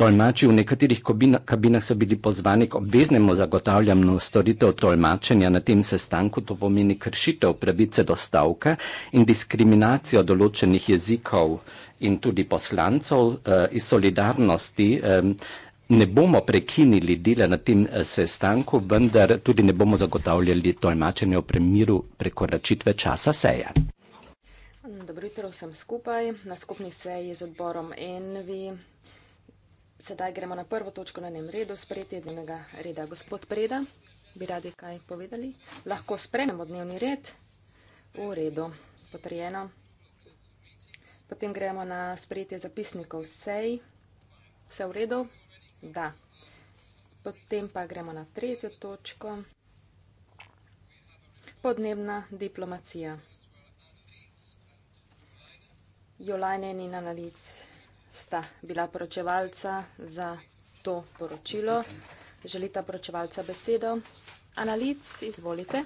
Tolmači v nekaterih kabinah so bili pozvani k obveznemu zagotavljanju storitev tolmačenja na tem sestanku, to pomeni kršitev pravice do stavke in diskriminacijo določenih jezikov in tudi poslancov eh, iz solidarnosti. Eh, Ne bomo prekinili dela na tem eh, sestanku, vendar tudi ne bomo zagotavljali tolmačenja v premiru prekoračitve časa seje. Dobro jutro vsem skupaj. Na skupni seji z odborom ENVI Sedaj gremo na prvo točko na njem redu, sprejetje dnevnega reda. Gospod Preda, bi radi kaj povedali? Lahko sprememo dnevni red? V redu, potrjeno. Potem gremo na sprejetje zapisnikov sej. Vse v redu? Da. Potem pa gremo na tretjo točko. Podnebna diplomacija. Jolajne Nina na lice sta bila poročevalca za to poročilo. Želita poročevalca besedo. Analic, izvolite.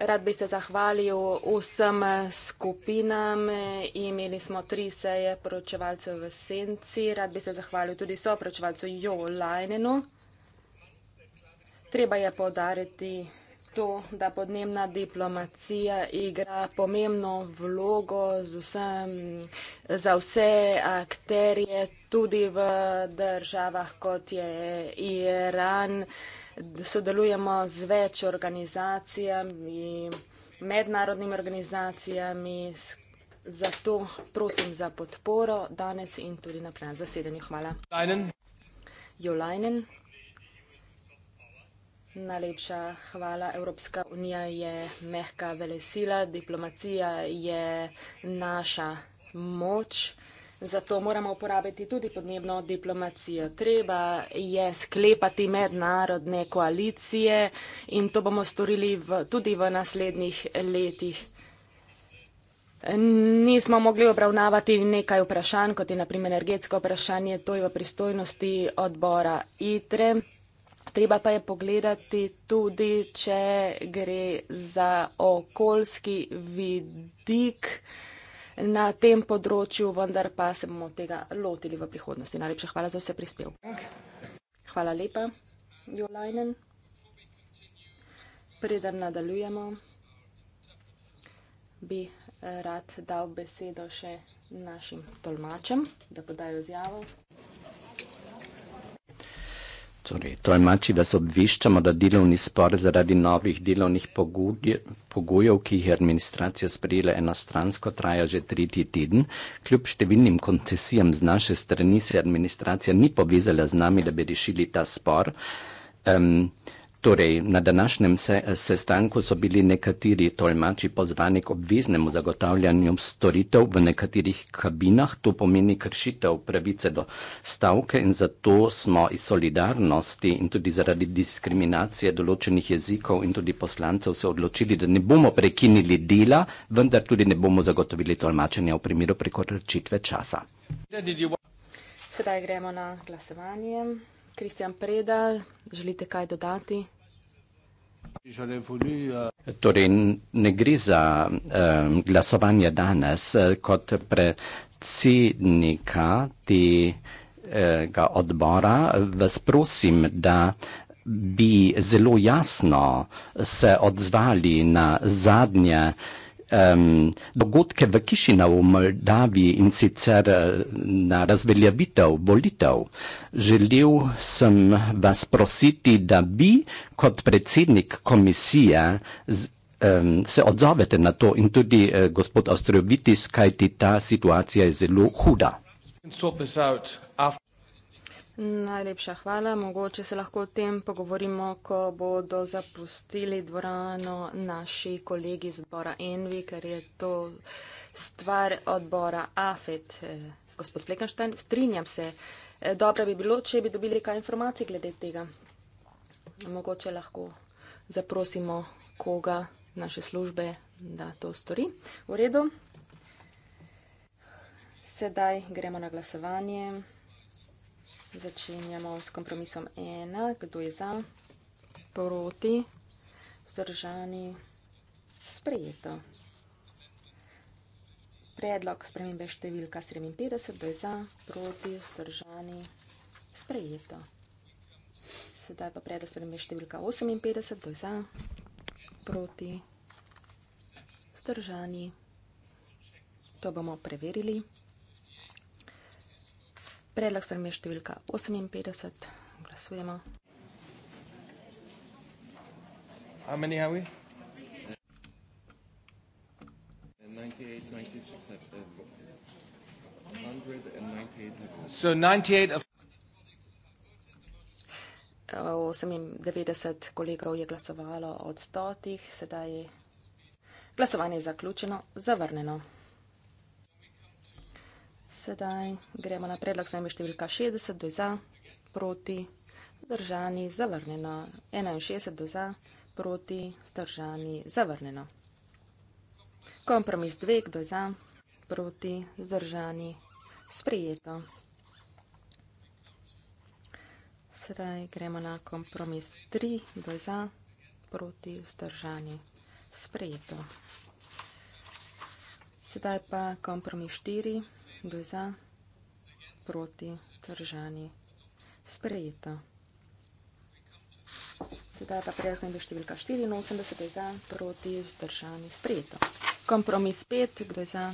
Rad bi se zahvalil vsem skupinam. Imeli smo tri seje poročevalcev v Senci. Rad bi se zahvalil tudi soporočevalcu Jo Lajnenu. Treba je podariti to, da podnebna diplomacija igra pomembno vlogo vsem, za vse akterje, tudi v državah, kot je Iran. Sodelujemo z več organizacijami, mednarodnimi organizacijami, zato prosim za podporo danes in tudi naprej na zasedanju. Hvala. Jolajnen. Najlepša hvala. Evropska unija je mehka velesila, diplomacija je naša moč. Zato moramo uporabiti tudi podnebno diplomacijo. Treba je sklepati mednarodne koalicije in to bomo storili v, tudi v naslednjih letih. Nismo mogli obravnavati nekaj vprašanj, kot je naprimer energetsko vprašanje, to je v pristojnosti odbora ITREM. Treba pa je pogledati tudi, če gre za okoljski vidik na tem področju, vendar pa se bomo tega lotili v prihodnosti. Najlepša hvala za vse prispevke. Hvala lepa, Jolajnen. Preden nadaljujemo, bi rad dal besedo še našim tolmačem, da podajo izjavo. Torej, to je mači, da se obviščamo, da delovni spor zaradi novih delovnih pogojev, ki jih je administracija sprejela enostransko, traja že tretji teden. Kljub številnim koncesijam z naše strani se administracija ni povezala z nami, da bi rešili ta spor. Um, Torej, na današnjem se, sestanku so bili nekateri tolmači pozvani k obveznemu zagotavljanju storitev v nekaterih kabinah. To pomeni kršitev pravice do stavke in zato smo iz solidarnosti in tudi zaradi diskriminacije določenih jezikov in tudi poslancev se odločili, da ne bomo prekinili dela, vendar tudi ne bomo zagotovili tolmačenja v primeru prekoračitve časa. Sedaj gremo na glasovanje. Kristjan Predal, želite kaj dodati? Torej, ne gre za um, glasovanje danes eh, kot predsednika tega odbora. Vas prosim, da bi zelo jasno se odzvali na zadnje uh, um, dogodke v Kišinau v Moldaviji in sicer eh, na razveljavitev volitev. Želel sem vas prositi, da bi kot predsednik komisije z, um, se odzovete na to in tudi uh, gospod Ostrojovitis, kajti ta situacija je zelo huda. Najlepša hvala. Mogoče se lahko o tem pogovorimo, ko bodo zapustili dvorano naši kolegi iz odbora Envi, ker je to stvar odbora AFET. E, gospod Flekenštajn, strinjam se. E, dobro bi bilo, če bi dobili kaj informacij glede tega. Mogoče lahko zaprosimo koga naše službe, da to stori. V redu. Sedaj gremo na glasovanje. Začenjamo s kompromisom 1, kdo je za, proti, zdržani, sprejeto. Predlog spremembe številka 57, kdo je za, proti, zdržani, sprejeto. Sedaj pa predlog spremembe številka 58, kdo je za, proti, zdržani. To bomo preverili. Predlog sprem je številka 58. Glasujemo. How many are we? 98 kolegov je glasovalo od stotih, sedaj glasovanje je zaključeno, zavrneno. Sedaj gremo na predlog za imenje številka 60 do za, proti, zdržani, zavrnjeno. 61 do za, proti, zdržani, zavrnjeno. Kompromis 2, kdo je za, proti, zdržani, sprijeto. Sedaj gremo na kompromis 3, kdo je za, proti, zdržani, sprijeto. Sedaj pa kompromis 4, kdo je za, proti, zdržani, sprijeto. 2 za, proti, tržani, sprejeta. Sedaj pa prijaznem do številka 84, 2 za, proti, vzdržani, sprejeta. Kompromis 5, 2 za,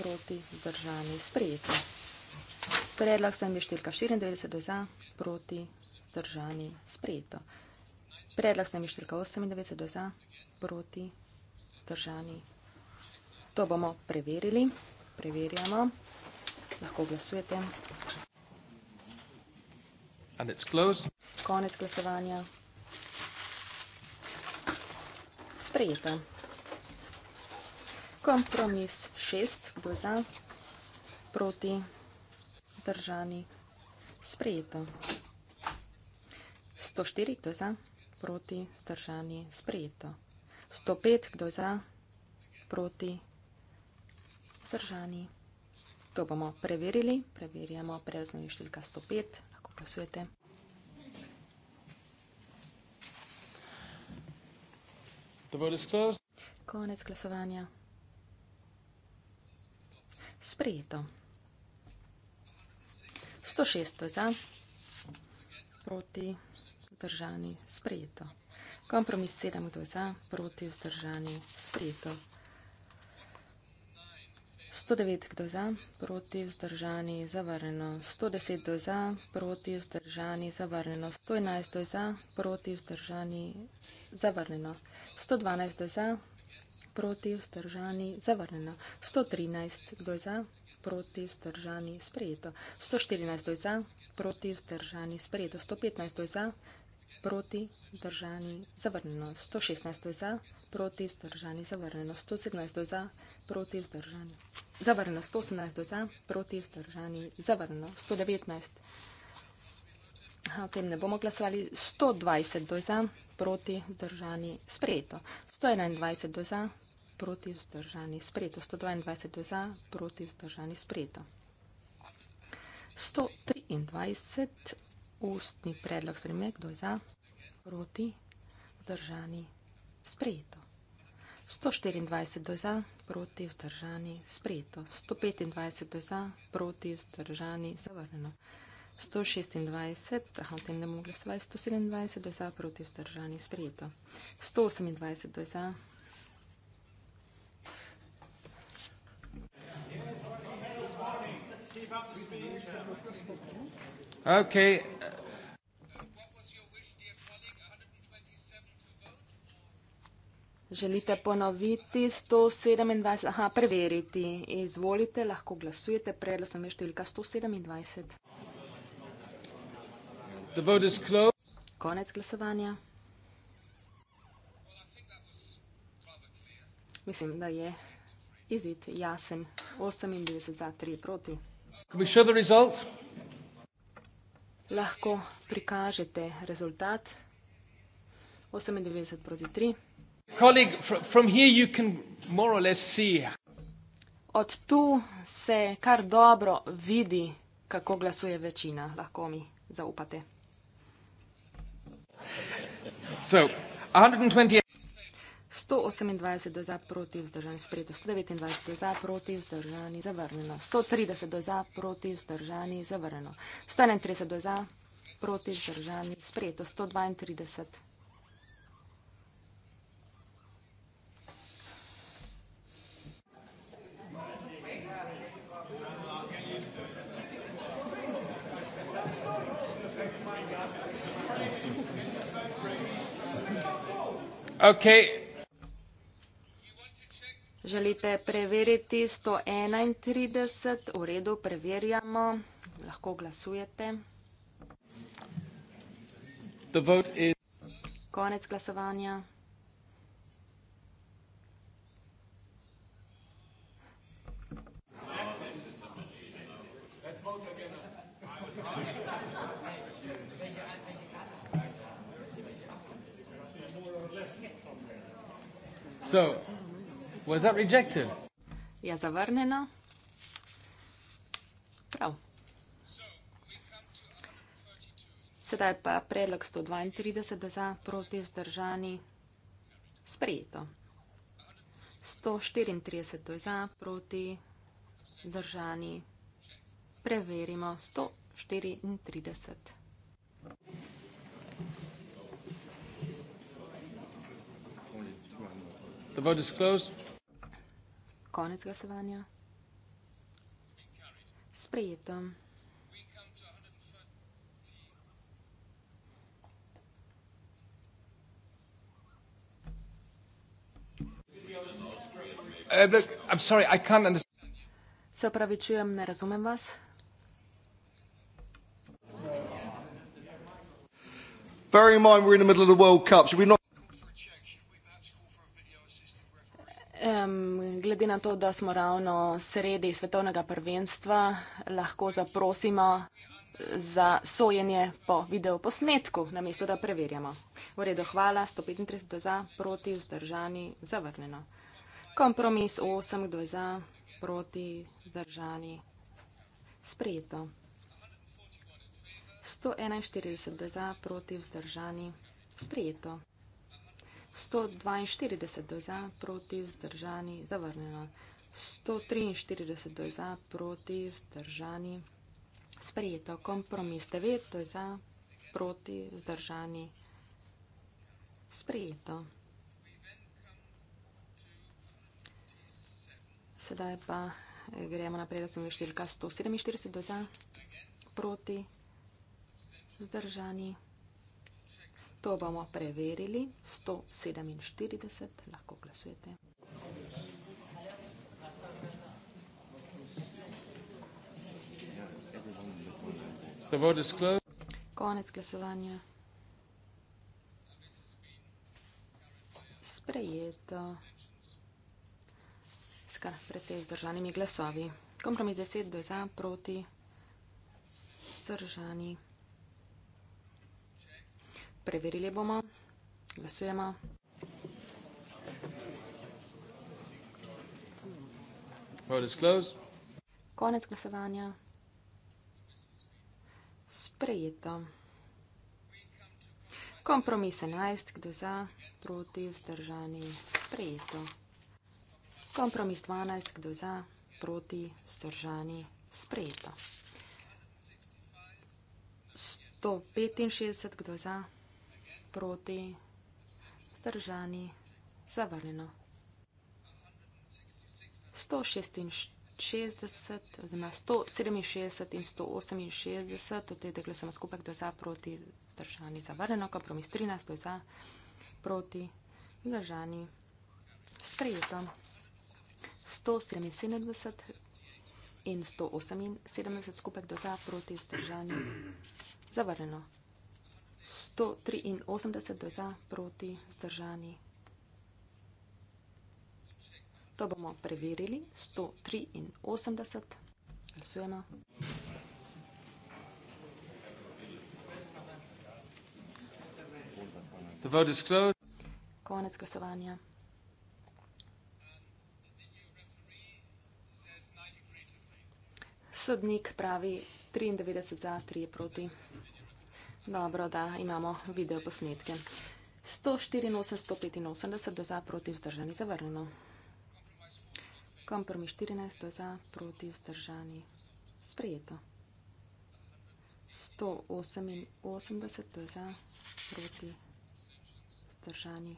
proti, vzdržani, sprejeta. Predlog spremembe številka 94 je za, proti, vzdržani, sprejeto. Predlog spremembe številka 98 je za, proti, vzdržani. To bomo preverili preverjamo. Lahko glasujete. And it's closed. Konec glasovanja. Sprejeto. Kompromis šest, kdo za, proti, držani, sprejeto. 104, kdo za, proti, držani, sprejeto. 105, kdo za, proti, držani vzdržani. To bomo preverili. Preverjamo preznanje številka 105. Lahko glasujete. Konec glasovanja. Sprejeto. 106 za, proti vzdržani, sprejeto. Kompromis 7 do za, proti vzdržani, sprejeto. 109 kdo za, proti vzdržani, zavrnjeno. 110 kdo za, proti vzdržani, zavrnjeno. 111 kdo za, proti vzdržani, zavrnjeno. 112 kdo za, proti vzdržani, zavrnjeno. 113 kdo za, proti vzdržani, sprejeto. 114 kdo za, proti vzdržani, sprejeto. 115 kdo za, proti, vzdržani, zavrnjeno 116 za, proti, vzdržani, zavrnjeno 117 za, proti, vzdržani, zavrnjeno 118 za, proti, vzdržani, zavrnjeno 119. O tem ne bomo glasovali. 120 do za, proti, vzdržani, sprejeto. 121 do za, proti, vzdržani, sprejeto. 122 do za, proti, vzdržani, sprejeto. 123 Ustni predlog spremembe, kdo je za, proti, vzdržani, sprejeto. 124 do za, proti, vzdržani, sprejeto. 125 do za, proti, vzdržani, zavrnjeno. 126, aha, v tem ne mogli svaj, 127 do za, proti, vzdržani, sprejeto. 128 do za. Okay. Želite ponoviti 127? Aha, preveriti. Izvolite, lahko glasujete. Predlog sem je številka 127. The vote is Konec glasovanja. Mislim, da je izid jasen. 98 za, 3 proti. Can we show the result? Lahko prikažete rezultat. 98 proti 3. Od tu se kar dobro vidi, kako glasuje večina, lahko mi zaupate. So, 128 do za proti vzdržani sprejeto, 129 do za proti vzdržani zavrnjeno, 130 do za proti vzdržani zavrnjeno, 131 do za proti vzdržani sprejeto, 132 do za proti vzdržani sprejeto. Okay. Želite preveriti 131? V redu, preverjamo. Lahko glasujete. The vote is... Konec glasovanja. So, was that rejected? Je ja, zavrnjeno. Prav. Sedaj pa predlog 132 za proti zdržani sprejeto. 134 za proti zdržani preverimo 134. The vote is closed. Konec glasovanja. Sprejeto. Eh, Se upravičujem, ne razumem vas. Bear in mind we're in the middle of the World Cup. Should we not... Um, glede na to, da smo ravno sredi svetovnega prvenstva, lahko zaprosimo za sojenje po videoposnetku, namesto da preverjamo. V redu, hvala. 135 za, proti, vzdržani, zavrnjeno. Kompromis 8, 2 za, proti, vzdržani, sprejeto. 141 za, proti, vzdržani, sprejeto. 142 do za, proti vzdržani, zavrnjeno. 143 do za, proti vzdržani, sprejeto. Kompromis 9 do za, proti vzdržani, sprejeto. Sedaj pa eh, gremo naprej, da sem veštelka 147 do za, proti vzdržani, sprejeto. To bomo preverili. 147, lahko glasujete. Konec glasovanja. Sprejeto. Skar precej zdržanimi glasovi. Kompromis 10 do 1 proti. Zdržani. Preverili bomo. Glasujemo. Vote is closed. Konec glasovanja. Sprejeto. Kompromis 11. Kdo za? Proti vzdržani. Sprejeto. Kompromis 12. Kdo za? Proti vzdržani. Sprejeto. 165. Kdo za? Sprejeto proti, vzdržani, zavrnjeno. 166, oziroma 167 in 168, od tega glasamo skupaj, kdo za, proti, vzdržani, zavrnjeno, kompromis 13, kdo za, proti, vzdržani, sprejeto. 177 in 178 skupaj, kdo za, proti, vzdržani, zavrnjeno. 183 za, proti vzdržani. To bomo preverili. 183. Glasujemo. Konec glasovanja. Sodnik pravi 93 za, 3 proti. Dobro, da imamo video posnetke. 184-185 do za proti vzdržani zavrnjeno. Kompromis 14 do za proti vzdržani sprejeto. 188 do za proti vzdržani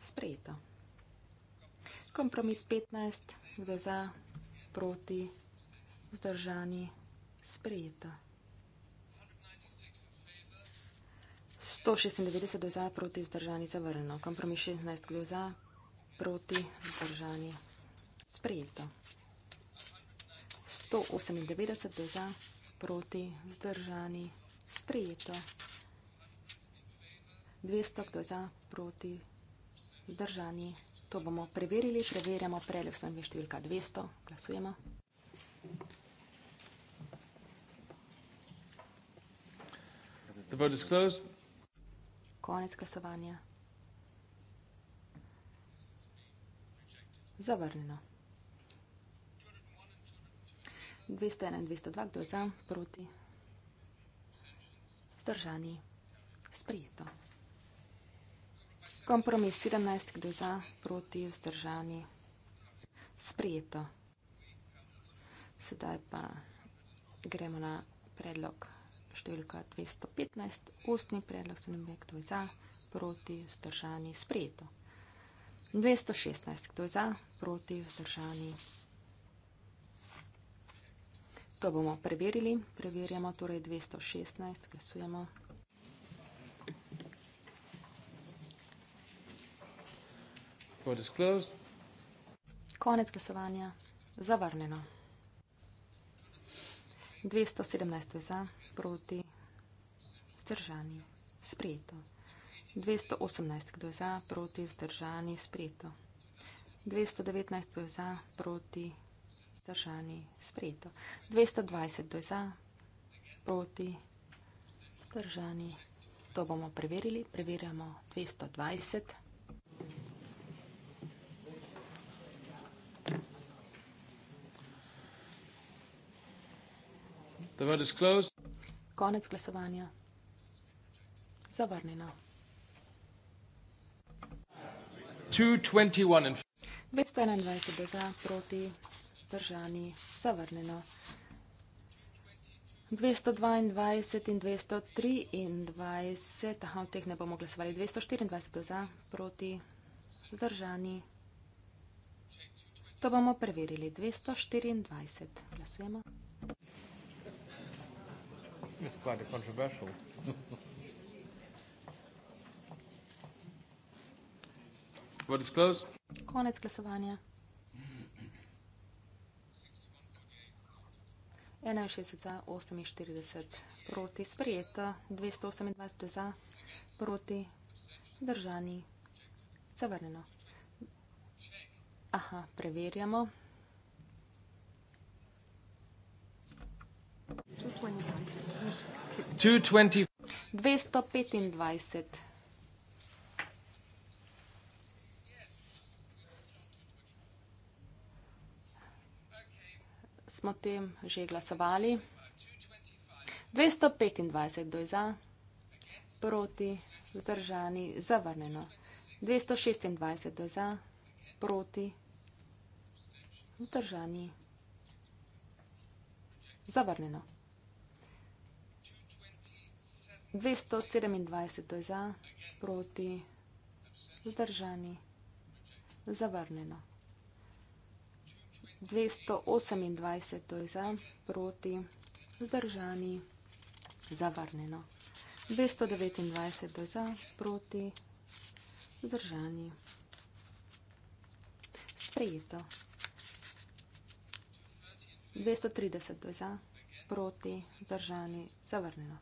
sprejeto. Kompromis 15 do za proti vzdržani sprejeto sprejeta. 196 za, proti vzdržani zavrnjeno. Kompromis 16 za, proti vzdržani sprejeto. 198 za, proti vzdržani sprejeto. 200 za, proti vzdržani. To bomo preverili, preverjamo predlog slovenke številka 200. Glasujemo. The vote is closed. Konec glasovanja. Zavrnjeno. 201 in 202, kdo je za, proti, zdržani, sprijeto. Kompromis 17, kdo je za, proti, zdržani, sprijeto. Sedaj pa gremo na predlog 202 številka 215, ustni predlog se nam je, kdo je za, proti, vzdržani, sprejeto. 216, kdo je za, proti, vzdržani. To bomo preverili. Preverjamo torej 216, glasujemo. Konec glasovanja. Zavrneno. 217 je za proti, vzdržani, sprejeto. 218, kdo je za, proti, vzdržani, sprejeto. 219, kdo je za, proti, vzdržani, sprejeto. 220, kdo je za, proti, vzdržani. To bomo preverili, preverjamo 220. The vote is closed. Konec glasovanja. Zavrnjeno. 221 je za, proti, držani, zavrnjeno. 222 in 223, aha, v teh ne bomo glasovali. 224 je za, proti, držani. To bomo preverili. 224 glasujemo is quite a controversial. What is close? Konec glasovanja. 61 za, 48 proti, sprijeto, 228 za, proti, držani, zavrneno. Aha, preverjamo. Čutko je nekaj. 225. Smo tem že glasovali. 225 doj za, proti, zdržani, zavrneno. 226 doj za, proti, zdržani, zavrneno. 227 za, proti, zdržani, zavrnjeno. 228 za, proti, zdržani, zavrnjeno. 229 za, proti, zdržani. Sprejeto. 230 za, proti, zdržani, zavrnjeno.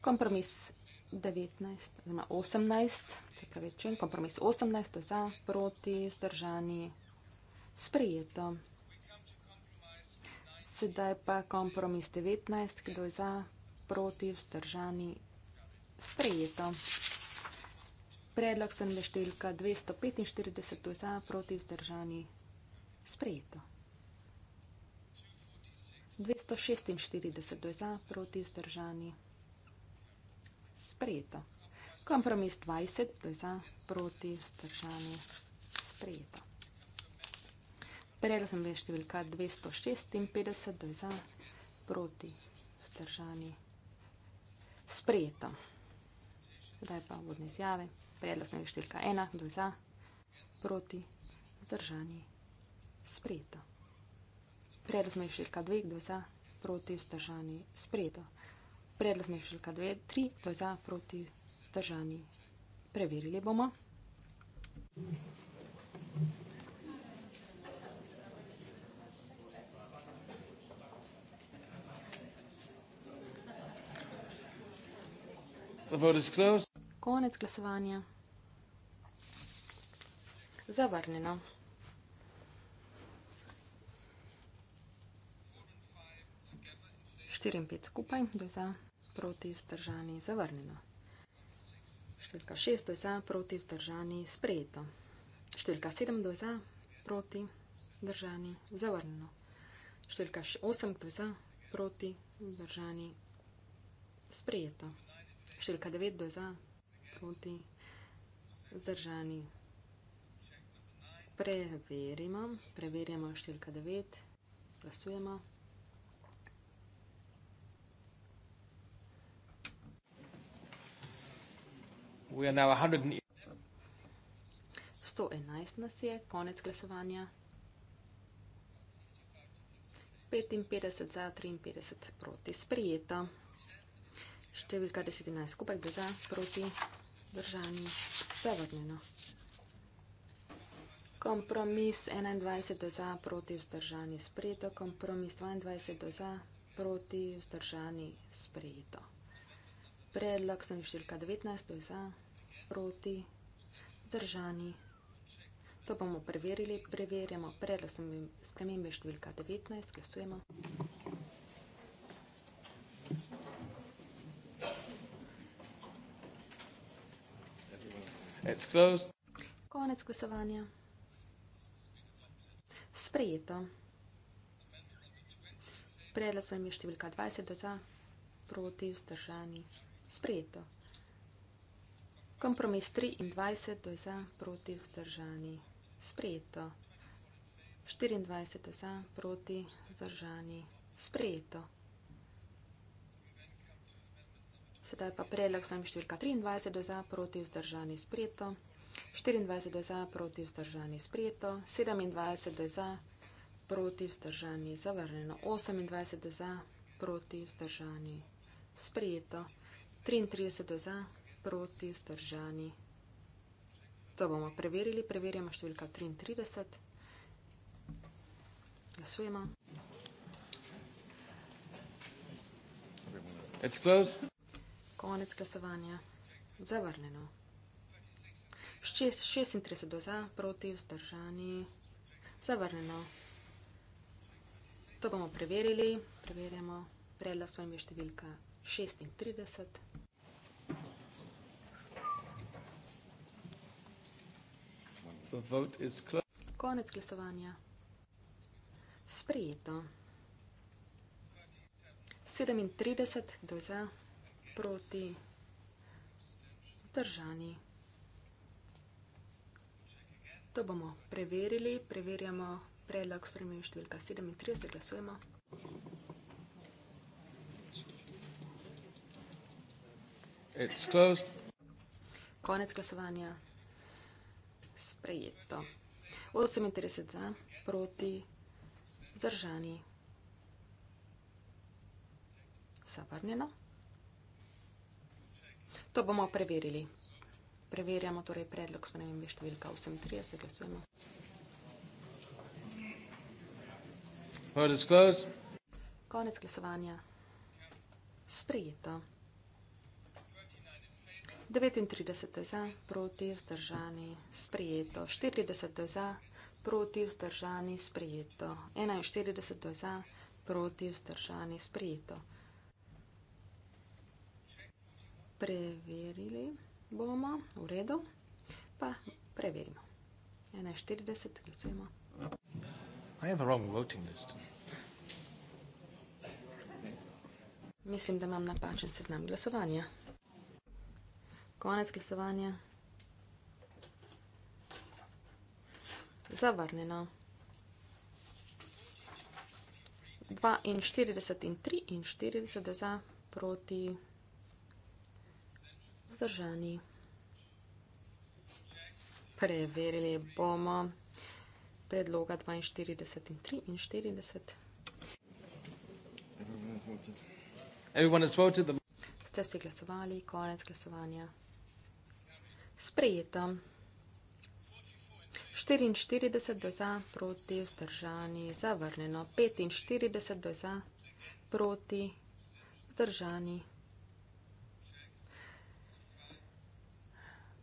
Kompromis 19, oziroma 18, če kaj rečem, kompromis 18 za, proti, zdržani, sprijeto. Sedaj pa kompromis 19, kdo je za, proti, vzdržani, sprejeto. Predlog sem neštelka 245, kdo je za, proti, vzdržani, sprejeto. 246, kdo je za, proti, vzdržani, sprejeto sprejeta. Kompromis 20, to je za proti vzdržanje sprejeta. Prejela sem več številka 256, to je za proti vzdržanje sprejeta. Zdaj pa vodne izjave. Prejela sem več številka 1, to je za proti vzdržanje sprejeta. Prejela sem več številka 2, to je za proti vzdržanje sprejeta. Predlog mešalka 2, 3, to je za proti držani. Preverili bomo. Konec glasovanja. Zavrnjeno. Štiri in pet skupaj, do zdaj proti vzdržani zavrnjeno. Številka 6 do za, proti vzdržani sprejeto. Številka 7 do za, proti vzdržani zavrnjeno. Številka 8 do za, proti vzdržani sprejeto. Številka 9 do za, proti vzdržani preverimo. Preverjamo številka 9, glasujemo. 111 e- nas je, konec glasovanja. 55 za, 53 proti, sprijeta. Številka 11 skupaj za, proti, držani, zavrnjeno. Kompromis 21 za, proti, vzdržani, sprijeto. Kompromis 22 za, proti, vzdržani, sprijeto. Predlog smo in številka 19 za, proti proti, držani. To bomo preverili, preverjamo. Predla sem spremembe številka 19, glasujemo. Konec glasovanja. Sprejeto. Predla svojim je številka 20 do za, proti, vzdržani. Sprejeto. Kompromis 23 za proti vzdržani sprejeto. 24 za proti vzdržani sprejeto. Sedaj pa predlog s nami številka 23 za proti vzdržani sprejeto. 24 za proti vzdržani sprejeto. 27 za proti vzdržani zavrnjeno. 28 za proti vzdržani sprejeto. 33 za proti vzdržani sprejeto proti, zdržani. To bomo preverili. Preverjamo številka 33. Glasujemo. Konec glasovanja. Zavrneno. Šest, 36 do za, proti, vzdržani. Zavrneno. To bomo preverili. Preverjamo. Predlog svojim je številka 36. Konec glasovanja. Sprejeto. 37 do za, proti, zdržani. To bomo preverili. Preverjamo predlog spremenj številka 37. Glasujemo. It's closed. Konec glasovanja sprejeto. 38 za, proti, zdržani. Zavrnjeno. To bomo preverili. Preverjamo torej predlog s premembe številka 38. Glasujemo. Konec glasovanja. Sprejeto. 39 za, proti vzdržani, sprijeto. 40 za, proti vzdržani, sprijeto. 41 za, proti vzdržani, sprijeto. Preverili bomo, v redu, pa preverimo. 41, glasujemo. I have a wrong voting list. Mislim, da imam napačen seznam glasovanja. Konec glasovanja. Zavrnjeno. 42 in 43 za proti vzdržani. Preverili bomo predloga 42 in 43. Everyone has voted. Everyone has voted. Ste vsi glasovali, konec glasovanja sprejeta. 44 do za, proti vzdržani, zavrnjeno. 45 do za, proti vzdržani.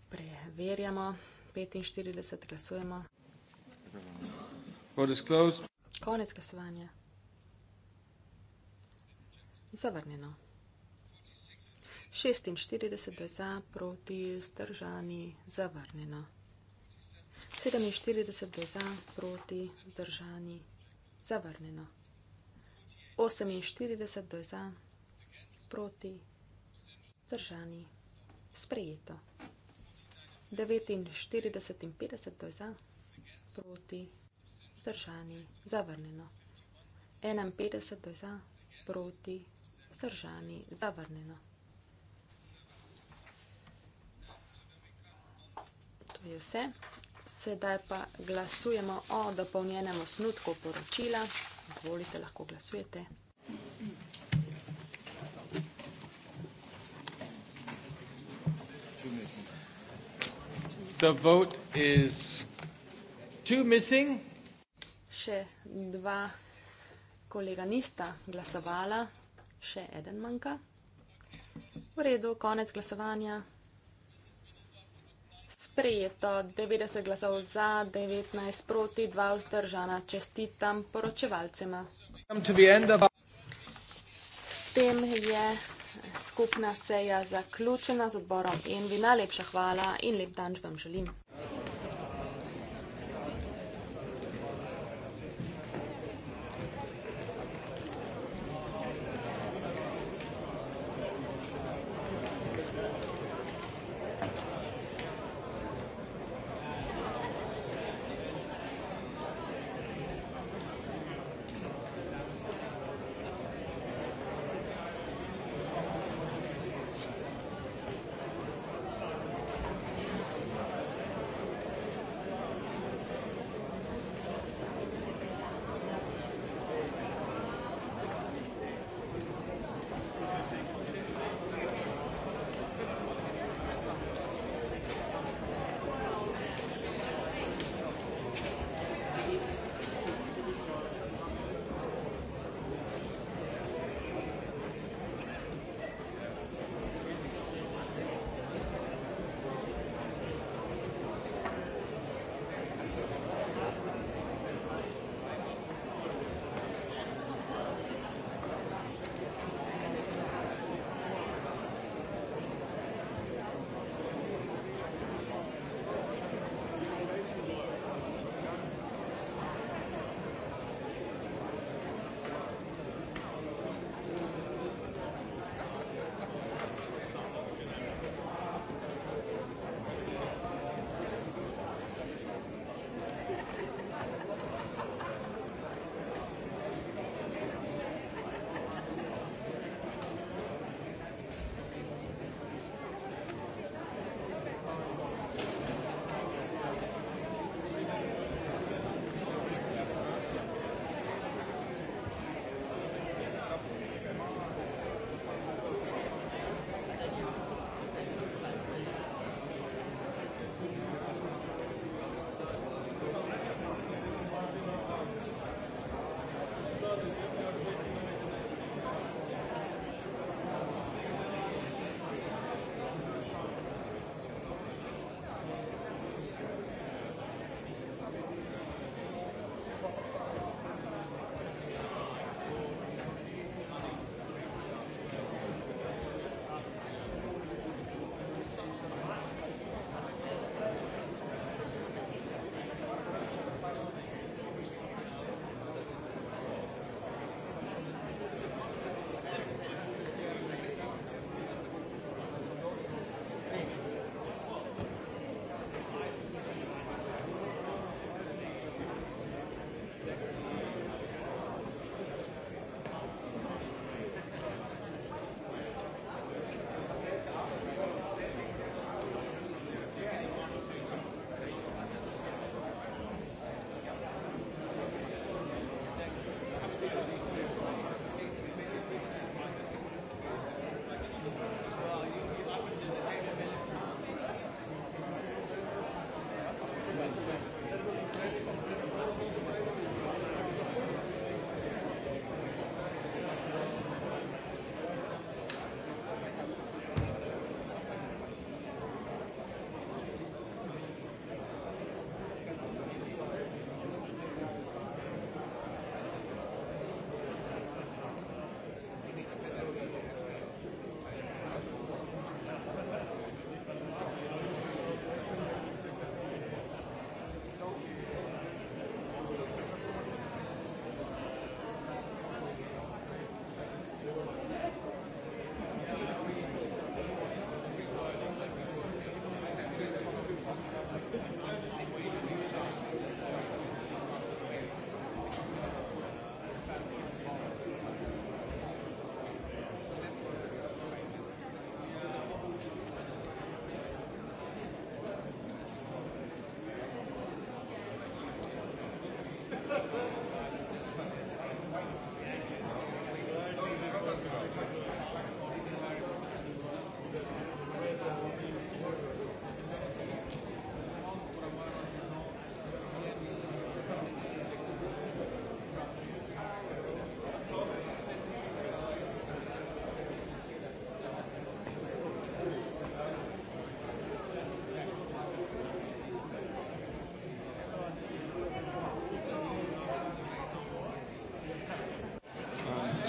Preverjamo. 45 glasujemo. Konec glasovanja. Zavrnjeno. 46 za, proti vzdržani, zavrnjeno. 47 za, proti vzdržani, zavrnjeno. 48 za, proti vzdržani, sprejeto. 49 in 50 za, proti vzdržani, zavrnjeno. 51 za, proti vzdržani, zavrnjeno. je vse. Sedaj pa glasujemo o dopolnjenem osnutku poročila. Izvolite, lahko glasujete. The vote is two missing. Še dva kolega nista glasovala, še eden manjka. V redu, konec glasovanja sprejeto 90 glasov za, 19 proti, 2 vzdržana. Čestitam poročevalcema. S tem je skupna seja zaključena z odborom Envi. Najlepša hvala in lep dan vam želim.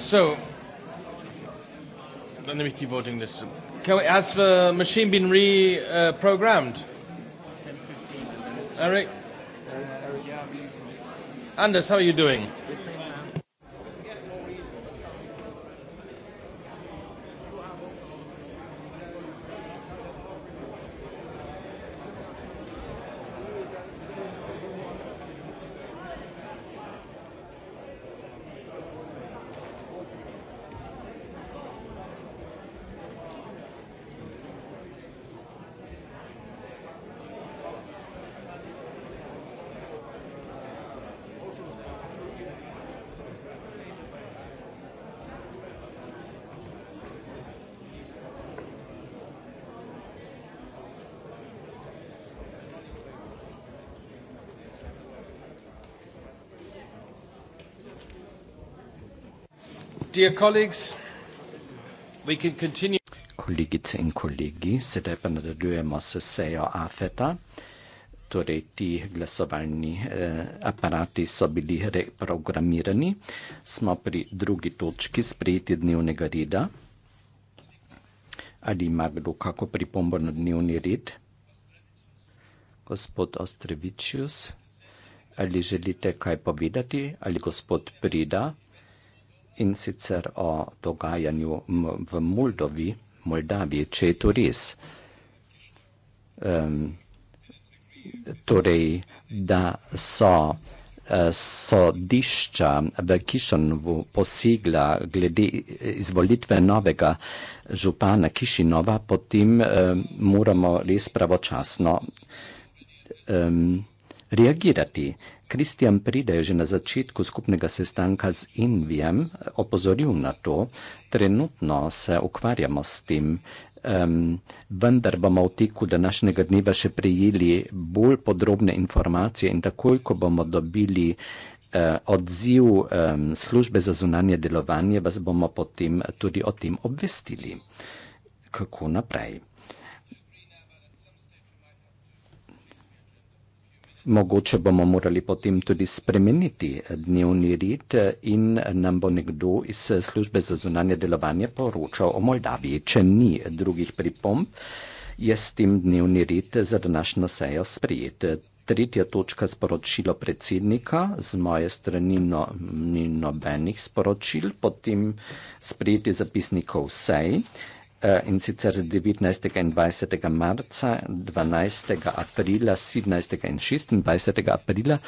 So, dann nehme ich die Voting Liste. Can we, has the machine been reprogrammed? Uh, Eric? Uh, Eric yeah, Anders, how are you doing? Dear colleagues, we can continue. Kolegice in kolegi, sedaj pa nadaljujemo se sejo AFETA. Torej, ti glasovalni eh, aparati so bili reprogramirani. Smo pri drugi točki sprejeti dnevnega reda. Ali ima kdo kako pripombo na dnevni red? Gospod Ostrevičius, ali želite kaj povedati? Ali gospod Prida? in sicer o dogajanju v Moldovi, Moldaviji, če je to res. Um, torej, da so e, sodišča v Kišinovu posegla glede e, izvolitve novega župana Kišinova, potem um, moramo res pravočasno um, reagirati. Kristjan pride že na začetku skupnega sestanka z Indijem, opozoril na to, trenutno se ukvarjamo s tem, um, vendar bomo v teku današnjega dneva še prijeli bolj podrobne informacije in takoj, ko bomo dobili uh, odziv um, službe za zunanje delovanje, vas bomo potem tudi o tem obvestili. Kako naprej? Mogoče bomo morali potem tudi spremeniti dnevni red in nam bo nekdo iz službe za zunanje delovanje poročal o Moldaviji. Če ni drugih pripomb, je s tem dnevni red za današnjo sejo sprejet. Tretja točka sporočilo predsednika, z moje strani no, ni nobenih sporočil, potem sprejeti zapisnikov sej. Eh, in sicer z 19. in 20. marca, 12. aprila, 17. in 26. aprila,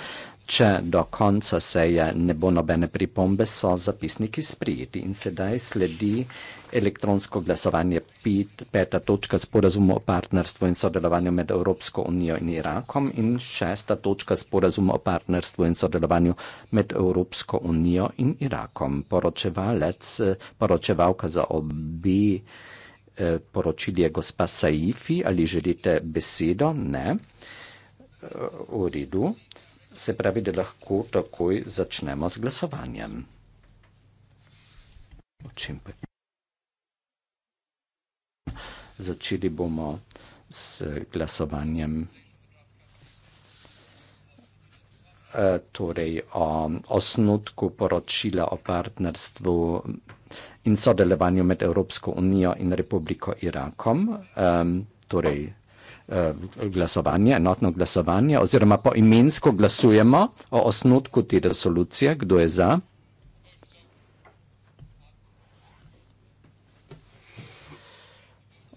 če do konca seje ne bo nobene pripombe, so zapisniki sprijeti. In sedaj sledi elektronsko glasovanje 5. Pet, točka sporazumu o partnerstvu in sodelovanju med Evropsko unijo in Irakom in 6. točka sporazumu o partnerstvu in sodelovanju med Evropsko unijo in Irakom. Poročevalec, eh, poročevalka za obi. Eh, poročil je gospa Saifi, ali želite besedo? Ne. Eh, v redu. Se pravi, da lahko takoj začnemo z glasovanjem. Začeli bomo s glasovanjem. Eh, torej o osnutku poročila o partnerstvu in sodelovanju med Evropsko unijo in Republiko Irakom, um, torej uh, glasovanje, enotno glasovanje, oziroma po imensko glasujemo o osnutku te resolucije, kdo je za.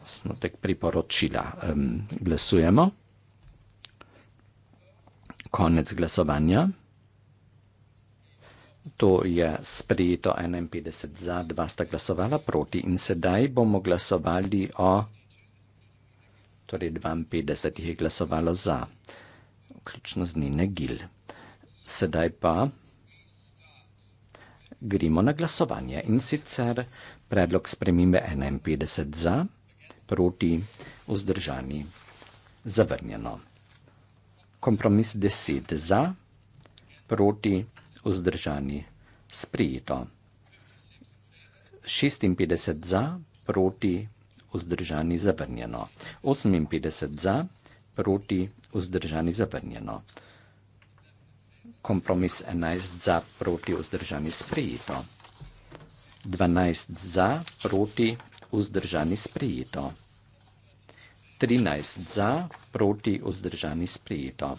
Osnutek priporočila um, glasujemo. Konec glasovanja to je sprejeto 51 za, dva sta glasovala proti in sedaj bomo glasovali o, torej 52 jih je glasovalo za, vključno z Nine Gil. Sedaj pa gremo na glasovanje in sicer predlog spremembe 51 za, proti, vzdržani, zavrnjeno. Kompromis 10 za, proti, vzdržani, zavrnjeno sprejeto. 56 za, proti, vzdržani zavrnjeno. 58 za, proti, vzdržani zavrnjeno. Kompromis 11 za, proti, vzdržani sprejeto. 12 za, proti, vzdržani sprejeto. 13 za, proti, vzdržani sprejeto.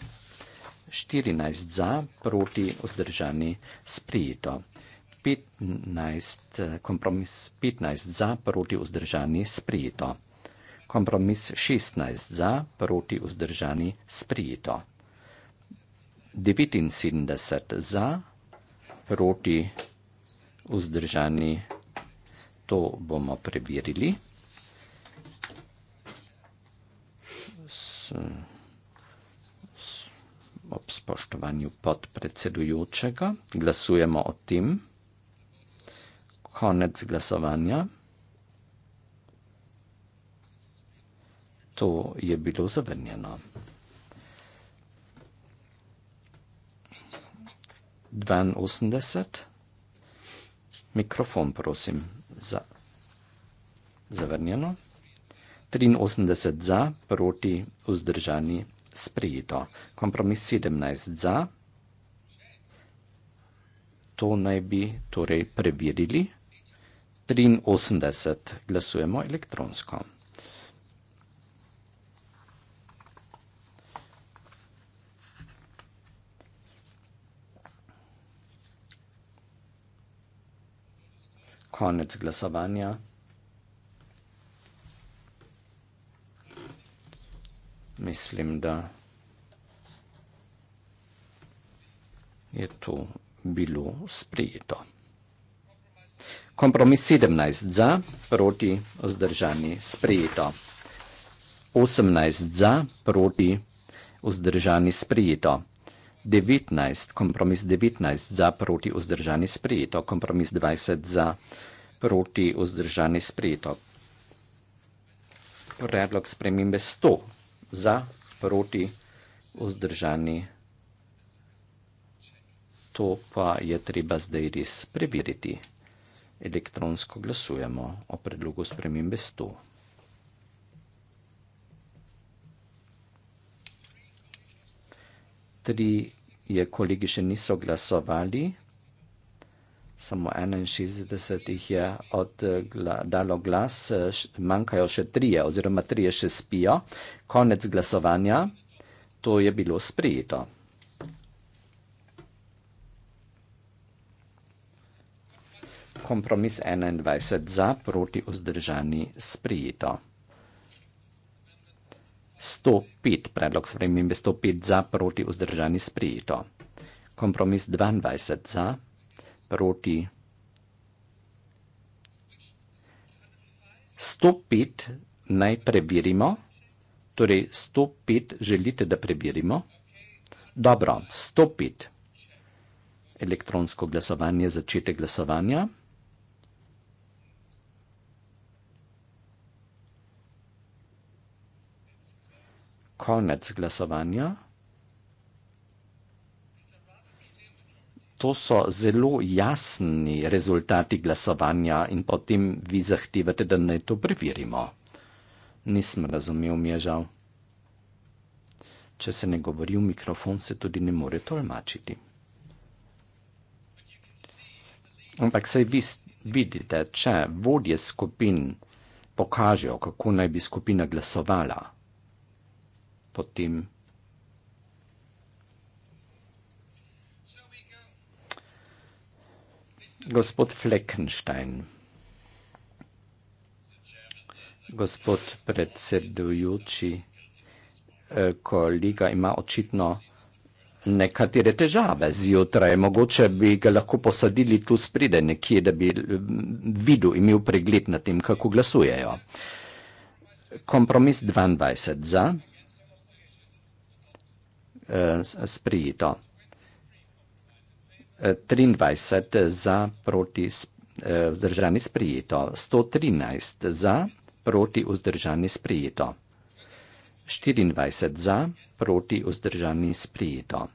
14 za, proti vzdržani sprijeto. 15, kompromis 15 za, proti vzdržani sprijeto. Kompromis 16 za, proti vzdržani sprijeto. 79 za, proti vzdržani, to bomo preverili. S, ob spoštovanju podpredsedujočega. Glasujemo o tem. Konec glasovanja. To je bilo zavrnjeno. 82. Mikrofon, prosim, za. Zavrnjeno. 83 za, proti vzdržani sprejeto. Kompromis 17 za. To naj bi torej preverili. 83 glasujemo elektronsko. Konec glasovanja. mislim, da je to bilo sprejeto. Kompromis 17 za, proti vzdržani sprejeto. 18 za, proti vzdržani sprejeto. 19, kompromis 19 za, proti vzdržani sprejeto. Kompromis 20 za, proti vzdržani sprejeto. Predlog spremimbe 100 za, proti, vzdržani. To pa je treba zdaj res preveriti. Elektronsko glasujemo o predlogu spremembe 100. Tri je kolegi še niso glasovali, samo 61 jih je oddalo gla, glas, e, š, manjkajo še trije, oziroma trije še spijo. Konec glasovanja, to je bilo sprijeto. Kompromis 21 za, proti vzdržani sprijeto. 105, predlog spremembe 105 za, proti vzdržani sprijeto. Kompromis 22 za roti. 105 naj preverimo, torej 105 želite, da preverimo. Dobro, 105. Elektronsko glasovanje, začetek glasovanja. Konec glasovanja. to so zelo jasni rezultati glasovanja in potem vi zahtevate, da naj to preverimo. Nisem razumel, mi je žal. Če se ne govori v mikrofon, se tudi ne more tolmačiti. Ampak saj vi vidite, če vodje skupin pokažejo, kako naj bi skupina glasovala, potem gospod Fleckenstein. Gospod predsedujoči, eh, kolega ima očitno nekatere težave zjutraj. Mogoče bi ga lahko posadili tu spride nekje, da bi mm, videl, imel pregled nad tem, kako glasujejo. Kompromis 22 za eh, sprejeto. 23 eh, za, proti vzdržani sprijeto. 113 za, proti vzdržani sprijeto. 24 za, proti vzdržani sprijeto.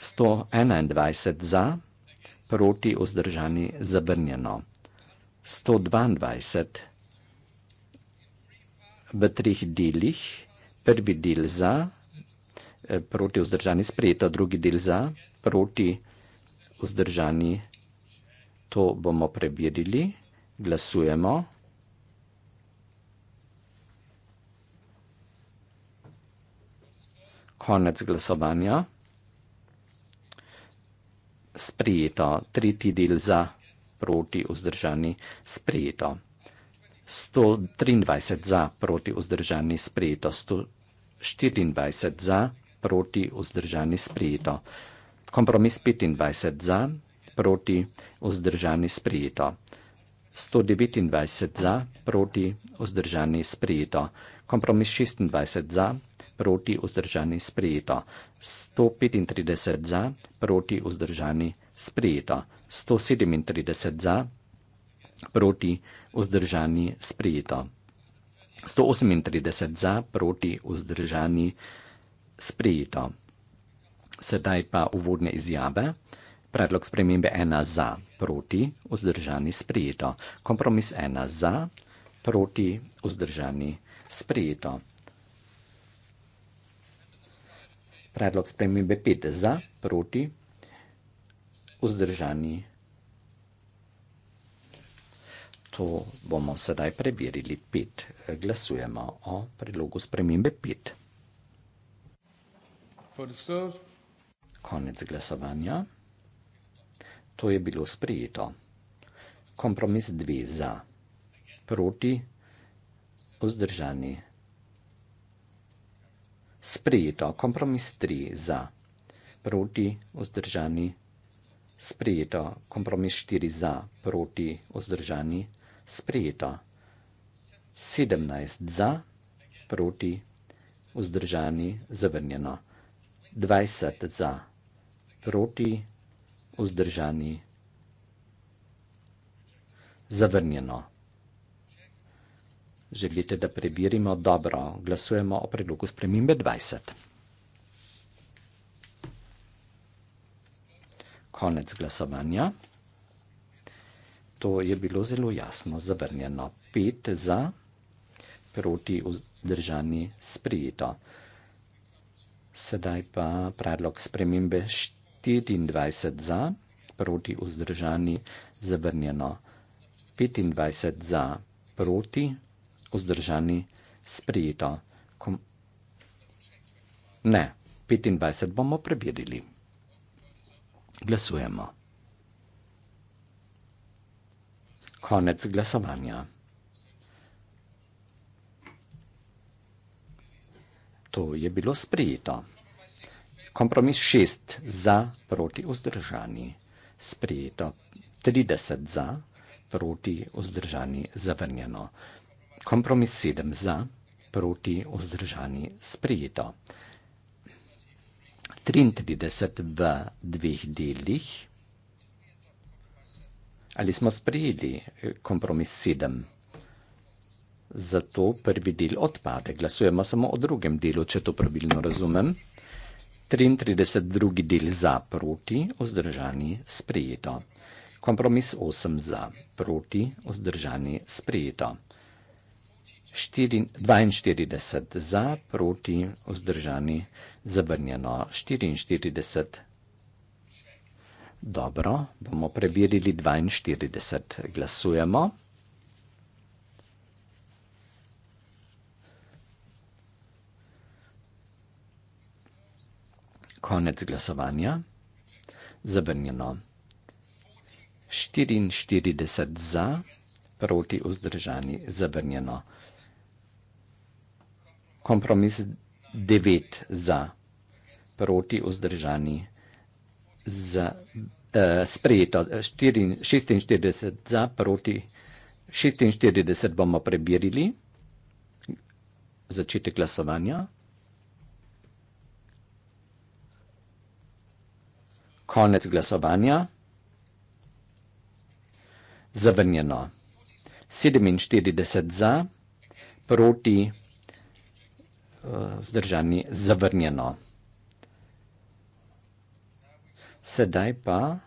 121 za, proti vzdržani zavrnjeno. 122 v treh delih, prvi del za, eh, proti vzdržani sprijeto, drugi del za, proti vzdržani. To bomo preverili. Glasujemo. Konec glasovanja. Sprijeto. Tretji del za proti vzdržani sprijeto. 123 za proti vzdržani sprijeto. 124 za proti vzdržani sprijeto. Kompromis 25 za, proti, vzdržani sprejeto. 129 za, proti, vzdržani sprejeto. Kompromis 26 za, proti, vzdržani sprejeto. 135 za, proti, vzdržani sprejeto. 137 za, proti, vzdržani sprejeto. 138 za, proti, vzdržani sprejeto. Sedaj pa uvodne izjave. Predlog spremembe ena za, proti, vzdržani sprejeto. Kompromis ena za, proti, vzdržani sprejeto. Predlog spremembe pet za, proti, vzdržani. To bomo sedaj preverili. Pet. Glasujemo o predlogu spremembe pet. Podstav. Konec glasovanja. To je bilo sprejeto. Kompromis 2 za, proti, vzdržani. Sprejeto. Kompromis 3 za, proti, vzdržani. Sprejeto. Kompromis 4 za, proti, vzdržani. Sprejeto. 17 za, proti, vzdržani, zavrnjeno. 20 za, proti, vzdržani proti, vzdržani, zavrnjeno. Želite, da prebirimo dobro, glasujemo o predlogu spremembe 20. Konec glasovanja. To je bilo zelo jasno zavrnjeno. 5 za, proti vzdržani sprijeto. Sedaj pa predlog spremembe 4. 24 za, proti vzdržani, zavrnjeno. 25 za, proti vzdržani, sprijeto. Kom... Ne, 25 bomo preverili. Glasujemo. Konec glasovanja. To je bilo sprijeto. Kompromis 6 za proti vzdržani. Sprejeto 30 za proti vzdržani zavrnjeno. Kompromis 7 za proti vzdržani sprejeto. 33 v dveh delih. Ali smo sprejeli eh, kompromis 7? Zato prvi del odpade. Glasujemo samo o drugem delu, če to pravilno razumem. 33 drugi del za proti, vzdržani sprejeto. Kompromis 8 za proti, vzdržani sprejeto. 42 za proti, vzdržani zavrnjeno. 44 dobro, bomo preverili 42. Glasujemo. konec glasovanja. Zabrnjeno. 44 za, proti vzdržani, zabrnjeno. Kompromis 9 za, proti vzdržani, za, eh, sprejeto. 46 za, proti 46 bomo prebirili. Začetek glasovanja. Konec glasovanja. Zavrnjeno. 47 za, proti eh, zdržani zavrnjeno. Sedaj pa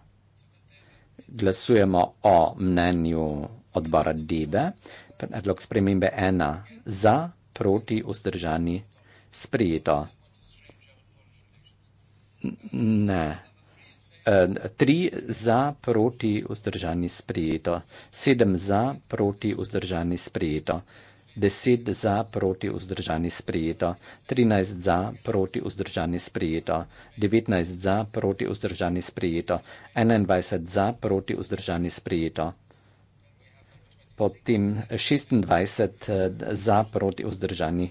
glasujemo o mnenju odbora Debe. Predlog spremembe 1 za, proti vzdržani sprejeto. Ne. Ne. Ehm, tri za, proti vzdržani sprejeto, sedem za, proti vzdržani sprejeto, deset za, proti vzdržani sprejeto, trinajst za, proti vzdržani sprejeto, devetnajst za, proti vzdržani sprejeto, enaindvajset za, proti vzdržani sprejeto. Potem 26 eh, za proti vzdržani.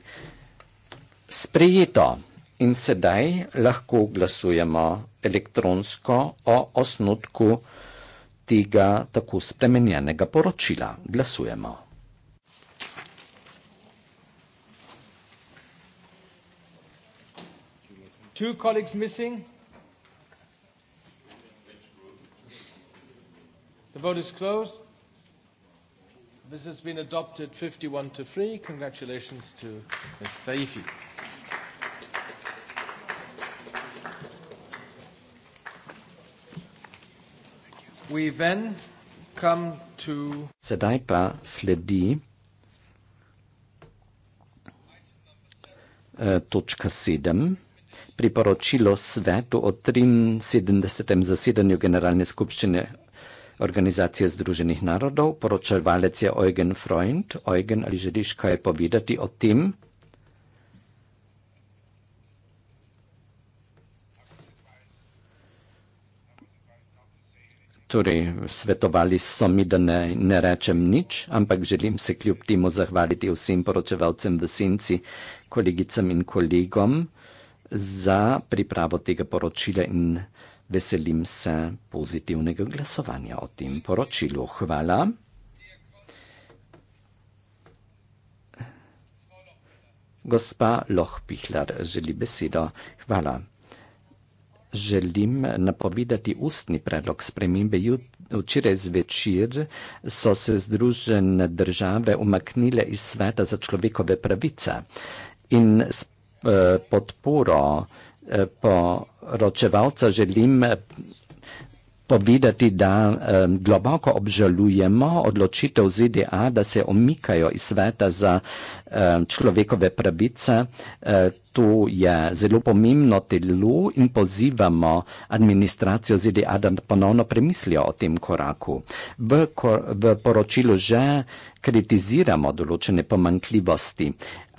Sprejeto. In sedaj lahko glasujemo elektronsko o osnutku tega tako spremenjenega poročila. Glasujemo. Two colleagues missing. The vote is closed. This has been adopted 51 to 3. Congratulations to Ms. Saifi. Sedaj pa sledi eh, točka sedem, priporočilo svetu o 73. zasedanju Generalne skupščine Organizacije združenih narodov, poročevalec je Eugen Freund. Eugen, ali želiš kaj povedati o tem? torej svetovali so mi, da ne, ne rečem nič, ampak želim se kljub temu zahvaliti vsem poročevalcem v senci, kolegicam in kolegom za pripravo tega poročila in veselim se pozitivnega glasovanja o tem poročilu. Hvala. Gospa Lohpihlar želi besedo. Hvala želim napovedati ustni predlog spremembe. Včeraj zvečer so se združene države umaknile iz sveta za človekove pravice in s eh, podporo eh, poročevalca želim eh, povedati, da globoko obžalujemo odločitev ZDA, da se omikajo iz sveta za človekove pravice, to je zelo pomembno telo in pozivamo administracijo ZDA, da ponovno premislijo o tem koraku. V, kor, v poročilu že kritiziramo določene pomankljivosti,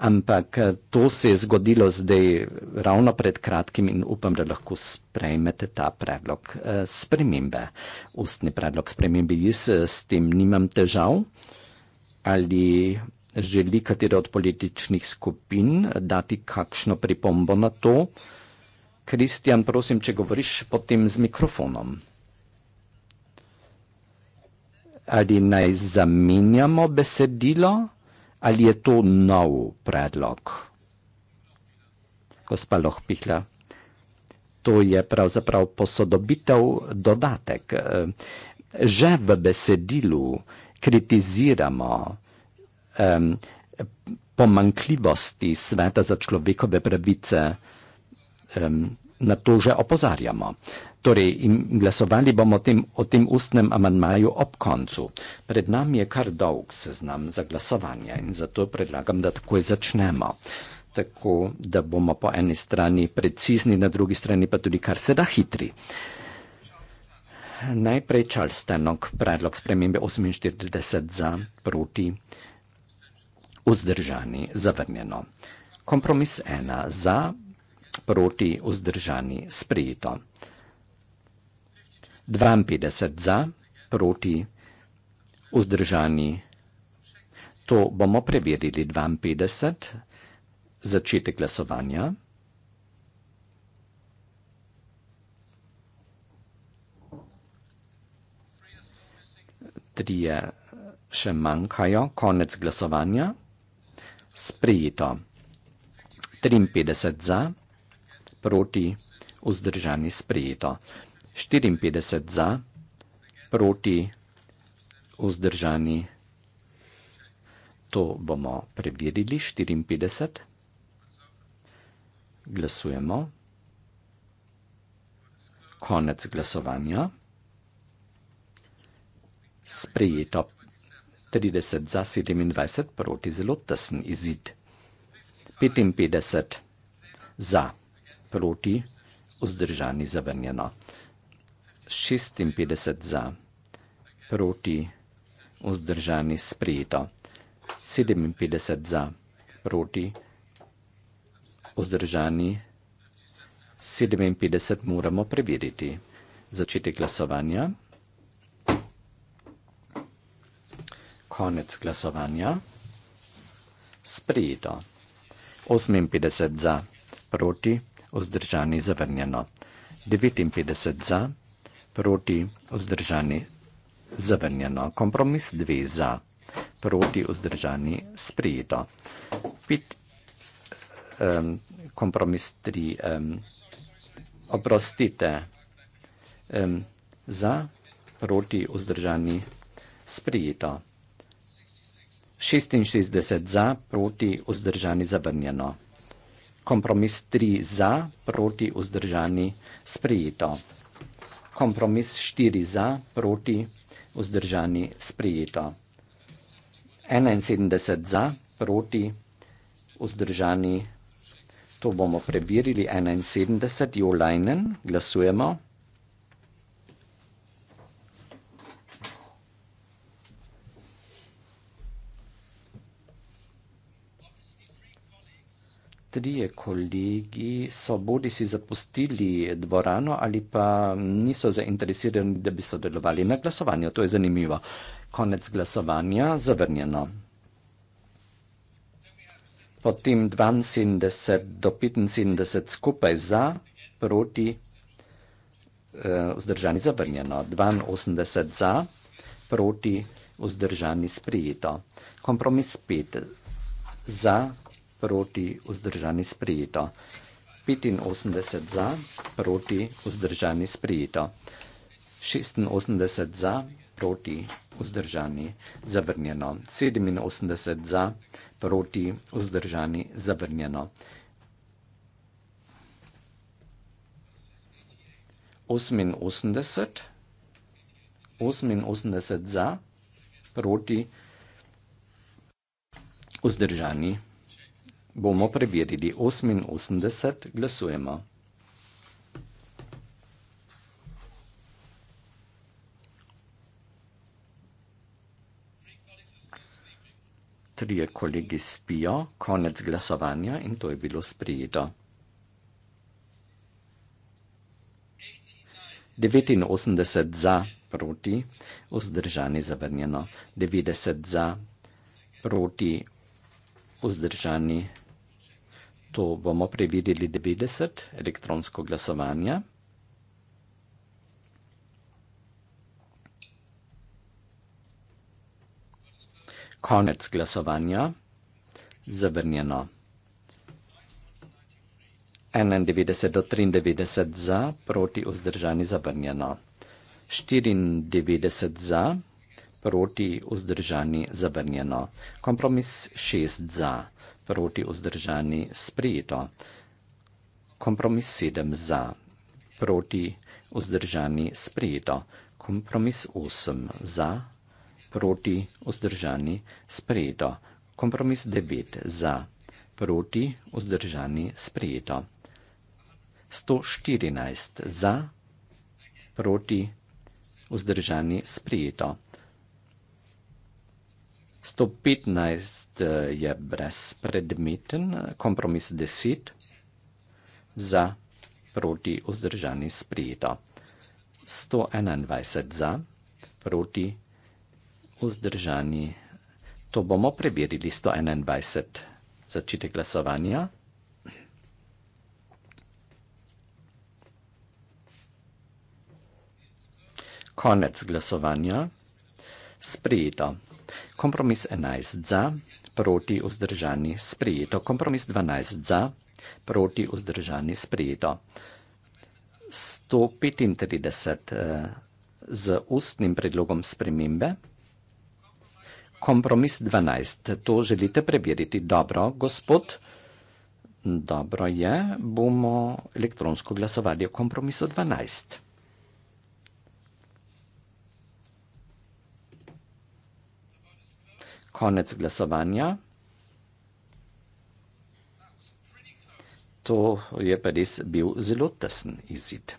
ampak to se je zgodilo zdaj ravno pred kratkim in upam, da lahko sprejmete ta predlog eh, spremembe. Ustni predlog spremembe, jaz eh, s tem nimam težav. Ali želi katera od političnih skupin dati kakšno pripombo na to? Kristjan, prosim, če govoriš potem z mikrofonom. Ali naj zamenjamo besedilo ali je to nov predlog? Gospa Lohpihla, to je pravzaprav posodobitev dodatek. Eh, že v besedilu kritiziramo um, pomankljivosti sveta za človekove pravice, um, na to že opozarjamo. Torej, glasovali bomo o tem, o tem ustnem amandmaju ob koncu. Pred nami je kar dolg seznam za glasovanje in zato predlagam, da takoj začnemo. Tako, da bomo po eni strani precizni, na drugi strani pa tudi kar se da hitri. Najprej Charles Stenok, predlog spremembe 48 za, proti vzdržani, zavrnjeno. Kompromis ena za, proti vzdržani, sprejeto. 52 za, proti vzdržani. To bomo preverili 52, začetek glasovanja. Trije še manjkajo, konec glasovanja sprejeto. 53 za, proti, vzdržani sprejeto. 54 za, proti, vzdržani. To bomo preverili. 54. Glasujemo. Konec glasovanja. Sprejeto 30 za 27 proti zelo tesen izid. 55 za proti vzdržani zavrnjeno. 56 za proti vzdržani sprejeto. 57 za proti vzdržani 57 moramo preveriti. Začetek glasovanja. konec glasovanja. Sprejeto. 58 za, proti, vzdržani, zavrnjeno. 59 za, proti, vzdržani, zavrnjeno. Kompromis 2 za, proti, vzdržani, sprejeto. Pit, um, kompromis 3, um, oprostite, um, za, proti, vzdržani, sprejeto. Sprejeto. 66 za, proti vzdržani zavrnjeno. Kompromis 3 za, proti vzdržani sprejeto. Kompromis 4 za, proti vzdržani sprejeto. 71 za, proti vzdržani. To bomo prebirili 71, Jolajnen, glasujemo. 71. trije kolegi so bodi si zapustili dvorano ali pa niso zainteresirani, da bi sodelovali na glasovanju. To je zanimivo. Konec glasovanja zavrnjeno. Potem 72 do 75 skupaj za, proti, eh, vzdržani zavrnjeno. 82 za, proti, vzdržani sprijeto. Kompromis 5 za, proti vzdržani sprejeto. 85 za, proti vzdržani sprejeto. 86 za, proti vzdržani zavrnjeno. 87 za, proti vzdržani zavrnjeno. 88, 88 za, proti vzdržani zavrnjeno bomo preverili 88, glasujemo. Trije kolegi spijo, konec glasovanja in to je bilo sprejeto. 89 za, proti, vzdržani zavrnjeno. 90 za, proti, vzdržani to bomo previdili 90 elektronsko glasovanje. Konec glasovanja, zavrnjeno. 91 do 93 za, proti vzdržani zavrnjeno. 94 za, proti vzdržani zavrnjeno. Kompromis 6 za proti vzdržani sprejeto. Kompromis 7 za, proti vzdržani sprejeto. Kompromis 8 za, proti vzdržani sprejeto. Kompromis 9 za, proti vzdržani sprejeto. 114 za, proti vzdržani sprejeto. 115 eh, je brezpredmeten, kompromis 10 za proti vzdržani sprejeto. 121 za proti vzdržani. To bomo preverili 121 začetek glasovanja. Konec glasovanja. Sprejeto kompromis 11 za, proti vzdržani sprejeto. Kompromis 12 za, proti vzdržani sprejeto. 135 eh, z ustnim predlogom spremembe. Kompromis 12, to želite preveriti. Dobro, gospod, dobro je, bomo elektronsko glasovali o kompromisu 12. konec glasovanja. To je pa res bil zelo tesen izid.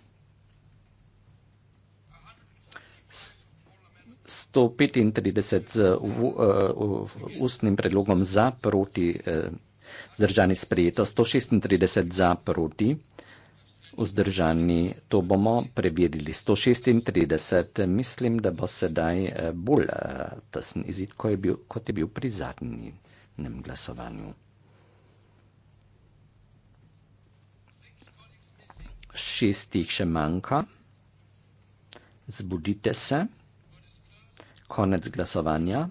135 z uh, ustnim predlogom za proti, uh, eh, zdržani sprejeto, 136 za proti vzdržani. To bomo preverili 136. Mislim, da bo sedaj eh, bolj eh, tesen izid, kot je, bil, kot je bil pri zadnjem glasovanju. Šestih še manjka. Zbudite se. Konec glasovanja.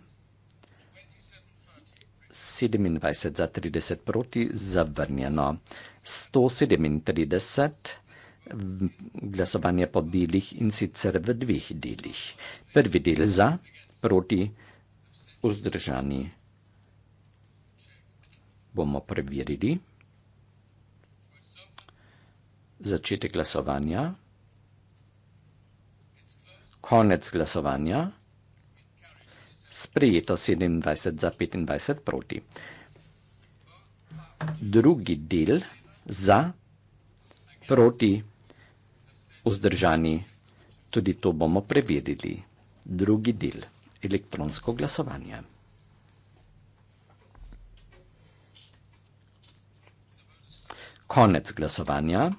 27 za 30 proti, zavrnjeno. 137, glasovanje po delih in sicer v dveh delih. Prvi del za, proti, vzdržani. Bomo preverili. Začetek glasovanja. Konec glasovanja. Sprejeto 27 za 25 proti. Drugi del za, proti, vzdržani. Tudi to bomo preverili. Drugi del. Elektronsko glasovanje. Konec glasovanja.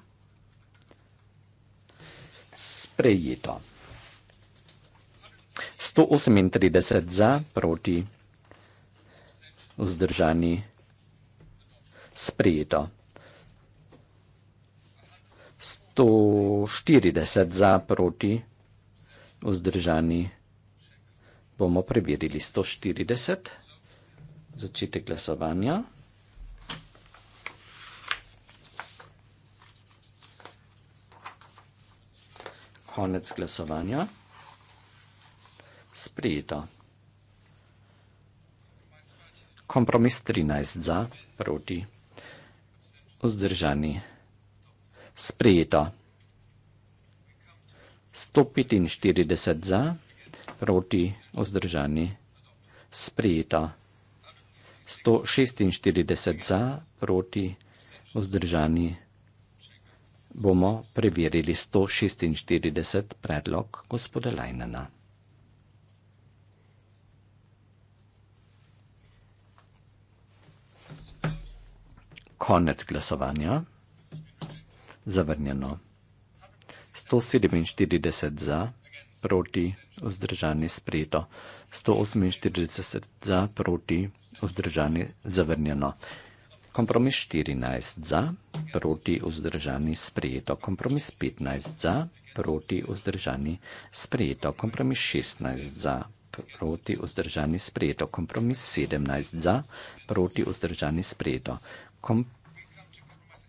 Sprejeto. 138 za, proti, vzdržani. Sprejeto. 140 za, proti, vzdržani. Bomo preverili 140. Začetek glasovanja. Konec glasovanja. Sprejeto. Kompromis 13 za, proti, vzdržani sprejeta. 145 za, proti vzdržani, sprejeta. 146 za, proti vzdržani, bomo preverili 146 predlog gospoda Lajnena. Konec glasovanja zavrnjeno. 147 za, proti, vzdržani, sprejeto. 148 za, proti, vzdržani, zavrnjeno. Kompromis 14 za, proti, vzdržani, sprejeto. Kompromis 15 za, proti, vzdržani, sprejeto. Kompromis 16 za, proti, vzdržani, sprejeto. Kompromis 17 za, proti, vzdržani, sprejeto. Kompromis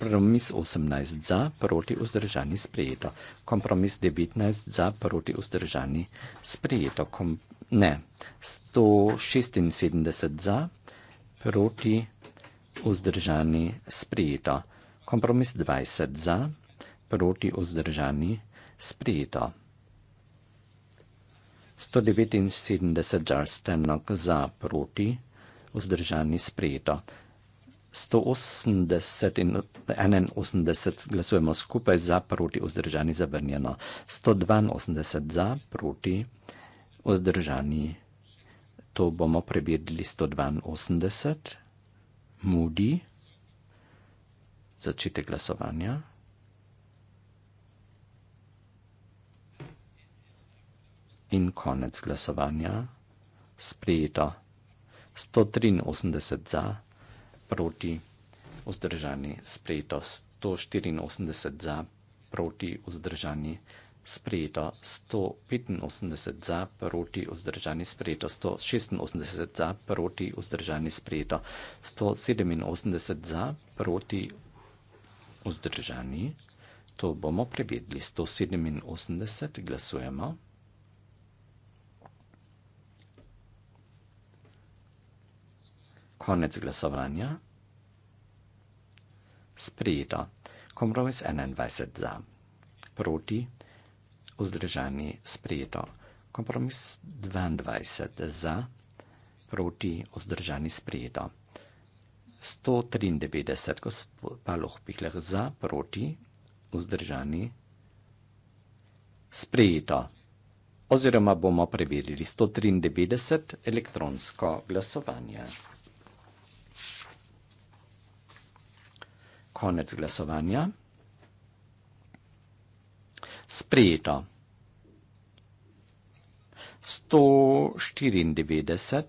Kompromis 18 za, proti vzdržani sprejeto. Kompromis 19 za, proti vzdržani sprejeto. Kom ne, 176 za, proti vzdržani sprejeto. Kompromis 20 za, proti vzdržani sprejeto. 179 žalstenok za, proti vzdržani sprejeto. 180 in 81 glasujemo skupaj za, proti, vzdržani, zavrnjeno. 182 za, proti, vzdržani. To bomo prebirali 182. Mudi. Začite glasovanja. In konec glasovanja. Sprejeto. 183 za, proti proti, vzdržani, sprejeto 184 za, proti, vzdržani, sprejeto 185 za, proti, vzdržani, sprejeto 186 za, proti, vzdržani, sprejeto 187 za, proti, vzdržani. To bomo prevedli 187, glasujemo. konec glasovanja. Sprejeto. Kompromis 21 za. Proti. Vzdržani. Sprejeto. Kompromis 22 za. Proti. Vzdržani. Sprejeto. 193 paloh pihleh za. Proti. Vzdržani. Sprejeto. Oziroma bomo preverili 193 elektronsko glasovanje. Konec glasovanja. Sprejeto. 194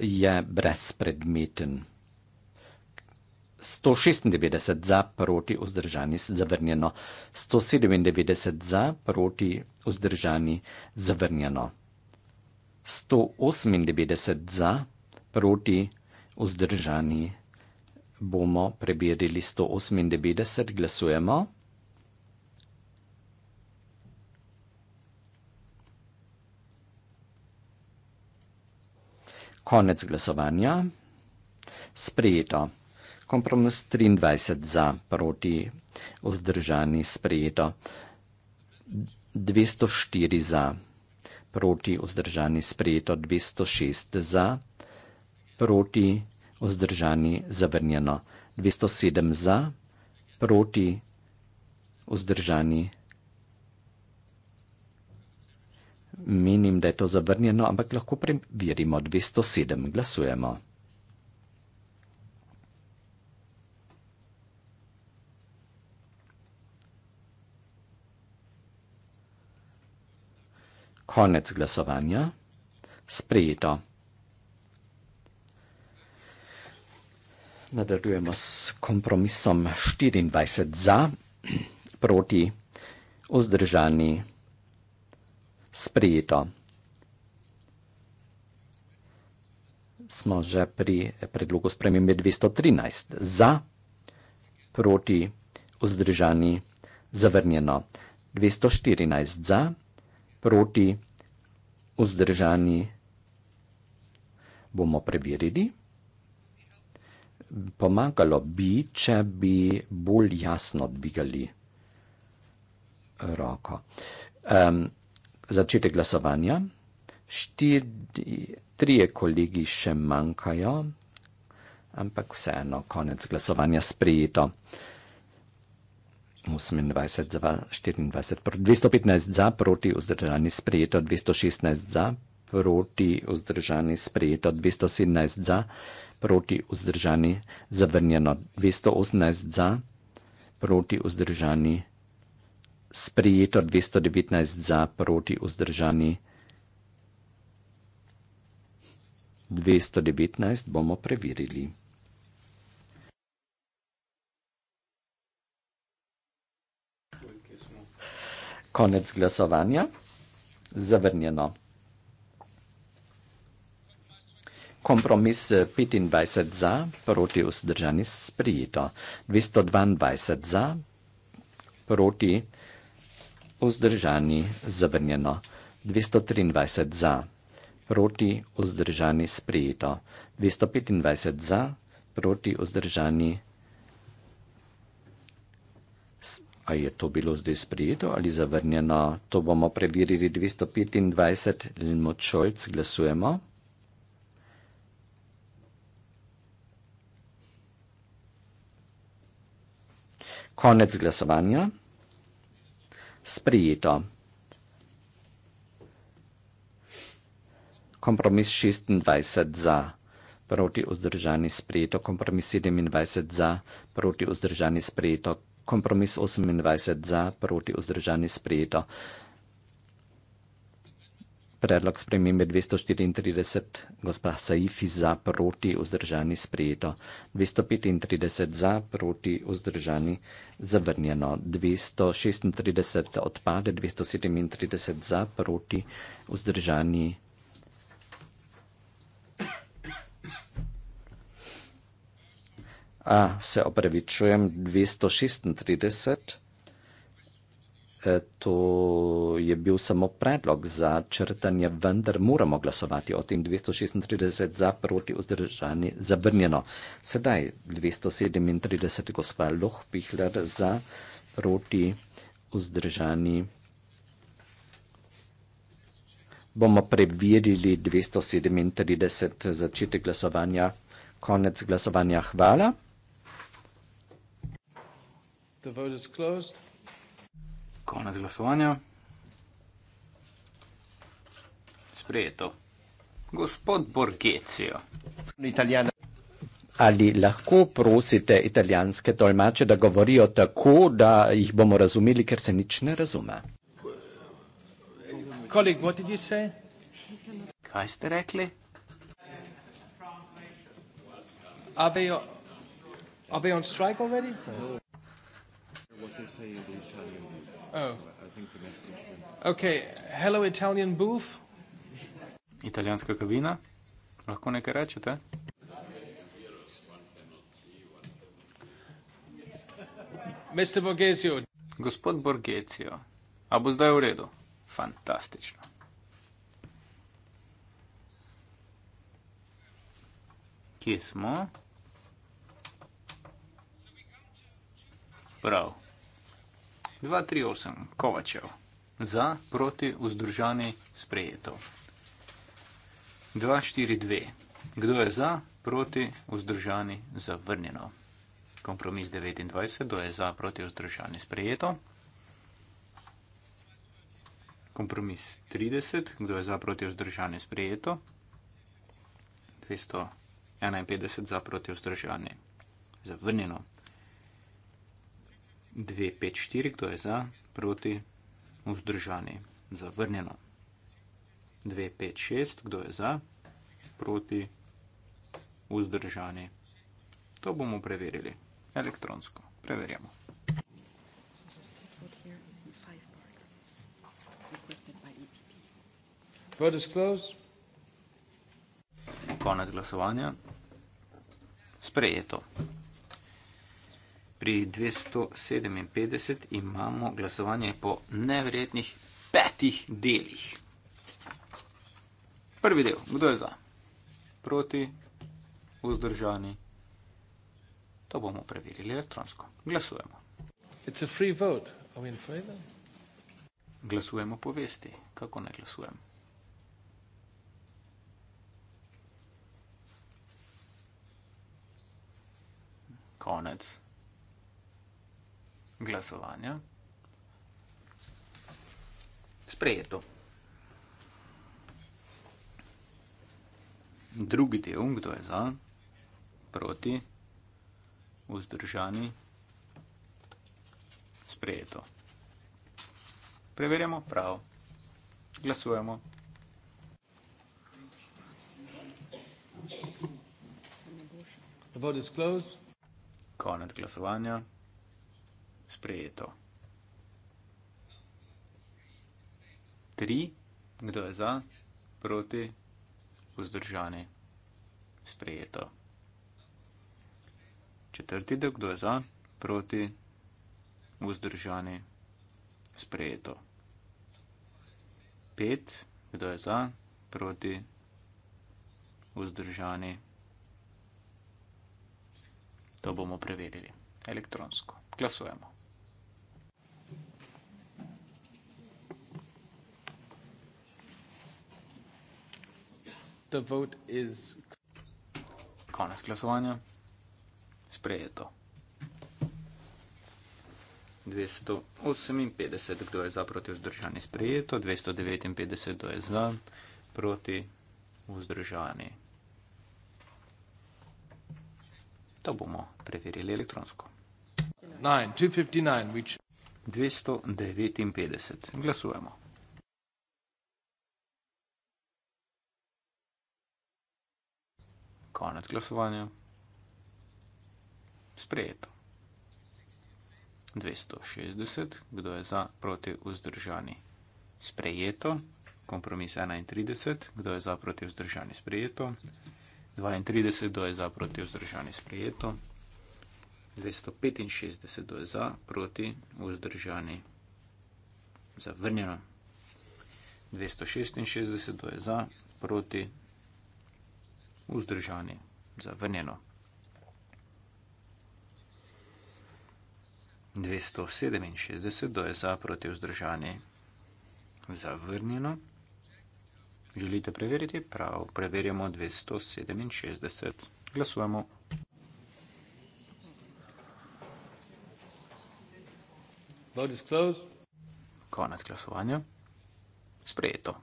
je brezpredmeten. 196 za, proti, vzdržani, zavrnjeno. 197 za, proti, vzdržani, zavrnjeno. 198 za, proti, vzdržani, zavrnjeno bomo preberili 198, glasujemo. Konec glasovanja. Sprejeto. Kompromis 23 za, proti, vzdržani, sprejeto. 204 za, proti, vzdržani, sprejeto. 206 za, proti, vzdržani vzdržani, zavrnjeno. 207 za, proti, vzdržani. Menim, da je to zavrnjeno, ampak lahko preverimo. 207 glasujemo. Konec glasovanja. Sprejeto. Nadaljujemo s kompromisom 24 za, proti, vzdržani, sprejeto. Smo že pri predlogu spremembe 213 za, proti, vzdržani, zavrnjeno. 214 za, proti, vzdržani, bomo preverili pomagalo bi, če bi bolj jasno dvigali roko. Um, začetek glasovanja. Štiri, trije kolegi še manjkajo, ampak vseeno konec glasovanja sprejeto. 28 za 24, 215 za proti, vzdržani sprejeto, 216 za proti vzdržani sprejeto 217 za, proti vzdržani zavrnjeno 218 za, proti vzdržani sprejeto 219 za, proti vzdržani 219 bomo preverili. Konec glasovanja. Zavrnjeno. kompromis 25 eh, za, proti vzdržani sprijeto. 222 za, proti vzdržani zavrnjeno. 223 za, proti vzdržani sprijeto. 225 za, proti vzdržani A je to bilo zdaj sprijeto ali zavrnjeno? To bomo preverili 225. Lmočolc glasujemo. 225. Konec glasovanja. Sprijeto. Kompromis 26 za, proti vzdržani sprijeto, kompromis 27 za, proti vzdržani sprijeto, kompromis 28 za, proti vzdržani sprijeto. Predlog spremembe 234, gospa Saifi za proti vzdržani sprejeto, 235 za proti vzdržani zavrnjeno, 236 odpade, 237 za proti vzdržani A, se opravičujem, 236 to je bil samo predlog za črtanje, vendar moramo glasovati o tem 236 za proti vzdržanje zabrnjeno. Sedaj 237 gospa Loh Pihler za proti vzdržanje. Bomo preverili 237 začetek glasovanja, konec glasovanja. Hvala. The vote is closed. Konec glasovanja. Sprejeto. Gospod Borgecijo. Italijana. Ali lahko prosite italijanske tolmače, da govorijo tako, da jih bomo razumeli, ker se nič ne razume? Kolik, Kaj ste rekli? Abejo, abejo on strike already? what they say in the Italian booth. Oh. I think the message. Went. Okay, hello Italian booth. Italijanska kabina, lahko nekaj rečete? Mr. Borgesio. Gospod Borgesio, a bo zdaj v redu? Fantastično. Kje smo? Prav. 238 Kovačev za proti vzdržani sprejeto. 242 Kdo je za proti vzdržani zavrnjeno. Kompromis 29 Kdo je za proti vzdržani sprejeto. Kompromis 30 Kdo je za proti vzdržani sprejeto. 251 za proti vzdržani zavrnjeno. 2, 5, 4, kdo je za, proti, vzdržani, zavrnjeno. 2, 5, 6, kdo je za, proti, vzdržani. To bomo preverili elektronsko. Preverjamo. Konec glasovanja. Sprejeto pri 257 imamo glasovanje po nevrednih petih delih. Prvi del, kdo je za? Proti, vzdržani. To bomo preverili elektronsko. Glasujemo. It's a free vote. Are we in favor? Glasujemo po vesti. Kako ne glasujem? Konec glasovanja. Sprejeto. Drugi del, kdo je za, proti, vzdržani, sprejeto. Preverjamo prav. Glasujemo. The vote is closed. Konec glasovanja sprejeto. 3. Kdo je za, proti, vzdržani, sprejeto. 4. Kdo je za, proti, vzdržani, sprejeto. 5. Kdo je za, proti, vzdržani. To bomo preverili elektronsko. Glasujemo. The vote is. Konec glasovanja. Sprejeto. 258, kdo je za proti vzdržani, sprejeto. 259, kdo je za proti vzdržani. To bomo preverili elektronsko. 9, 259, which... 259, glasujemo. Konec glasovanja. Sprejeto. 260, kdo je za, proti vzdržani. Sprejeto. Kompromis 31, kdo je za, proti vzdržani. Sprejeto. 32, kdo je za, proti vzdržani. Sprejeto. 265, kdo je za, proti vzdržani. Zavrnjeno. 266, kdo je za, proti vzdržani vzdržani, zavrnjeno. 267 do je za proti vzdržani, zavrnjeno. Želite preveriti? Prav, preverjamo 267. Glasujemo. Vote is closed. Konec glasovanja. Sprejeto.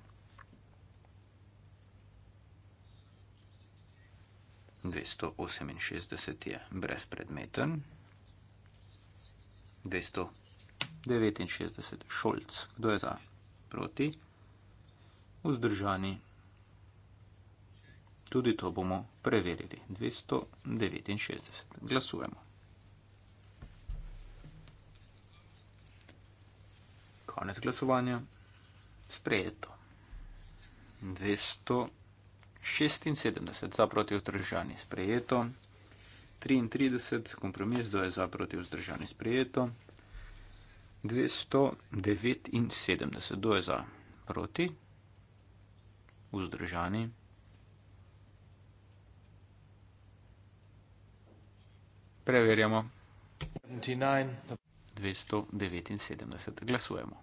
268 je brezpredmeten. 269 šolc. Kdo je za? Proti. Vzdržani. Tudi to bomo preverili. 269. Glasujemo. Konec glasovanja. Sprejeto. 200. 76 za proti vzdržani sprejeto, 33 kompromis, da je za proti vzdržani sprejeto, 279 do je za proti vzdržani. Preverjamo. 279 glasujemo.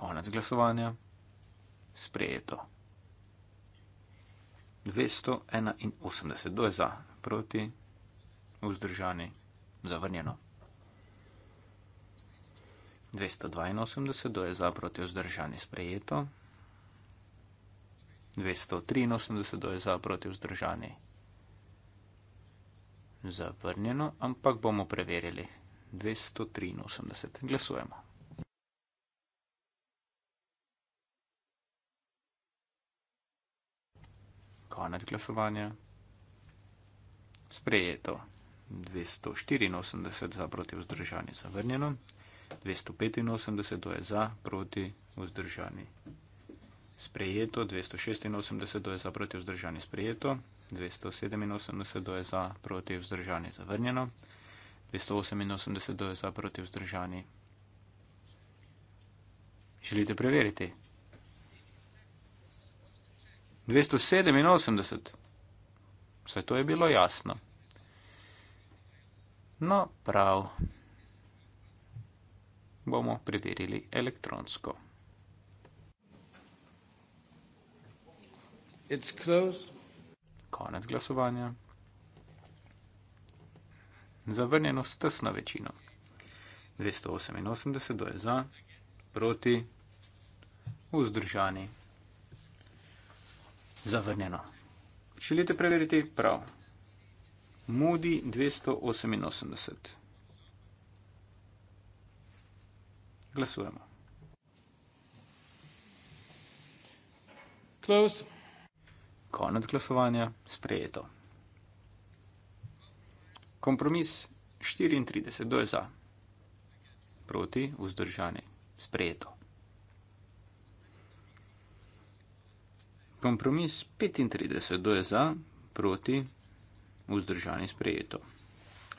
Konec glasovanja. Sprejeto. 281, kdo je za, proti, vzdržani, zavrnjeno. 282, kdo je za, proti, vzdržani, sprejeto. 283, kdo je za, proti, vzdržani, zavrnjeno, ampak bomo preverili. 283, glasujemo. Konec glasovanja. Sprejeto 284 za proti vzdržanje zavrnjeno, 285 do je za proti vzdržanje sprejeto, 286 do je za proti vzdržanje sprejeto, 287 do je za proti vzdržanje zavrnjeno, 288 do je za proti vzdržanje. Želite preveriti? 287. Vse to je bilo jasno. No, prav. Bomo preverili elektronsko. Konec glasovanja. Zavrnjeno s tesno večino. 288 je za, proti, vzdržani zavrnjeno. Želite preveriti? Prav. Moody 288. Glasujemo. Close. Konec glasovanja, sprejeto. Kompromis 34, kdo je za? Proti, vzdržani, sprejeto. Kompromis 35, do je za, proti, vzdržani sprejeto.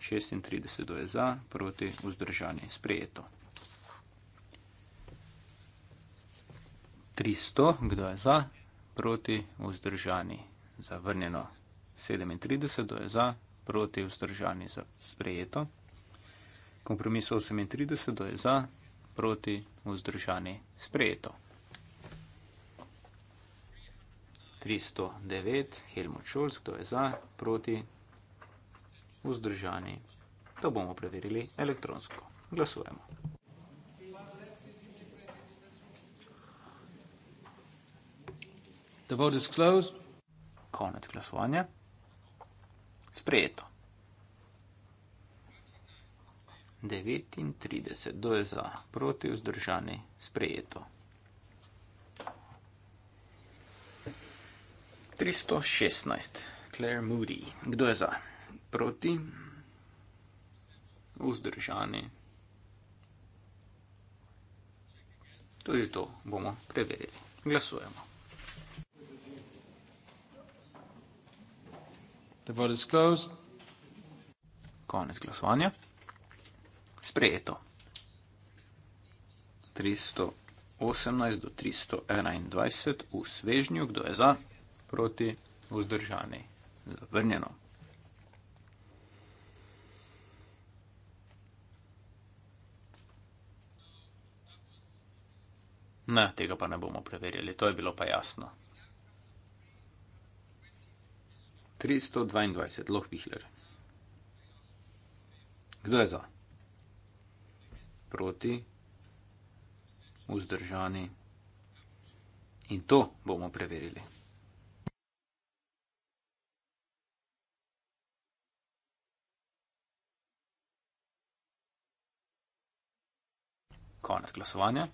36, do je za, proti, vzdržani sprejeto. 300, kdo je za, proti, vzdržani zavrnjeno. 37, do je za, proti, vzdržani za sprejeto. Kompromis 38, do je za, proti, vzdržani sprejeto. 309, Helmut Scholz, kdo je za, proti, vzdržani. To bomo preverili elektronsko. Glasujemo. The vote is closed. Konec glasovanja. Sprejeto. 39. Kdo je za? Proti, vzdržani. Sprejeto. 316, Claire Moody. Kdo je za? Proti? Vzdržani. Tudi to bomo preverili. Glasujemo. The vote is closed. Konec glasovanja. Sprejeto. 318 do 321 v svežnju. Kdo je za? proti, vzdržani, zavrnjeno. Ne, tega pa ne bomo preverjali, to je bilo pa jasno. 322, loh Bihler. Kdo je za? Proti, vzdržani. In to bomo preverili. Konec glasovanja.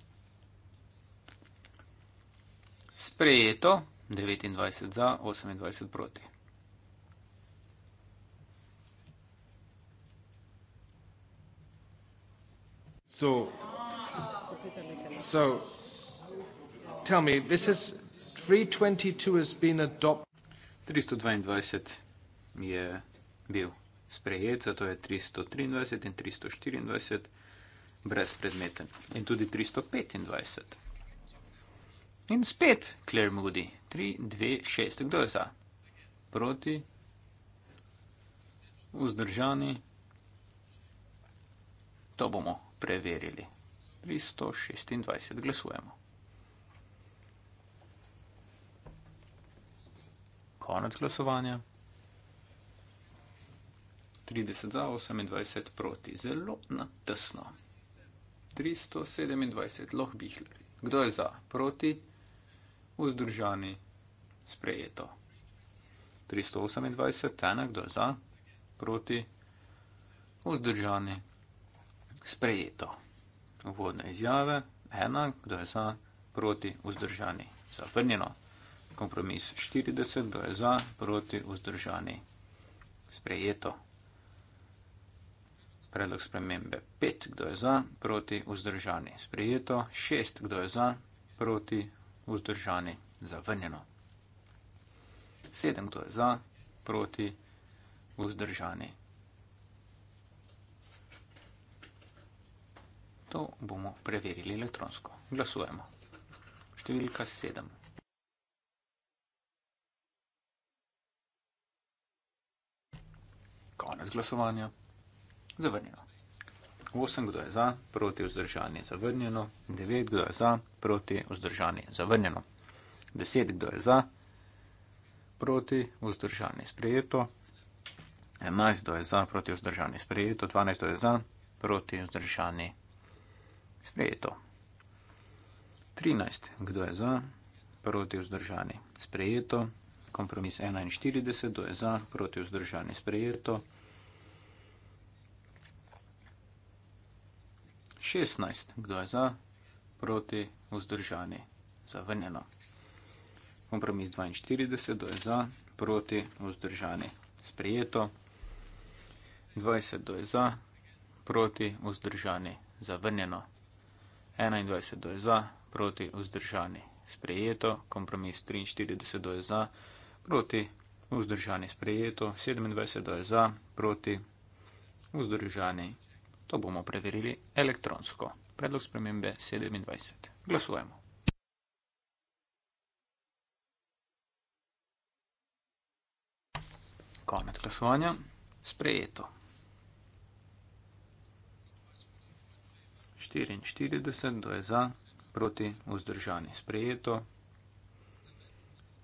Sprejeto 29 za, 28 proti. So, so, tell me, this is 322 has been adopted. 322 je bil sprejet, zato je 323 in 324 brezpredmeten in tudi 325. In spet Claire Moody, 3, 2, 6, kdo je za? Proti, vzdržani, to bomo preverili. 326 glasujemo. Konec glasovanja. 30 za 28 proti. Zelo natesno. 327 lahko bihle. Kdo je za, proti, vzdržani, sprejeto. 328, tena, kdo je za, proti, vzdržani, sprejeto. Uvodne izjave, ena, kdo je za, proti, vzdržani, zavrnjeno. Kompromis 40, kdo je za, proti, vzdržani, sprejeto. Predlog spremembe 5, kdo je za, proti, vzdržani. Sprijeto 6, kdo je za, proti, vzdržani, zavrnjeno. 7, kdo je za, proti, vzdržani. To bomo preverili elektronsko. Glasujemo. Številka 7. Konec glasovanja zavrnjeno. 8, kdo je za, proti vzdržanje zavrnjeno, 9, kdo je za, proti vzdržanje zavrnjeno, 10, kdo je za, proti vzdržanje sprejeto, 11, kdo je za, proti vzdržanje sprejeto, 12, kdo je za, proti vzdržanje sprejeto, 13, kdo je za, proti vzdržanje sprejeto, kompromis 41, kdo je za, proti vzdržanje sprejeto, 16, kdo je za, proti, vzdržani, zavrnjeno. Kompromis 42, kdo je za, proti, vzdržani, sprejeto. 20, kdo je za, proti, vzdržani, zavrnjeno. 21, kdo je za, proti, vzdržani, sprejeto. Kompromis 43, kdo je za, proti, vzdržani, sprejeto. 27, kdo je za, proti, vzdržani, sprejeto. To bomo preverili elektronsko. Predlog spremembe 27. Glasujemo. Konec glasovanja. Sprejeto. 44, do je za, proti, vzdržani. Sprejeto.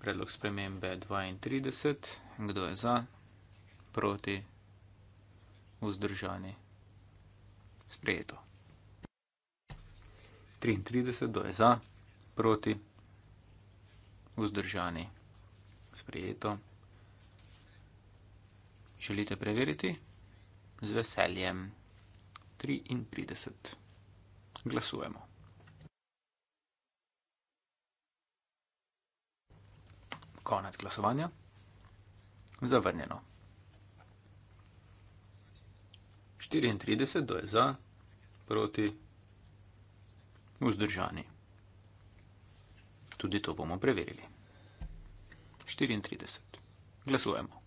Predlog spremembe 32, kdo je za, proti, vzdržani sprejeto. 33 do je za, proti, vzdržani, sprejeto. Želite preveriti? Z veseljem. 33. Glasujemo. Konec glasovanja. Zavrnjeno. 34 do je za, proti vzdržani. Tudi to bomo preverili. 34. Glasujemo.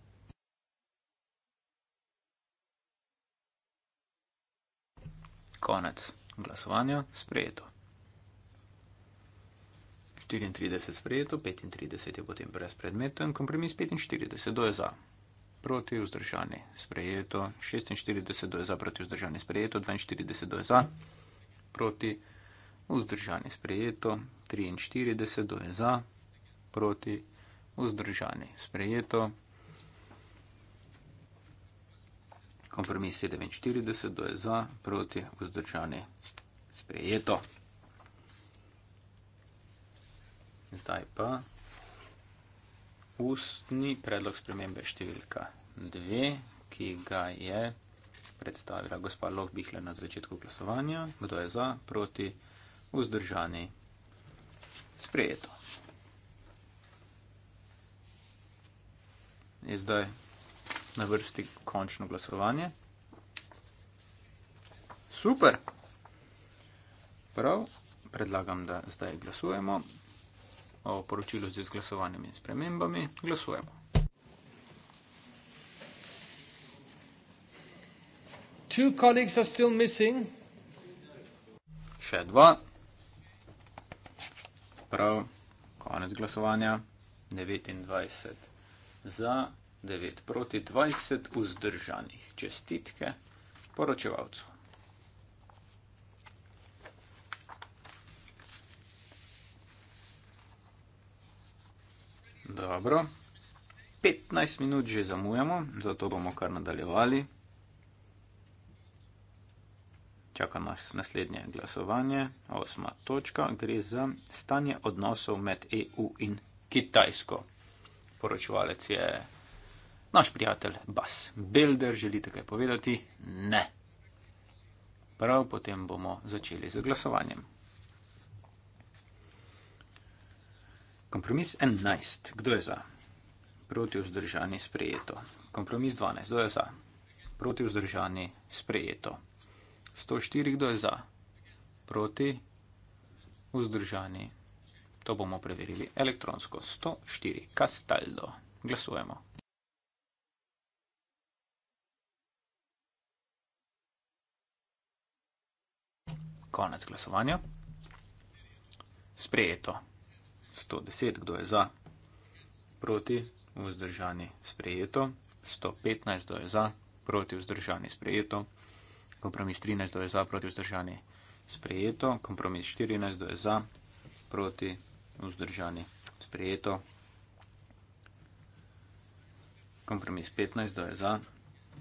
Konec glasovanja, sprejeto. 34 sprejeto, 35 je potem brezpredmeten, kompromis 45 do je za proti vzdržani sprejeto, 46 do je za proti vzdržani sprejeto, 42 do je za proti vzdržani sprejeto, 43 do je za proti vzdržani sprejeto, kompromis 47 do je za proti vzdržani sprejeto. Zdaj pa ustni predlog spremembe številka 2, ki ga je predstavila gospa Lohbihle na začetku glasovanja. Kdo je za, proti, vzdržani, sprejeto. Je zdaj na vrsti končno glasovanje. Super! Prav, predlagam, da zdaj glasujemo o poročilu z izglasovanimi spremembami, glasujemo. Two colleagues are still missing. Še dva. Prav, konec glasovanja. 29 za, 9 proti, 20 vzdržanih. Čestitke poročevalcu. Dobro, 15 minut že zamujamo, zato bomo kar nadaljevali. Čaka nas naslednje glasovanje, osma točka, gre za stanje odnosov med EU in Kitajsko. Poročevalec je naš prijatelj Bas Belder, želite kaj povedati? Ne. Prav potem bomo začeli z glasovanjem. Kompromis 11. Kdo je za? Proti vzdržani sprejeto. Kompromis 12. Kdo je za? Proti vzdržani sprejeto. 104. Kdo je za? Proti vzdržani. To bomo preverili elektronsko. 104. Castaldo. Glasujemo. Konec glasovanja. Sprejeto. 110, kdo je za, proti, vzdržani, sprejeto, 115, kdo je za, proti, vzdržani, sprejeto, kompromis 13, kdo je za, proti, vzdržani, sprejeto, kompromis 14, kdo je za, proti, vzdržani, sprejeto, kompromis 15, kdo je za,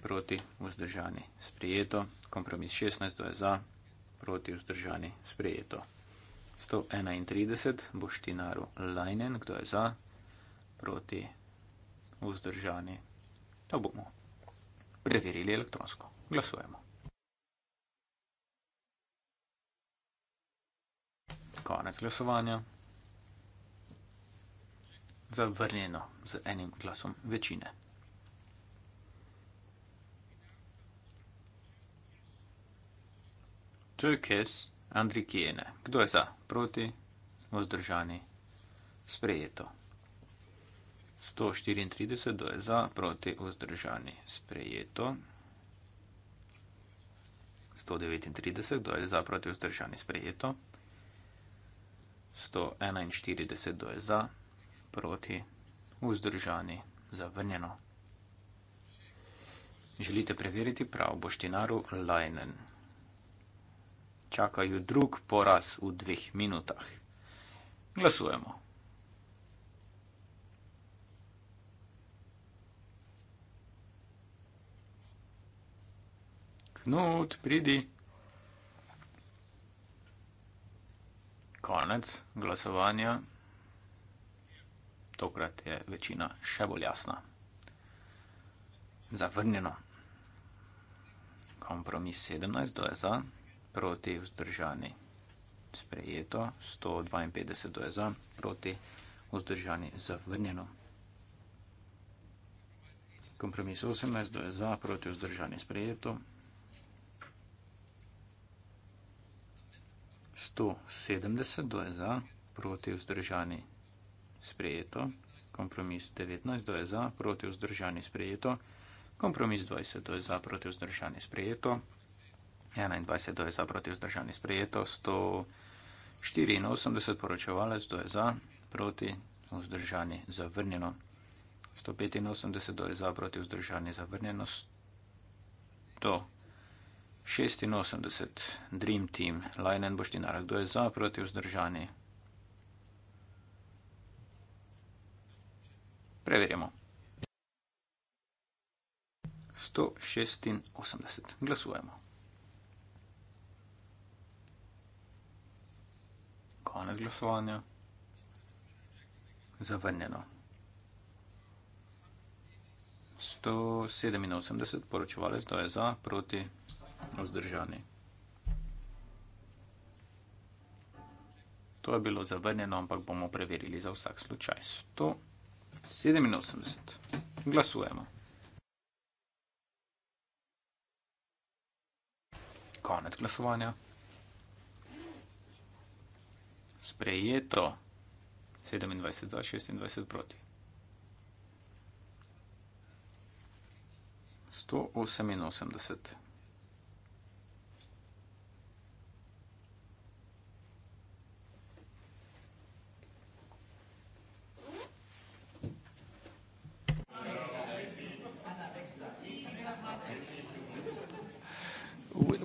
proti, vzdržani, sprejeto, kompromis 16, kdo je za, proti, vzdržani, sprejeto. 131, Boštinaru Lajnen, kdo je za, proti, vzdržani. To bomo preverili elektronsko. Glasujemo. Konec glasovanja. Zavrnjeno z enim glasom večine. Turkish. Andri Kijene. Kdo je za? Proti? Vzdržani? Sprejeto. 134, kdo je za? Proti? Vzdržani? Sprejeto. 139, kdo je za? Proti? Vzdržani? Sprejeto. 141, kdo je za? Proti? Vzdržani? Zavrnjeno. Želite preveriti prav Boštinaru Lajnen? čakajo drug poraz v dveh minutah. Glasujemo. Knut, pridi. Konec glasovanja. Tokrat je večina še bolj jasna. Zavrnjeno. Kompromis 17, kdo je za? proti vzdržani. Sprejeto 152 do EZA proti vzdržani zavrnjeno. Kompromis 18 do EZA proti vzdržani sprejeto. 170 do EZA proti vzdržani sprejeto. Kompromis 19 do EZA proti vzdržani sprejeto. Kompromis 20 do EZA proti vzdržani sprejeto. 21 do je za proti vzdržani sprejeto, 184 poročevalec do je za proti vzdržani zavrnjeno, 185 do je za proti vzdržani zavrnjeno, 186 Dream Team Lajnen Boštinar, kdo je za proti vzdržani. Preverjamo. 186. Glasujemo. Konec glasovanja. Zavrnjeno. 187 poročevalec, da je za, proti, vzdržani. To je bilo zavrnjeno, ampak bomo preverili za vsak slučaj. 187. Glasujemo. Konec glasovanja sprejeto 27 za 26 proti. 188.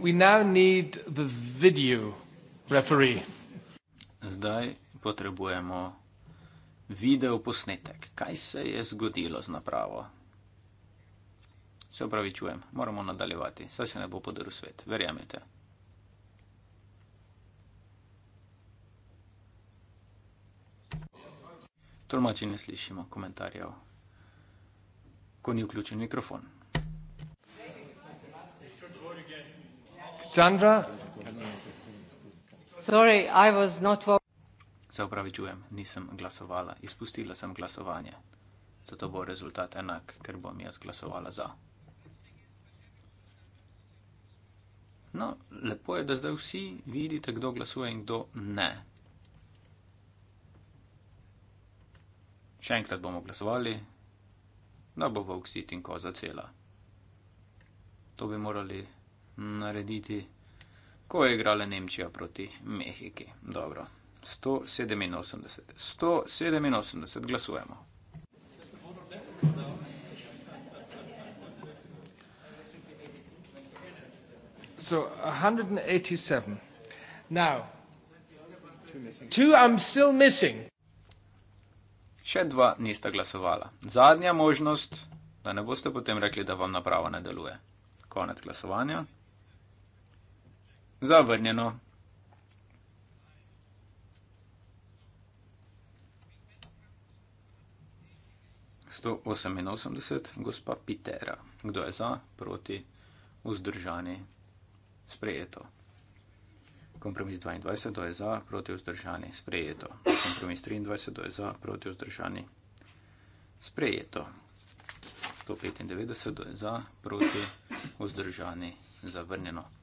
We now need the video referee zdaj potrebujemo video posnetek. Kaj se je zgodilo z napravo? Se opravičujem, moramo nadaljevati, saj se ne bo podaril svet, verjamete. Tolmači ne slišimo komentarjev, ko ni vključen mikrofon. Sandra, Sorry, I was not vo- Se upravičujem, nisem glasovala, izpustila sem glasovanje. Zato bo rezultat enak, ker bom jaz glasovala za. No, lepo je, da zdaj vsi vidite, kdo glasuje in kdo ne. Še enkrat bomo glasovali, da bo Vauxit in koza cela. To bi morali narediti ko je igrala Nemčija proti Mehiki. Dobro, 187, 187 glasujemo. So 187. Now, Še dva nista glasovala. Zadnja možnost, da ne boste potem rekli, da vam naprava ne deluje. Konec glasovanja. Zavrnjeno. Sto oseminosemdeset, gospa Pitera. Kdo je za, proti, vzdržani, sprejeto. Kompromis dvaindvajset, kdo je za, proti, vzdržani, sprejeto. Kompromis triindvajset, kdo je za, proti, vzdržani, sprejeto. Sto petindevetdeset, kdo je za, proti, vzdržani, zavrnjeno.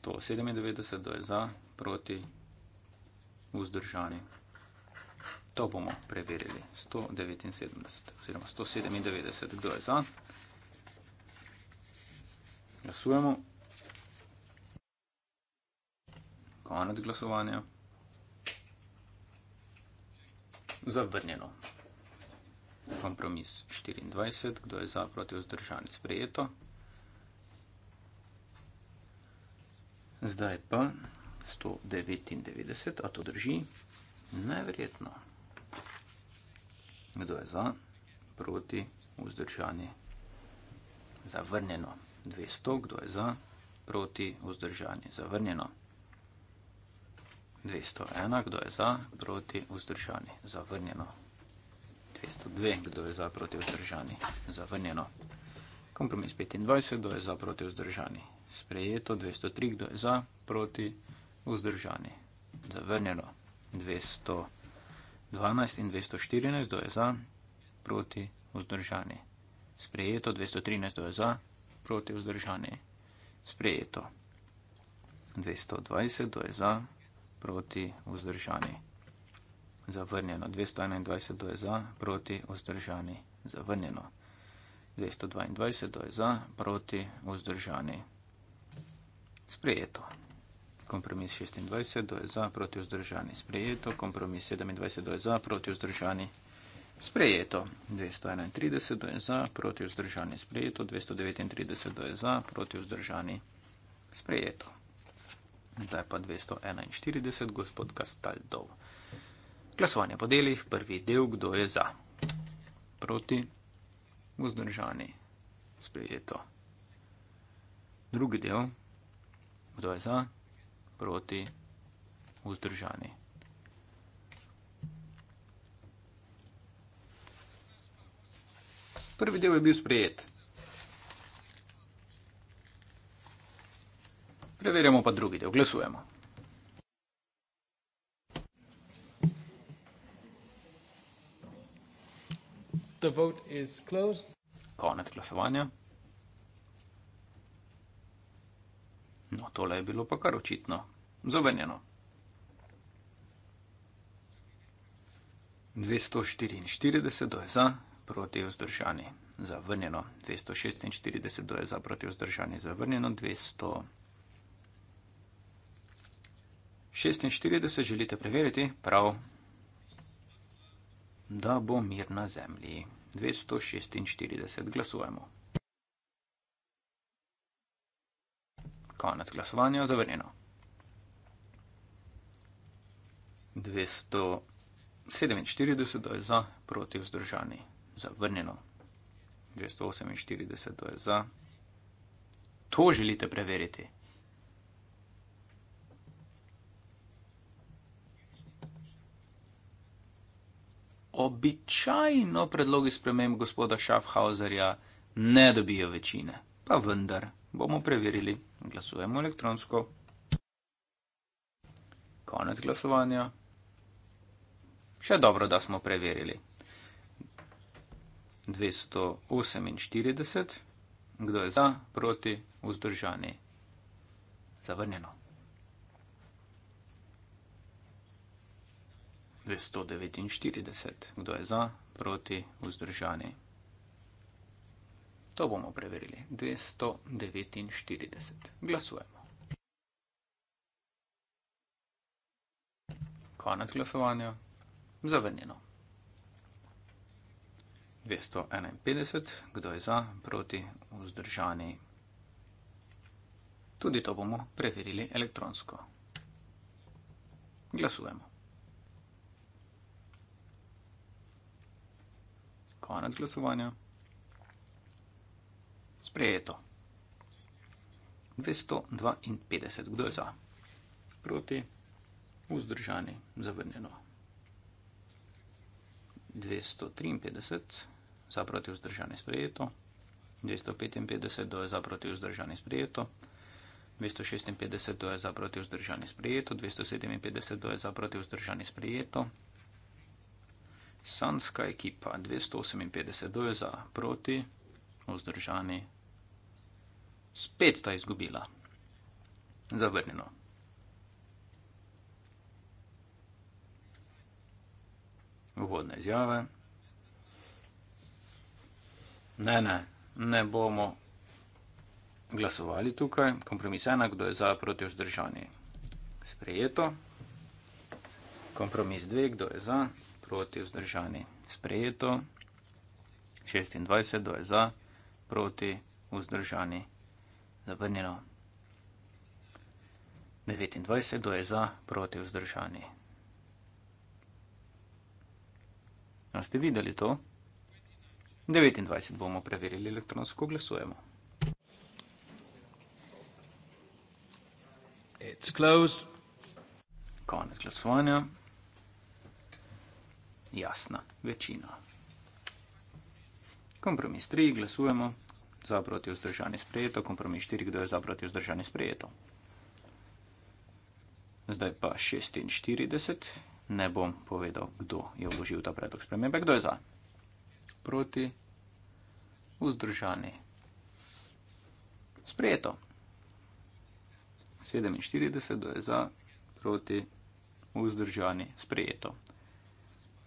197, kdo je za, proti, vzdržani. To bomo preverili. 179, oziroma 197, kdo je za. Glasujemo. Konec glasovanja. Zavrnjeno. Kompromis 24, kdo je za, proti, vzdržani, sprejeto. Zdaj pa 199, a to drži? Najverjetno. Kdo je za? Proti, vzdržani. Zavrnjeno. 200, kdo je za? Proti, vzdržani. Zavrnjeno. 201, kdo je za? Proti, vzdržani. Zavrnjeno. 202, kdo je za? Proti, vzdržani. Zavrnjeno. Kompromis 25, kdo je za? Proti, vzdržani sprejeto 203 za, proti vzdržani, zavrnjeno 212 in 214 do je za, proti vzdržani, sprejeto 213 do je za, proti vzdržani, sprejeto 220 do je za, proti vzdržani, zavrnjeno 221 do je za, proti vzdržani, zavrnjeno 222 do je za, proti vzdržani, zavrnjeno sprejeto. Kompromis 26 do je za, proti vzdržani sprejeto. Kompromis 27 do je za, proti vzdržani sprejeto. 231 do je za, proti vzdržani sprejeto. 239 do je za, proti vzdržani sprejeto. Zdaj pa 241, gospod Kastaldov. Glasovanje po delih, prvi del, kdo je za, proti, vzdržani, sprejeto. Drugi del, Kdo je za? Proti? Vzdržani. Prvi del je bil sprejet. Preverjamo pa drugi del. Glasujemo. The vote is closed. Konec glasovanja. No, tole je bilo pa kar očitno. Zavrnjeno. 244 do je za, proti vzdržani, zavrnjeno. 246 do je za, proti vzdržani, zavrnjeno. 246 želite preveriti, prav, da bo mir na zemlji. 246 glasujemo. Konec glasovanja je zavrnjeno. 247 je za, proti vzdržani, zavrnjeno. 248 je za. To želite preveriti. Običajno predlogi sprememb gospoda Schaffhauserja ne dobijo večine, pa vendar bomo preverili. Glasujemo elektronsko. Konec glasovanja. Še dobro, da smo preverili. 248. Kdo je za, proti, vzdržani? Zavrnjeno. 249. Kdo je za, proti, vzdržani? To bomo preverili. 249. Glasujemo. Konec glasovanja. Zavrnjeno. 251. Kdo je za, proti, vzdržani? Tudi to bomo preverili elektronsko. Glasujemo. Konec glasovanja. Sprejeto. 252, kdo je za? Proti, vzdržani, zavrnjeno. 253, za proti vzdržani, sprejeto. 255, kdo je za proti vzdržani, sprejeto. 256, kdo je za proti vzdržani, sprejeto. 257, kdo je za proti vzdržani, sprejeto. Sanska ekipa 258 do je za proti vzdržani. Spet sta izgubila. Zavrnjeno. Uvodne izjave. Ne, ne, ne bomo glasovali tukaj. Kompromis ena, kdo je za proti vzdržanje. Sprejeto. Kompromis dve, kdo je za proti vzdržanje. Sprejeto. 26, kdo je za proti vzdržanje proti, vzdržani, zavrnjeno. 29, kdo je za, proti, vzdržani. A ste videli to? 29 bomo preverili elektronsko, glasujemo. It's closed. Konec glasovanja. Jasna večina. Kompromis 3, glasujemo za proti vzdržanje sprejeto, kompromis 4, kdo je za proti vzdržanje sprejeto. Zdaj pa 46, ne bom povedal, kdo je vložil ta predlog spremembe, kdo je za. Proti vzdržanje sprejeto. 47, kdo je za, proti vzdržanje sprejeto.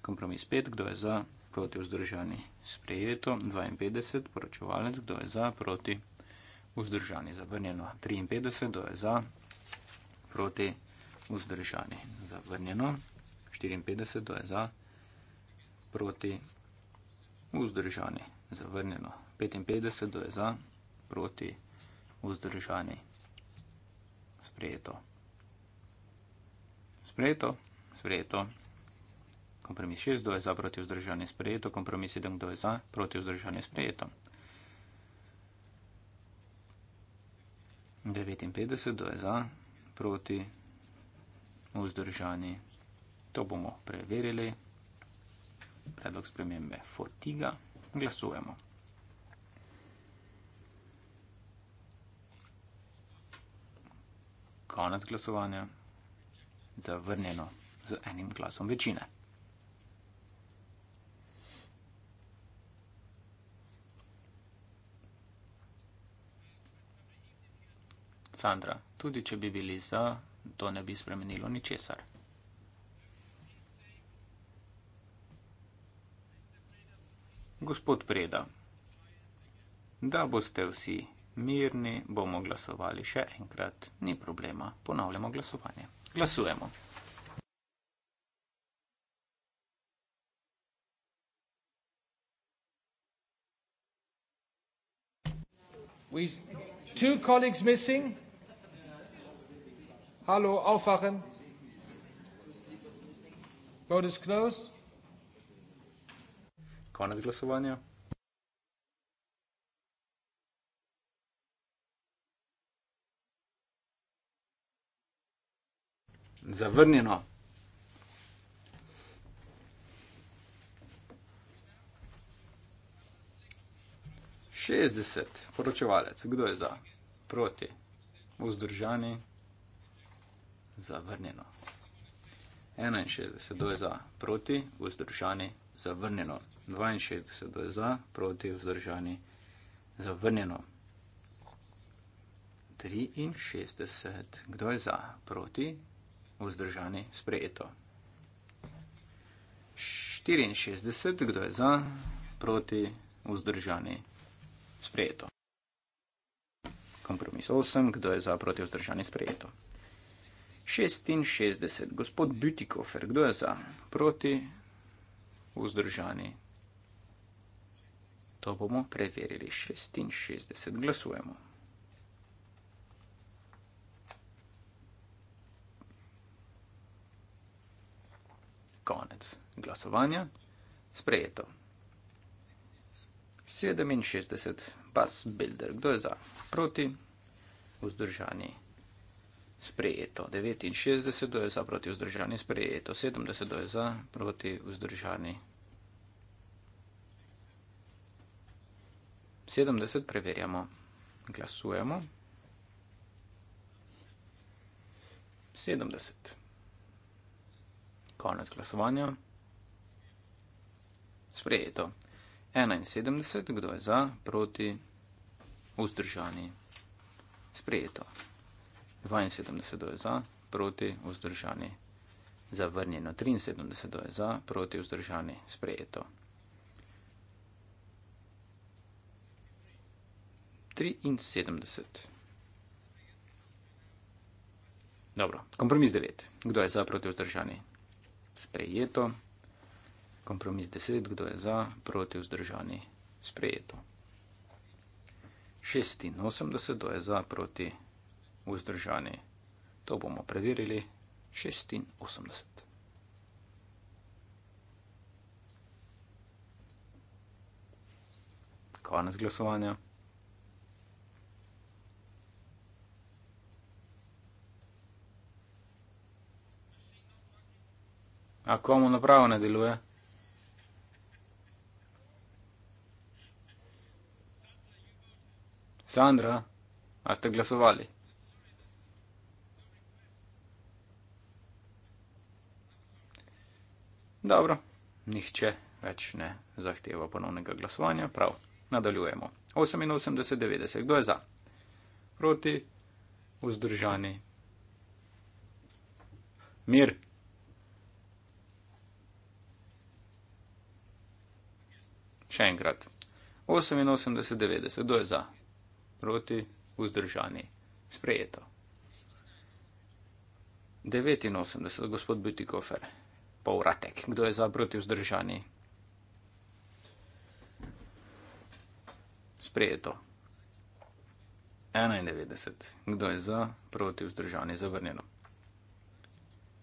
Kompromis 5, kdo je za proti vzdržani sprejeto, 52 poročevalec, kdo je za, proti vzdržani zavrnjeno, 53, kdo je za, proti vzdržani zavrnjeno, 54, kdo je za, proti vzdržani zavrnjeno, 55, kdo je za, proti vzdržani sprejeto. Sprejeto, sprejeto. Kompromis 6, kdo je za proti vzdržanju sprejeto, kompromis 7, kdo je za proti vzdržanju sprejeto. 59, kdo je za proti vzdržanju. To bomo preverili. Predlog spremembe Fortiga. Glasujemo. Konec glasovanja. Zavrnjeno z enim glasom večine. Sandra, tudi če bi bili za, to ne bi spremenilo ničesar. Gospod Preda, da boste vsi mirni, bomo glasovali še enkrat, ni problema, ponavljamo glasovanje. Glasujemo. We two colleagues missing. Hallo, aufwachen. Vote is closed. Konec glasovanja. Zavrnjeno. Šestdeset, poročevalec, kdo je za? Proti, vzdržani zavrnjeno. 61 je za, proti, vzdržani, zavrnjeno. 62 je za, proti, vzdržani, zavrnjeno. 63, kdo je za, proti, vzdržani, sprejeto. 64, kdo je za, proti, vzdržani, sprejeto. Kompromis 8, kdo je za, proti, vzdržani, sprejeto. 66. Gospod Bütikofer, kdo je za? Proti? Vzdržani? To bomo preverili. 66. Glasujemo. Konec glasovanja. Sprejeto. 67. Bas Bilder, kdo je za? Proti? Vzdržani? 66 sprejeto. 69 do je za proti vzdržani sprejeto. 70 do je za proti vzdržani. 70 preverjamo. Glasujemo. 70. Konec glasovanja. Sprejeto. 71. Kdo je za? Proti. Vzdržani. Sprejeto. 72 je za, proti, vzdržani, zavrnjeno 73 je za, proti, vzdržani, sprejeto. 73. Dobro, kompromis 9. Kdo je za, proti, vzdržani, sprejeto. Kompromis 10. Kdo je za, proti, vzdržani, sprejeto. 86. Kdo je za, proti, vzdržani, sprejeto vzdržani. To bomo preverili 86. Konec glasovanja. A komu napravo ne deluje? Sandra, a ste glasovali? Dobro, nihče več ne zahteva ponovnega glasovanja. Prav, nadaljujemo. 88, 90, kdo je za? Proti, vzdržani. Mir. Še enkrat. 88, 90, kdo je za? Proti, vzdržani. Sprejeto. 89, gospod Bütikofer povratek. Kdo je za proti vzdržani? Sprejeto. 91. Kdo je za proti vzdržani? Zavrnjeno.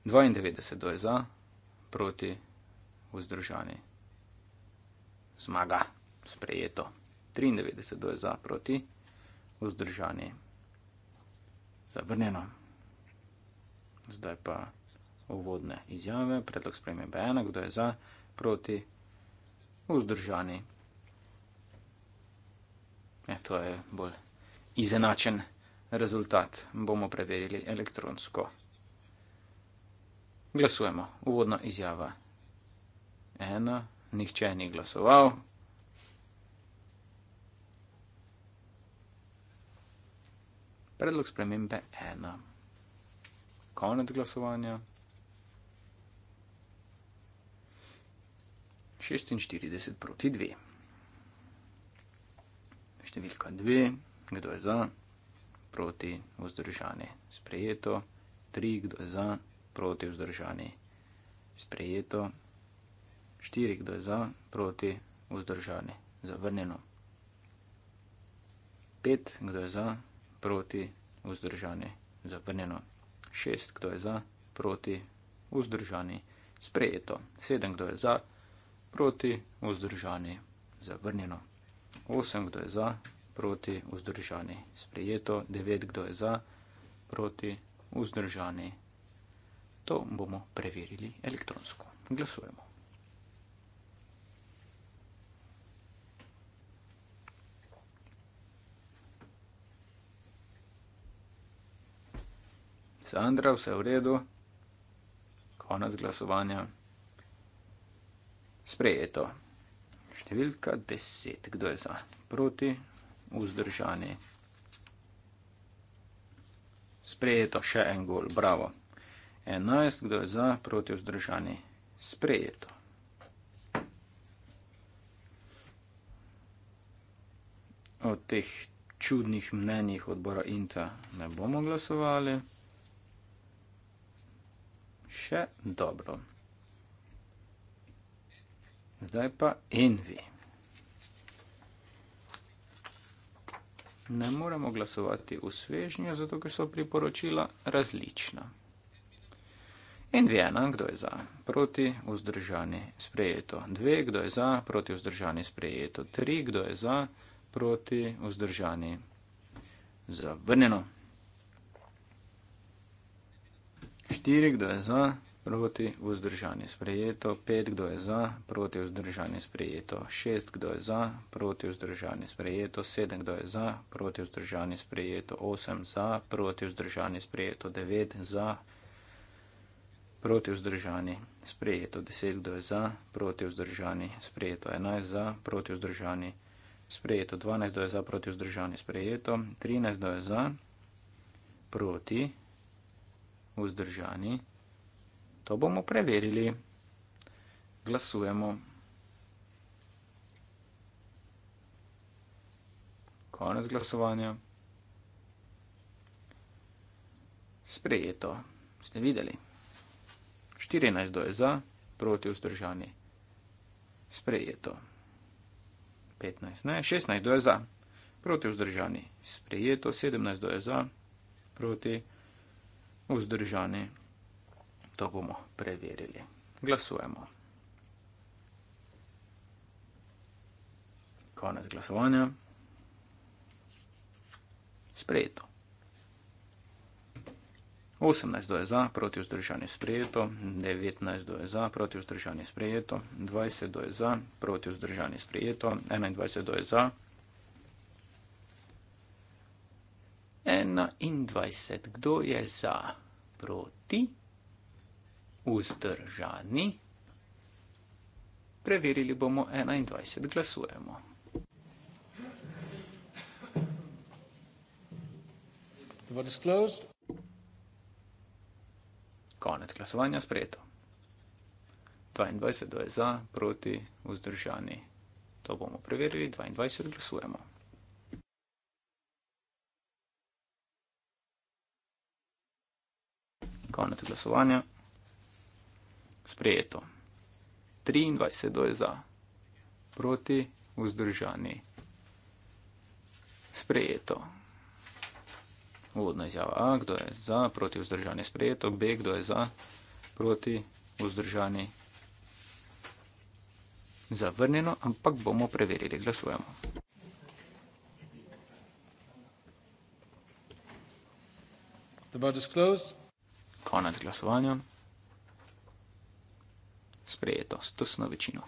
92. Kdo je za proti vzdržani? Zmaga. Sprejeto. 93. Kdo je za proti vzdržani? Zavrnjeno. Zdaj pa uvodne izjave, predlog spreme B1, kdo je za, proti, vzdržani. E, to je bolj izenačen rezultat. Bomo preverili elektronsko. Glasujemo. Uvodna izjava ena. Nihče ni glasoval. Predlog spremembe ena. Konec glasovanja. 46 proti 2. Številka 2, kdo je za, proti vzdržani, sprejeto. 3, kdo je za, proti vzdržani, sprejeto. 4, kdo je za, proti vzdržani, zavrnjeno. 5, kdo je za, proti vzdržani, zavrnjeno. 6, kdo je za, proti vzdržani, sprejeto. 7, kdo je za, proti vzdržani proti, vzdržani, zavrnjeno. 8, kdo je za, proti, vzdržani, sprejeto. 9, kdo je za, proti, vzdržani. To bomo preverili elektronsko. Glasujemo. Sandra, vse v redu, konec glasovanja sprejeto. Številka 10. Kdo je za? Proti, vzdržani. Sprejeto, še en gol, bravo. 11. Kdo je za? Proti, vzdržani. Sprejeto. O teh čudnih mnenjih odbora Inta ne bomo glasovali. Še dobro. Zdaj pa envi. Ne moremo glasovati v svežnju, zato ker so priporočila različna. Envi ena, kdo je za, proti, vzdržani, sprejeto dve, kdo je za, proti, vzdržani, sprejeto tri, kdo je za, proti, vzdržani, zavrnjeno. Štiri, kdo je za, proti, vzdržanje sprejeto, pet, kdo je za, proti, vzdržanje sprejeto, šest, kdo je za, proti, vzdržanje sprejeto, sedem, kdo je za, proti, vzdržanje sprejeto, osem, za, proti, vzdržanje sprejeto, devet, za, proti, vzdržanje sprejeto, deset, kdo je za, proti, vzdržanje sprejeto, enajst, za, proti, vzdržanje sprejeto, dvanajst, kdo je za, proti, vzdržanje sprejeto, trinajst, kdo je za, proti, vzdržanje sprejeto, To bomo preverili. Glasujemo. Konec glasovanja. Sprejeto. Ste videli? 14 je za, proti vzdržani. Sprejeto. 15 ne, 16 je za, proti vzdržani. Sprejeto. 17 je za, proti vzdržani to bomo preverili. Glasujemo. Konec glasovanja. Sprejeto. 18 do je za, proti vzdržanju sprejeto, 19 do je za, proti vzdržanju sprejeto, 20 do je za, proti vzdržanju sprejeto, 21 do je za, 21 kdo je za, proti vzdržanju sprejeto vzdržani. Preverili bomo 21, glasujemo. Konec glasovanja sprejeto. 22 je za, proti, vzdržani. To bomo preverili, 22 glasujemo. Konec glasovanja sprejeto. 23 je za, proti, vzdržani, sprejeto. Uvodna izjava A, kdo je za, proti, vzdržani, sprejeto, B, kdo je za, proti, vzdržani, zavrnjeno, ampak bomo preverili, glasujemo. The vote is closed. Konec glasovanja sprejeto s tesno večino.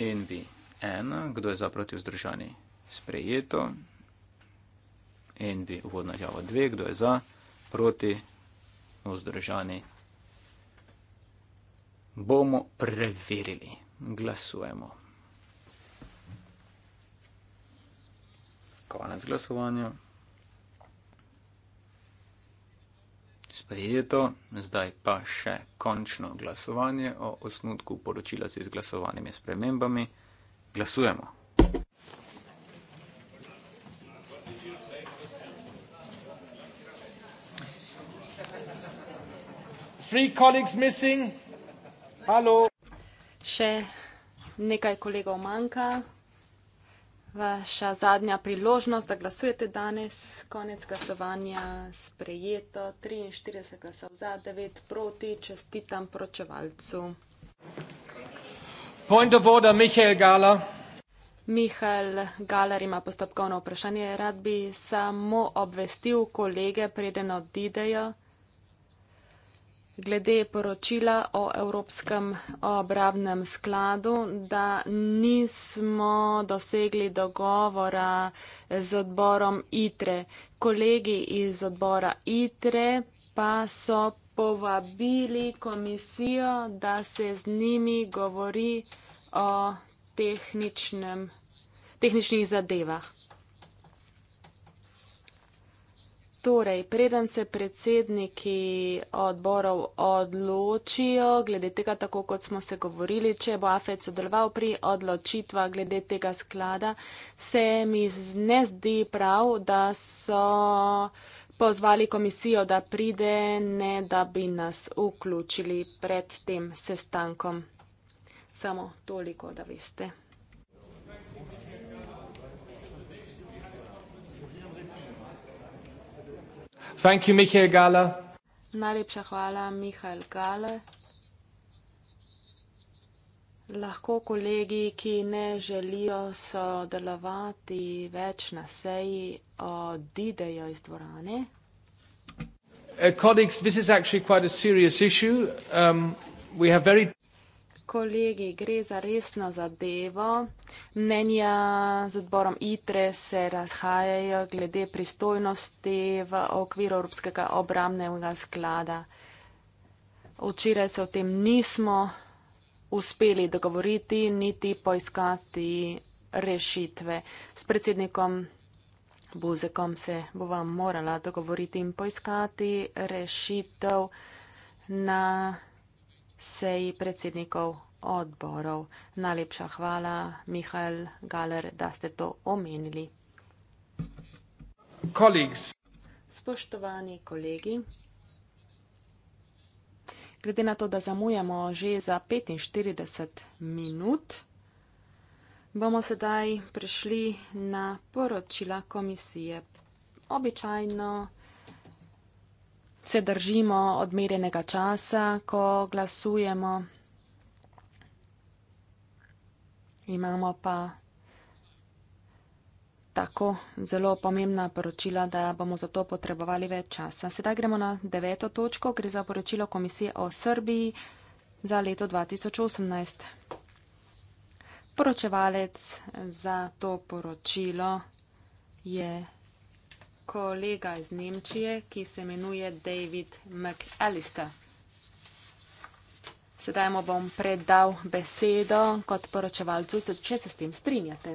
NV1, kdo je za proti vzdržani, sprejeto. NV uvodna java 2, kdo je za proti vzdržani, bomo preverili. Glasujemo. Konec glasovanja. sprejeto, zdaj pa še končno glasovanje o osnutku poročila z izglasovanimi spremembami. Glasujemo. Še nekaj kolegov manjka vaša zadnja priložnost, da glasujete danes. Konec glasovanja sprejeto. 43 glasov za, 9 proti. Čestitam pročevalcu. Point of order, Michael Gala. Mihael Galer ima postopkovno vprašanje. Rad bi samo obvestil kolege, preden odidejo glede poročila o Evropskem obravnem skladu, da nismo dosegli dogovora z odborom ITRE. Kolegi iz odbora ITRE pa so povabili komisijo, da se z njimi govori o tehničnih zadevah. Torej, preden se predsedniki odborov odločijo, glede tega, tako kot smo se govorili, če bo AFED sodeloval pri odločitva glede tega sklada, se mi ne zdi prav, da so pozvali komisijo, da pride, ne da bi nas vključili pred tem sestankom. Samo toliko, da veste. Thank you, Michael Gale. Najlepša hvala, Mihael Gale. Lahko kolegi, ki ne želijo sodelovati več na seji, odidejo iz dvorane. Uh, colleagues, this is actually quite a serious issue. Um, we have very kolegi, gre za resno zadevo. Mnenja z odborom ITRE se razhajajo glede pristojnosti v okviru Evropskega obramnega sklada. Včeraj se o tem nismo uspeli dogovoriti, niti poiskati rešitve. S predsednikom Buzekom se bo vam morala dogovoriti in poiskati rešitev na seji predsednikov odborov. Najlepša hvala, Mihajl Galer, da ste to omenili. Kolegs. Spoštovani kolegi, glede na to, da zamujamo že za 45 minut, bomo sedaj prišli na poročila komisije. Običajno se držimo odmerjenega časa, ko glasujemo. Imamo pa tako zelo pomembna poročila, da bomo zato potrebovali več časa. Sedaj gremo na deveto točko, gre za poročilo Komisije o Srbiji za leto 2018. Poročevalec za to poročilo je kolega iz Nemčije, ki se imenuje David McAllister. Sedaj mu bom predal besedo kot poročevalcu, če se s tem strinjate.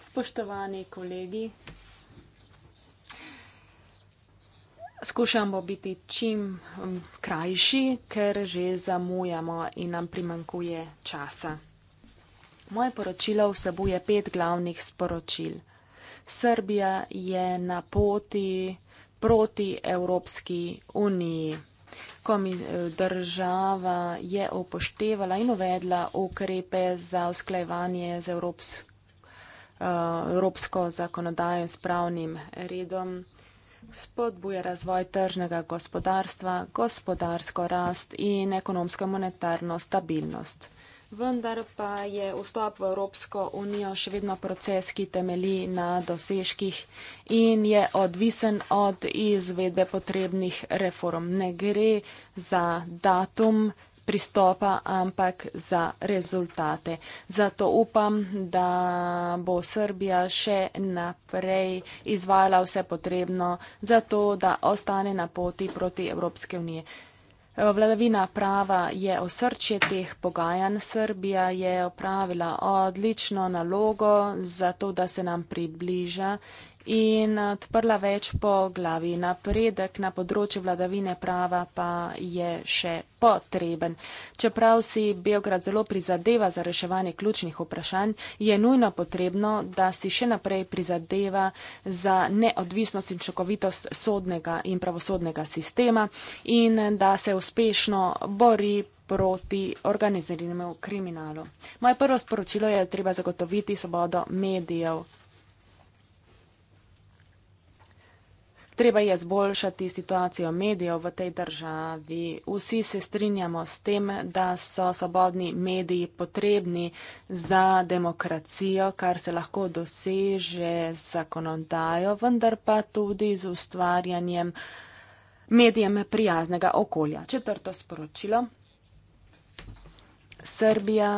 Spoštovani kolegi, skušam bo biti čim krajši, ker že zamujamo in nam primankuje časa. Moje poročilo vsebuje pet glavnih sporočil. Srbija je na poti proti Evropski uniji. Država je upoštevala in uvedla ukrepe za usklajevanje z evrops, eh, evropsko zakonodajo in spravnim redom, spodbuja razvoj tržnega gospodarstva, gospodarsko rast in ekonomsko monetarno stabilnost vendar pa je vstop v Evropsko unijo še vedno proces, ki temeli na dosežkih in je odvisen od izvedbe potrebnih reform. Ne gre za datum pristopa, ampak za rezultate. Zato upam, da bo Srbija še naprej izvajala vse potrebno, zato da ostane na poti proti Evropske unije. Vladavina prava je osrčje teh pogajanj. Srbija je opravila odlično nalogo za to, da se nam približa in eh, odprla več po glavi. Napredek na področju vladavine prava pa je še potreben. Čeprav si Beograd zelo prizadeva za reševanje ključnih vprašanj, je nujno potrebno, da si še naprej prizadeva za neodvisnost in šokovitost sodnega in pravosodnega sistema in eh, da se uspešno bori proti organiziranemu kriminalu. Moje prvo sporočilo je, da treba zagotoviti svobodo medijev. Treba je zboljšati situacijo medijev v tej državi. Vsi se strinjamo s tem, da so svobodni mediji potrebni za demokracijo, kar se lahko doseže z zakonodajo, vendar pa tudi z ustvarjanjem medijem prijaznega okolja. Četrto sporočilo. Srbija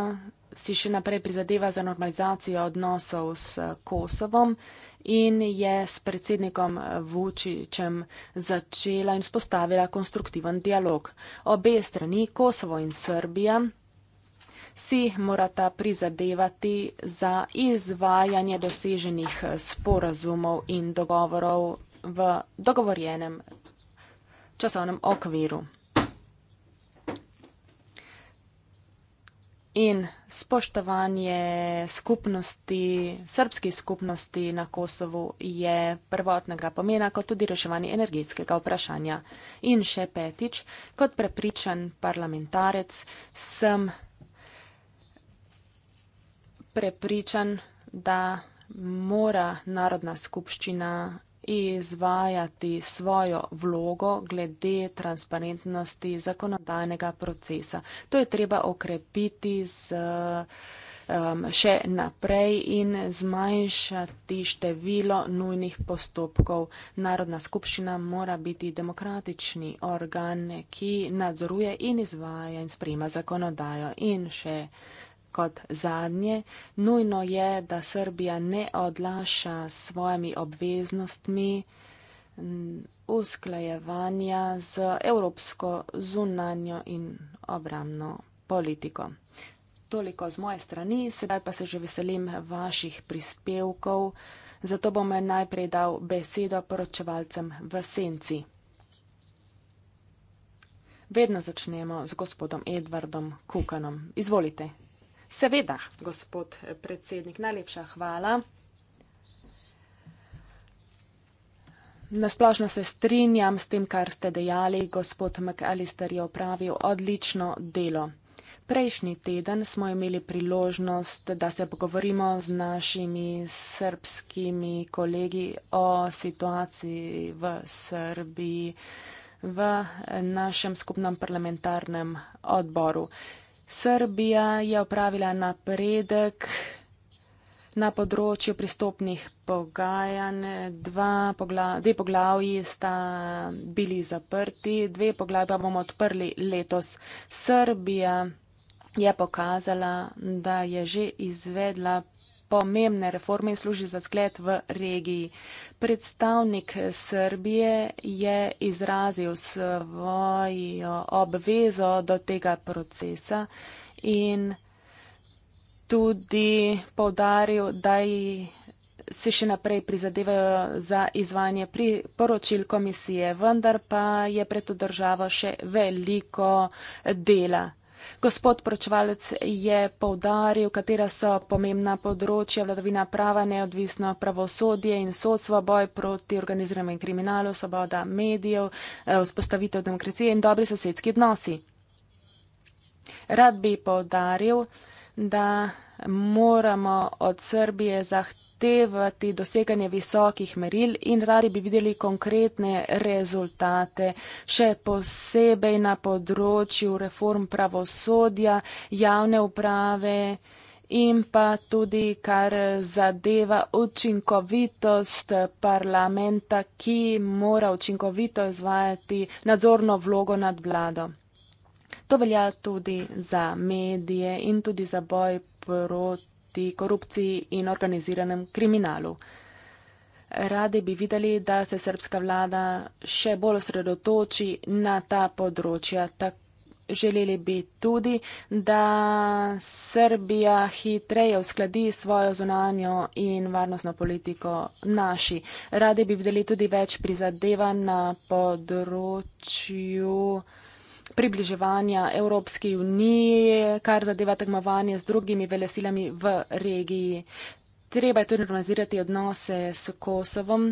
si še naprej prizadeva za normalizacijo odnosov s Kosovom in je s predsednikom Vučičem začela in spostavila konstruktiven dialog. Obe strani, Kosovo in Srbija, si morata prizadevati za izvajanje doseženih sporazumov in dogovorov v dogovorjenem časovnem okviru. in spoštovanje skupnosti, srpski skupnosti na Kosovu je prvotnega pomena, kot tudi reševanje energetskega vprašanja. In še petič, kot prepričan parlamentarec sem prepričan, da mora Narodna skupščina izvajati svojo vlogo glede transparentnosti zakonodajnega procesa. To je treba okrepiti z, um, še naprej in zmanjšati število nujnih postopkov. Narodna skupščina mora biti demokratični organ, ki nadzoruje in izvaja in sprejema zakonodajo in še naprej. Kot zadnje, nujno je, da Srbija ne odlaša s svojimi obveznostmi usklajevanja z evropsko zunanjo in obramno politiko. Toliko z moje strani, sedaj pa se že veselim vaših prispevkov, zato bom najprej dal besedo poročevalcem v senci. Vedno začnemo z gospodom Edvardom Kukanom. Izvolite. Seveda, gospod predsednik, najlepša hvala. Nasplošno se strinjam s tem, kar ste dejali, gospod McAllister je opravil odlično delo. Prejšnji teden smo imeli priložnost, da se pogovorimo z našimi srpskimi kolegi o situaciji v Srbiji v našem skupnem parlamentarnem odboru. Srbija je opravila napredek na področju pristopnih pogajanj. Dve poglavji sta bili zaprti, dve poglavji pa bomo odprli letos. Srbija je pokazala, da je že izvedla pomembne reforme in služi za zgled v regiji. Predstavnik Srbije je izrazil svojo obvezo do tega procesa in tudi povdaril, da se še naprej prizadevajo za izvajanje poročil komisije, vendar pa je pred to državo še veliko dela. Gospod pročevalec je povdaril, katera so pomembna področja vladavina prava, neodvisno pravosodje in sodstvo, boj proti organiziranemu kriminalu, svoboda medijev, eh, vzpostavitev demokracije in dobri sosedski odnosi. Rad bi povdaril, da moramo od Srbije zahtevati, zahtevati doseganje visokih meril in radi bi videli konkretne rezultate. Še posebej na področju reform pravosodja, javne uprave in pa tudi, kar zadeva učinkovitost parlamenta, ki mora učinkovito izvajati nadzorno vlogo nad vlado. To velja tudi za medije in tudi za boj proti proti korupciji in organiziranem kriminalu. Radi bi videli, da se srpska vlada še bolj osredotoči na ta področja. Tak želeli bi tudi, da Srbija hitreje uskladi svojo zunanjo in varnostno politiko naši. Radi bi videli tudi več prizadeva na področju približevanja Evropski uniji, kar zadeva tekmovanje z drugimi velesilami v regiji. Treba je tudi normalizirati odnose s Kosovom.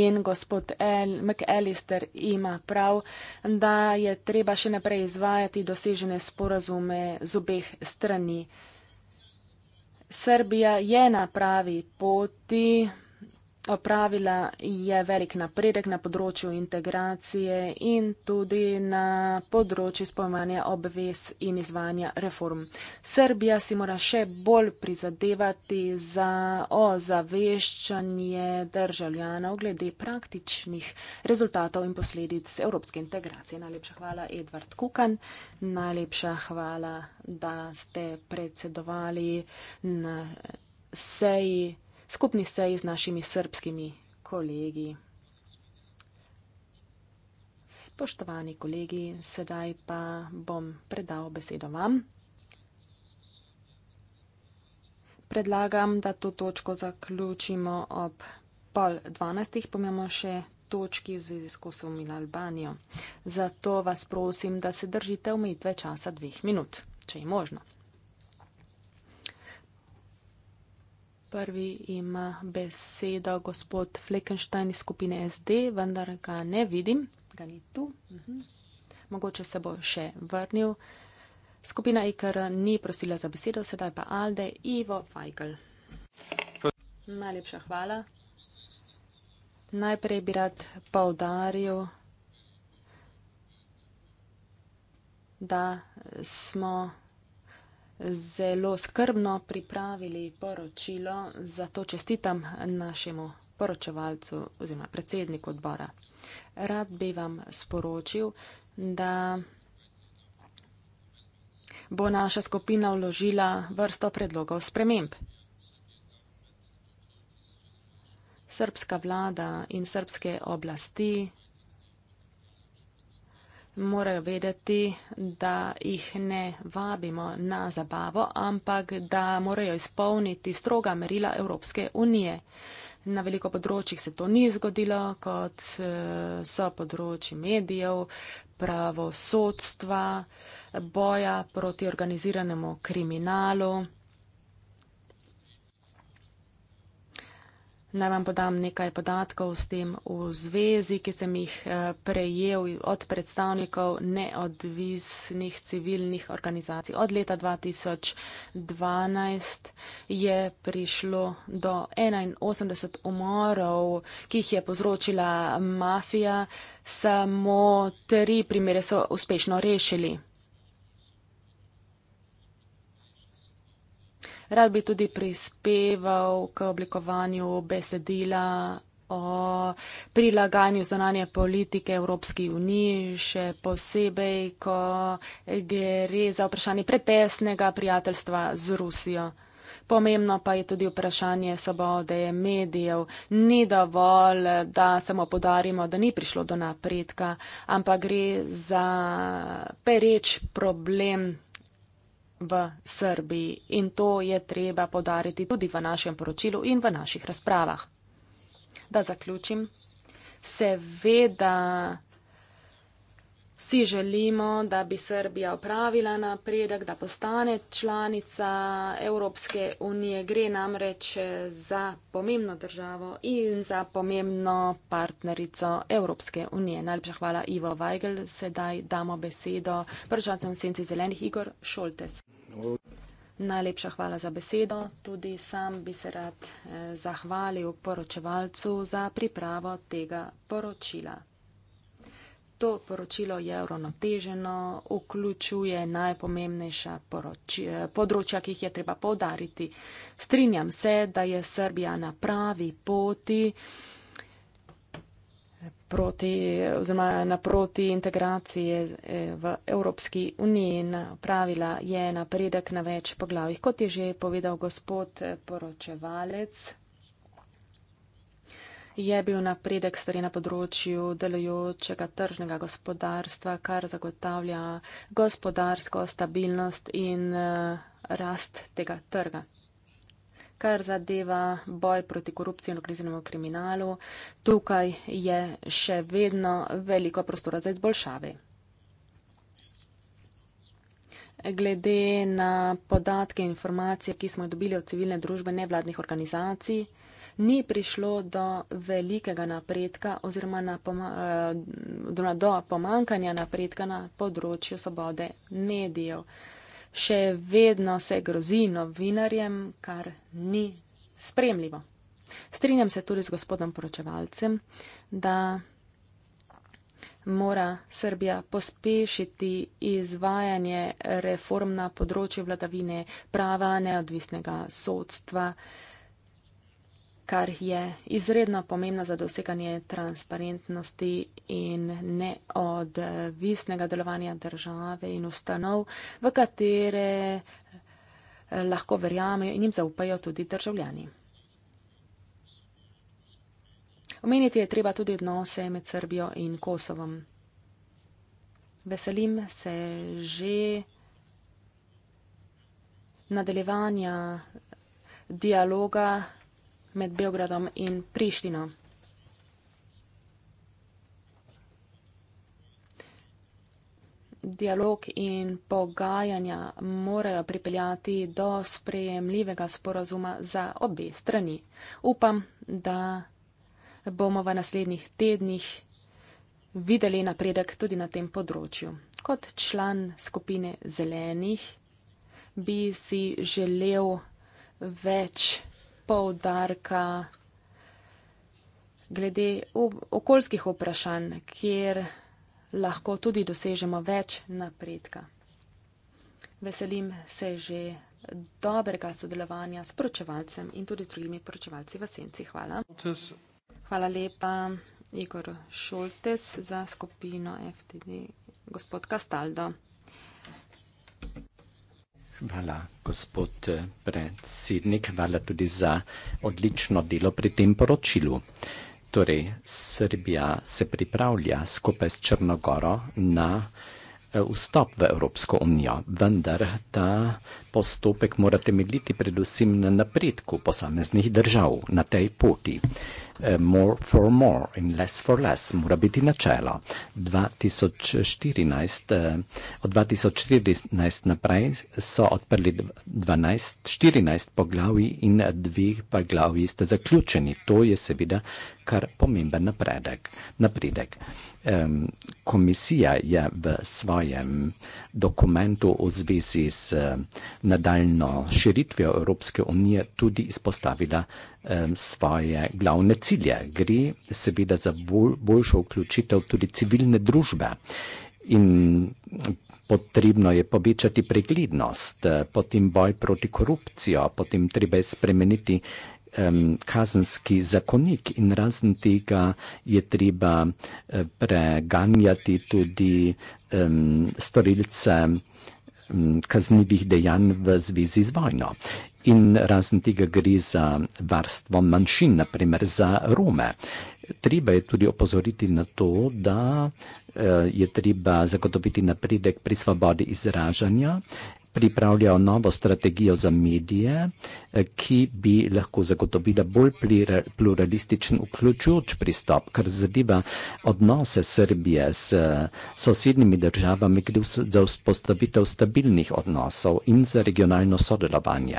In gospod El, McAllister ima prav, da je treba še naprej izvajati dosežene sporazume z obeh strani. Srbija je na pravi poti, opravila je velik napredek na področju integracije in tudi na področju spojmanja obvez in izvanja reform. Srbija si mora še bolj prizadevati za ozaveščanje državljanov glede praktičnih rezultatov in posledic evropske integracije. Najlepša hvala, Edvard Kukan. Najlepša hvala, da ste predsedovali na seji skupni seji z našimi srbskimi kolegi. Spoštovani kolegi, sedaj pa bom predal besedo vam. Predlagam, da to točko zaključimo ob pol dvanajstih, pa imamo še točki v zvezi s Kosovom in Albanijo. Zato vas prosim, da se držite omejitve časa dveh minut, če je možno. Prvi ima besedo gospod Fleckenstein iz skupine SD, vendar ga ne vidim, ga ni tu. Mhm. Mogoče se bo še vrnil. Skupina IKR ni prosila za besedo, sedaj pa Alde, Ivo Feigl. Najlepša hvala. Najprej bi rad povdaril, da smo zelo skrbno pripravili poročilo, zato čestitam našemu poročevalcu oziroma predsedniku odbora. Rad bi vam sporočil, da bo naša skupina vložila vrsto predlogov sprememb. Srpska vlada in srpske oblasti morajo vedeti, da jih ne vabimo na zabavo, ampak da morajo izpolniti stroga merila Evropske unije. Na veliko področjih se to ni zgodilo, kot eh, so področji medijev, pravosodstva, boja proti organiziranemu kriminalu. Naj vam podam nekaj podatkov s tem v zvezi, ki sem jih eh, prejel od predstavnikov neodvisnih civilnih organizacij. Od leta 2012 je prišlo do 81 umorov, ki jih je povzročila mafija. Samo tri primere so uspešno rešili. rad bi tudi prispeval k oblikovanju besedila o prilaganju zonanje politike Evropski uniji, še posebej, ko gre za vprašanje pretesnega prijateljstva z Rusijo. Pomembno pa je tudi vprašanje svobode medijev. Ni dovolj, da samo podarimo, da ni prišlo do napredka, ampak gre za pereč problem v Srbiji in to je treba podariti tudi v našem poročilu in v naših razpravah. Da zaključim, seveda Vsi želimo, da bi Srbija upravila napredek, da postane članica Evropske unije. Gre namreč za pomembno državo in za pomembno partnerico Evropske unije. Najlepša hvala Ivo Weigl. Sedaj damo besedo pržancem senci zelenih Igor Šoltes. Najlepša hvala za besedo. Tudi sam bi se rad eh, zahvalil poročevalcu za pripravo tega poročila to poročilo je uravnoteženo, vključuje najpomembnejša področja, ki jih je treba povdariti. Strinjam se, da je Srbija na pravi poti proti, oziroma naproti integracije e, v Evropski uniji in pravila je napredek na več poglavjih, kot je že povedal gospod e, poročevalec je bil napredek stvari na področju delujočega tržnega gospodarstva, kar zagotavlja gospodarsko stabilnost in eh, rast tega trga. Kar zadeva boj proti korupciji in okriznemu kriminalu, tukaj je še vedno veliko prostora za izboljšave. Glede na podatke in informacije, ki smo jih dobili od civilne družbe nevladnih organizacij, ni prišlo do velikega napredka oziroma, na pom oziroma eh, do pomankanja napredka na področju svobode medijev. Še vedno se grozi novinarjem, kar ni spremljivo. Strinjam se tudi z gospodom poročevalcem, da mora Srbija pospešiti izvajanje reform na področju vladavine prava, neodvisnega sodstva kar je izredno pomembno za doseganje transparentnosti in neodvisnega delovanja države in ustanov, v katere eh, lahko verjamejo in jim zaupajo tudi državljani. Omeniti je treba tudi odnose med Srbijo in Kosovom. Veselim se že nadaljevanja dialoga med Beogradom in Prištino. Dialog in pogajanja morajo pripeljati do sprejemljivega sporazuma za obe strani. Upam, da bomo v naslednjih tednih videli napredek tudi na tem področju. Kot član skupine zelenih bi si želel več poudarka glede okoljskih vprašanj, kjer lahko tudi dosežemo več napredka. Veselim se že dobrega sodelovanja s poročevalcem in tudi z drugimi poročevalci v Senci. Hvala. Hvala lepa, Igor Šoltes, za skupino FTD, gospod Kastaldo. Hvala, gospod eh, predsednik, hvala tudi za odlično delo pri tem poročilu. Torej, Srbija se pripravlja skupaj s Črnogoro na eh, vstop v Evropsko unijo, vendar ta postopek mora temeljiti predvsem na napredku posameznih držav na tej poti. Eh, more for more in less for less mora biti načelo. 2014, eh, od 2014 naprej so odprli 12, 14 poglavij in dve poglavji ste zaključeni. To je seveda kar pomemben napredek. napredek. Komisija je v svojem dokumentu v zvezi z eh, nadaljno širitvijo Evropske unije tudi izpostavila svoje glavne cilje. Gre seveda za bolj, boljšo vključitev tudi civilne družbe in potrebno je povečati preglednost, eh, potem boj proti korupcijo, potem treba je spremeniti um, kazenski zakonik in razen tega je treba eh, preganjati tudi um, storilce kaznivih dejanj v zvezi z vojno in razen tega gre za varstvo manjšin, naprimer za Rome. Treba je tudi opozoriti na to, da eh, je treba zagotoviti napredek pri svobodi izražanja pripravljajo novo strategijo za medije, eh, ki bi lahko zagotovila bolj pluralističen vključujoč pristop, kar zadeva odnose Srbije s eh, sosednjimi državami za vzpostavitev stabilnih odnosov in za regionalno sodelovanje.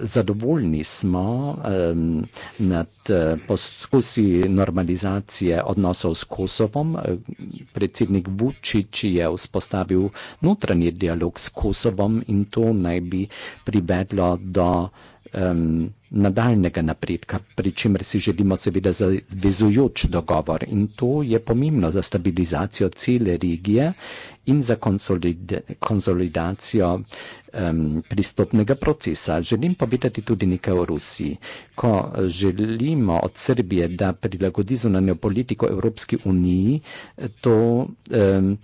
Zadovoljni smo nad eh, poskusi normalizacije odnosov s Kosovom. Predsednik Vučić je vzpostavil notranji dialog dialog s Kosovom in to naj bi privedlo do um, nadaljnega napredka, pri čemer si želimo seveda zavezujoč dogovor in to je pomembno za stabilizacijo cele regije in za konsolid konsolidacijo um, pristopnega procesa. Želim povedati tudi nekaj o Rusiji. Ko želimo od Srbije, da prilagodi zunanjo politiko Evropski uniji, to um,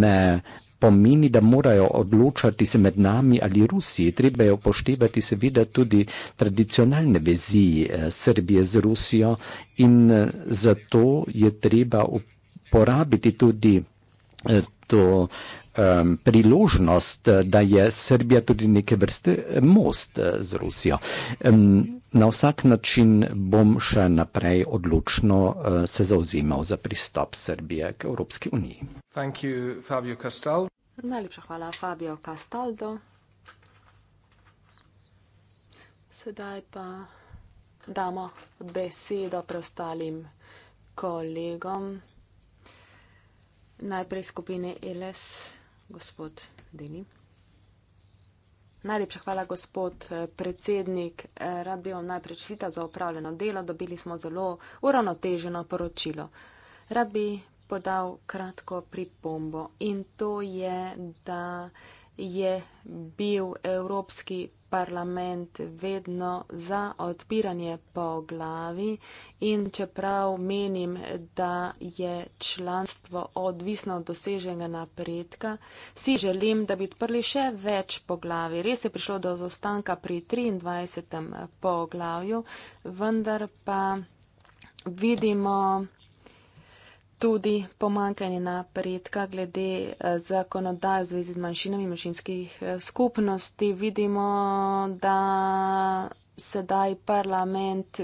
ne pomeni, da morajo odločati se med nami ali Rusiji. Treba je upoštevati seveda tudi tradicionalne vezi eh, Srbije z Rusijo in eh, zato je treba uporabiti tudi eh, to ehm, priložnost, da je Srbija tudi neke vrste most z Rusijo. Ehm, Na vsak način bom še naprej odločno uh, se zauzemal za pristop Srbije k Evropski uniji. You, Fabio Najlepša hvala, Fabio Castaldo. Sedaj pa damo besedo preostalim kolegom. Najprej skupine LS, gospod Denim. Najlepša hvala, gospod eh, predsednik. Eh, rad bi vam najprej čestital za upravljeno delo. Dobili smo zelo uravnoteženo poročilo. Rad bi podal kratko pripombo in to je, da je bil Evropski parlament vedno za odpiranje po glavi in čeprav menim, da je članstvo odvisno od doseženega napredka, si želim, da bi odprli še več po glavi. Res je prišlo do zostanka pri 23. po glavju, vendar pa vidimo tudi pomankanje napredka glede eh, zakonodaje v zvezi z manjšinami manjšinskih eh, skupnosti. Vidimo, da sedaj parlament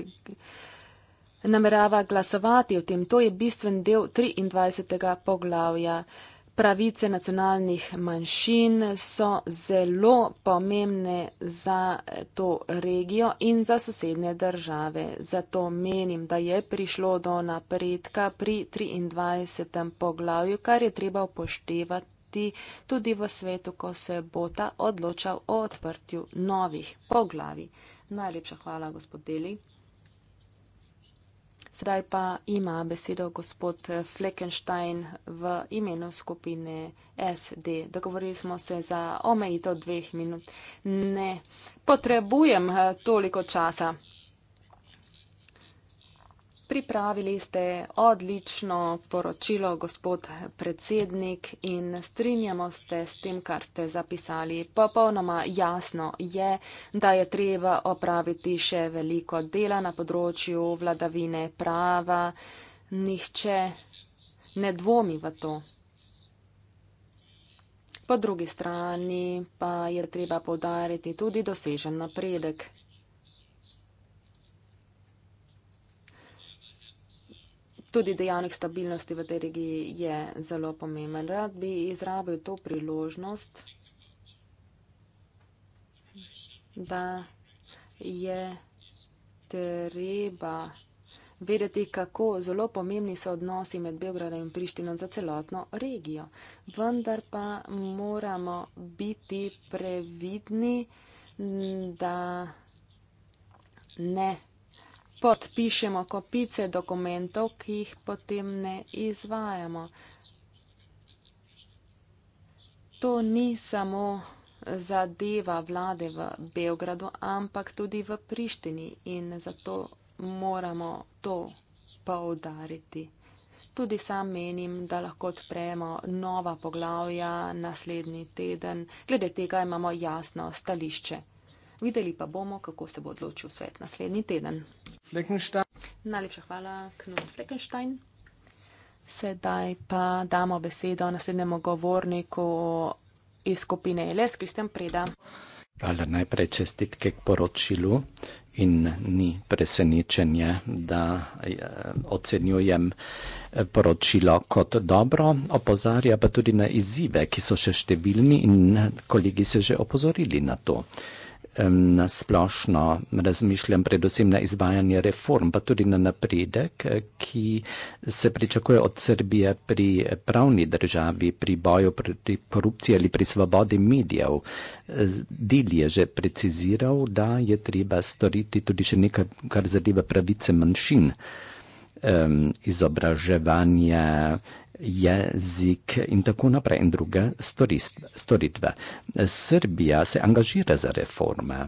namerava glasovati o tem. To je bistven del 23. poglavja pravice nacionalnih manjšin so zelo pomembne za to regijo in za sosednje države. Zato menim, da je prišlo do napredka pri 23. poglavju, kar je treba upoštevati tudi v svetu, ko se bo ta odločal o odprtju novih poglavi. Najlepša hvala, gospod Deli. Sedaj pa ima besedo gospod Fleckenstein v imenu skupine SD. Dogovorili smo se za omejitev dveh minut. Ne potrebujem eh, toliko časa. Pripravili ste odlično poročilo, gospod predsednik, in strinjamo ste s tem, kar ste zapisali. Popolnoma jasno je, da je treba opraviti še veliko dela na področju vladavine prava. Nihče ne dvomi v to. Po drugi strani pa je treba podariti tudi dosežen napredek. tudi dejavnik stabilnosti v tej regiji je zelo pomemben. Rad bi izrabil to priložnost, da je treba vedeti, kako zelo pomembni so odnosi med Belgradom in Prištino za celotno regijo. Vendar pa moramo biti previdni, da ne podpišemo kopice dokumentov, ki jih potem ne izvajamo. To ni samo zadeva vlade v Beogradu, ampak tudi v Prištini in zato moramo to poudariti. Tudi sam menim, da lahko odpremo nova poglavja naslednji teden. Glede tega imamo jasno stališče. Videli pa bomo, kako se bo odločil svet naslednji teden. Najlepša hvala, Knud Fleckenstein. Sedaj pa damo besedo naslednjemu govorniku iz skupine LS, Kristjan Preda. Hvala najprej čestitke k poročilu in ni presenečenje, da eh, ocenjujem eh, poročilo kot dobro, opozarja pa tudi na izzive, ki so še številni in kolegi se že opozorili na to na splošno razmišljam predvsem na izvajanje reform, pa tudi na napredek, eh, ki se pričakuje od Srbije pri pravni državi, pri boju proti korupciji ali pri svobodi medijev. Eh, Dil je že preciziral, da je treba storiti tudi še nekaj, kar zadeva pravice manjšin, izobraževanje jezik in tako naprej in druge storitve. Srbija se angažira za reforme,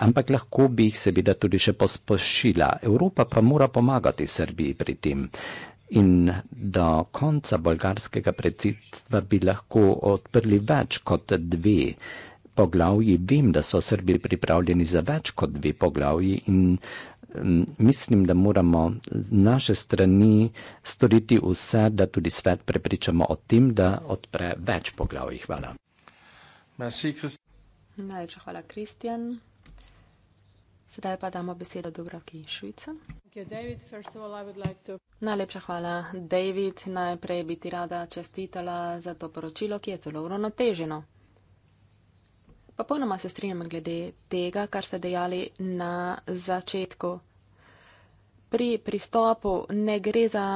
ampak lahko bi jih seveda tudi še pospošila. Evropa pa mora pomagati Srbiji pri tem. In do konca bolgarskega predsedstva bi lahko odprli več kot dve poglavji. Vem, da so Srbi pripravljeni za več kot dve poglavji in mislim, da moramo z naše strani storiti vse, da tudi svet prepričamo o tem, da odpre več poglavij. Hvala. Najlepša hvala, Kristjan. Sedaj pa damo besedo Dubravki Švica. Najlepša hvala, David. Najprej bi ti rada čestitala za to poročilo, ki je zelo uravnoteženo. Popolnoma se strinjam glede tega, kar ste dejali na začetku. Pri pristopu ne gre za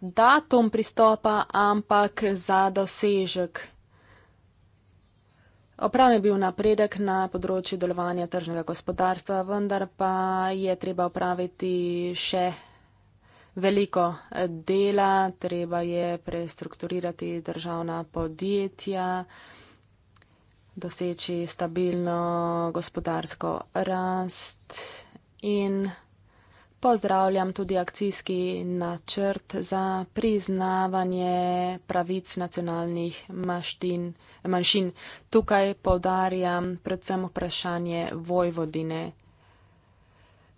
datum pristopa, ampak za dosežek. Opravljen je bil napredek na področju delovanja tržnega gospodarstva, vendar pa je treba opraviti še veliko dela, treba je prestrukturirati državna podjetja doseči stabilno gospodarsko rast in pozdravljam tudi akcijski načrt za priznavanje pravic nacionalnih maštin, manjšin. Tukaj povdarjam predvsem vprašanje Vojvodine.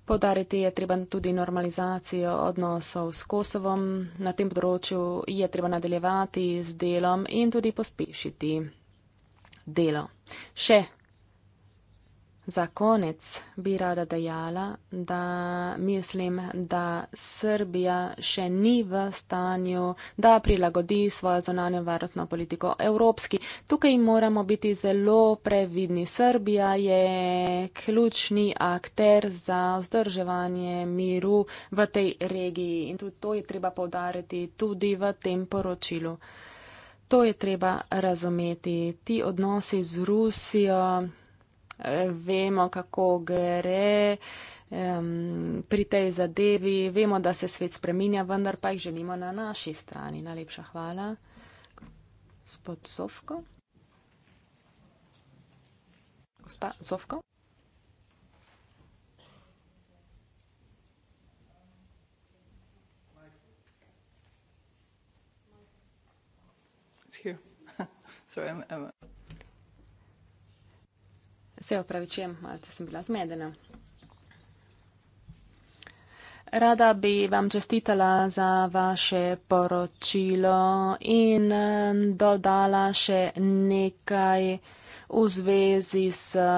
Podariti je treba tudi normalizacijo odnosov s Kosovom. Na tem področju je treba nadaljevati z delom in tudi pospešiti delo. Še za konec bi rada dejala, da mislim, da Srbija še ni v stanju, da prilagodi svojo zonanjo varnostno politiko evropski. Tukaj moramo biti zelo previdni. Srbija je ključni akter za vzdrževanje miru v tej regiji in tudi to je treba povdariti tudi v tem poročilu to je treba razumeti. Ti odnosi z Rusijo, eh, vemo, kako gre pri tej zadevi, vemo, da se svet spreminja, vendar pa jih želimo na naši strani. Najlepša hvala, gospod Sovko. Gospa Sovko. Sorry, Emma. Se opravičujem, malce sem bila zmedena. Rada bi vam čestitala za vaše poročilo in dodala še nekaj v zvezi s eh,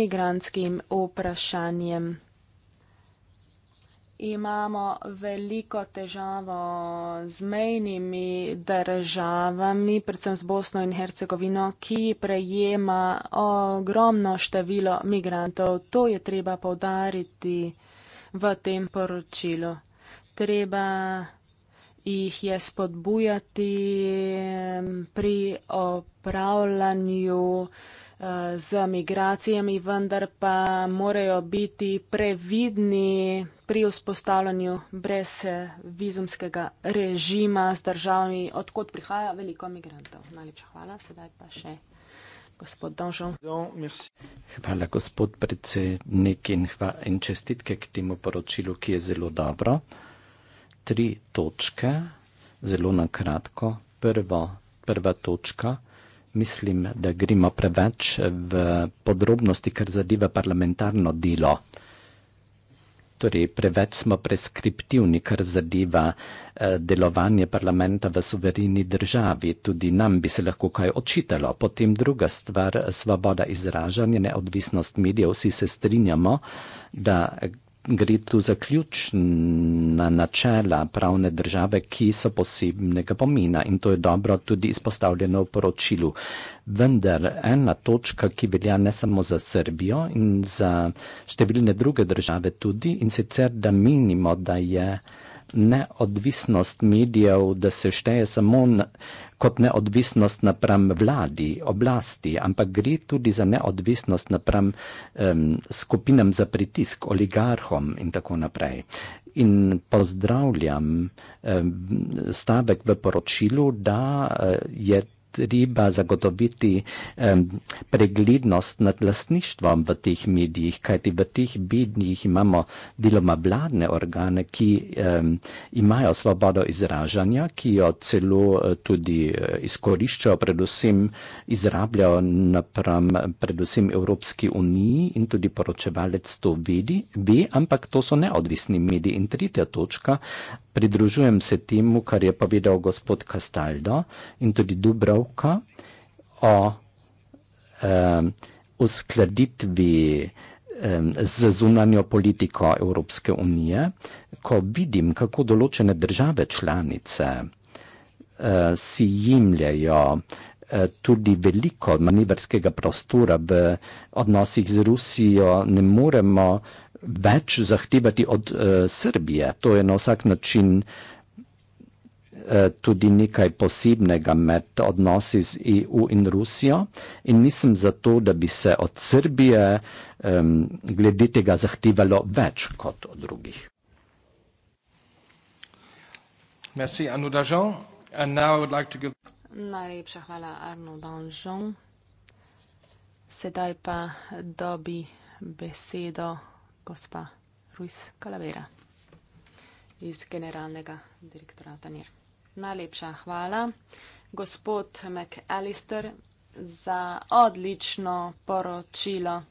migranskim vprašanjem imamo veliko težavo z mejnimi državami, predvsem z Bosno in Hercegovino, ki prejema ogromno število migrantov. To je treba povdariti v tem poročilu. Treba jih je spodbujati pri opravljanju z migracijami, vendar pa morajo biti previdni pri vzpostavljanju brez eh, vizumskega režima z državami, odkot prihaja veliko migrantov. Najlepša hvala, sedaj pa še. Hvala, gospod predsednik, in, in čestitke k temu poročilu, ki je zelo dobro. Tri točke, zelo na kratko. Prva točka je mislim, da gremo preveč v podrobnosti, kar zadeva parlamentarno delo. Torej, preveč smo preskriptivni, kar zadeva eh, delovanje parlamenta v suvereni državi. Tudi nam bi se lahko kaj očitalo. Potem druga stvar, svoboda izražanja, neodvisnost medijev. Vsi se strinjamo, da gre tu za ključna načela pravne države, ki so posebnega pomena in to je dobro tudi izpostavljeno v poročilu. Vendar ena točka, ki velja ne samo za Srbijo in za številne druge države tudi in sicer, da menimo, da je neodvisnost medijev, da se šteje samo na kot neodvisnost napram vladi, oblasti, ampak gre tudi za neodvisnost napram um, skupinam za pritisk, oligarhom in tako naprej. In pozdravljam um, stavek v poročilu, da uh, je treba zagotoviti um, preglednost nad lastništvom v teh medijih, kajti v teh medijih imamo deloma vladne organe, ki um, imajo svobodo izražanja, ki jo celo uh, tudi e, izkoriščajo, predvsem izrabljajo napram predvsem Evropski uniji in tudi poročevalec to vidi, ve, ampak to so neodvisni mediji. In tretja točka, pridružujem se temu, kar je povedal gospod Castaldo in tudi Dubrovka o eh, uskladitvi eh, z zunanjo politiko Evropske unije, ko vidim, kako določene države članice eh, si jimljajo eh, tudi veliko manevrskega prostora v odnosih z Rusijo, ne moremo eh, več zahtevati od uh, Srbije. To je na vsak način eh, tudi nekaj posebnega med odnosi z EU in Rusijo in nisem za to, da bi se od Srbije um, glede tega zahtevalo več kot od drugih. Merci, Arno Danžon. And now I would like to give... Najlepša hvala, Arno Danžon. Sedaj pa dobi besedo gospa Ruiz Calavera iz generalnega direktorata NIR. Najlepša hvala, gospod McAllister, za odlično poročilo.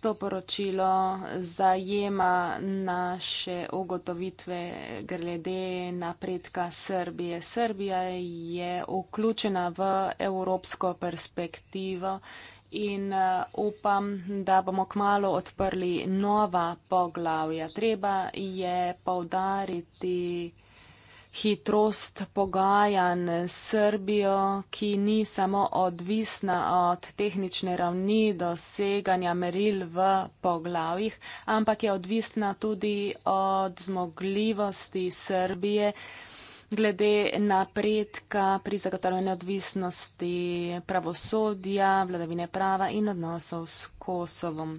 To poročilo zajema naše ugotovitve glede napredka Srbije. Srbija je vključena v evropsko perspektivo in eh, upam, da bomo kmalo odprli nova poglavja. Treba je povdariti hitrost pogajan Srbijo, ki ni samo odvisna od tehnične ravni doseganja meril v poglavjih, ampak je odvisna tudi od zmogljivosti Srbije glede napredka pri zagotavljanju neodvisnosti pravosodja, vladavine prava in odnosov s Kosovom.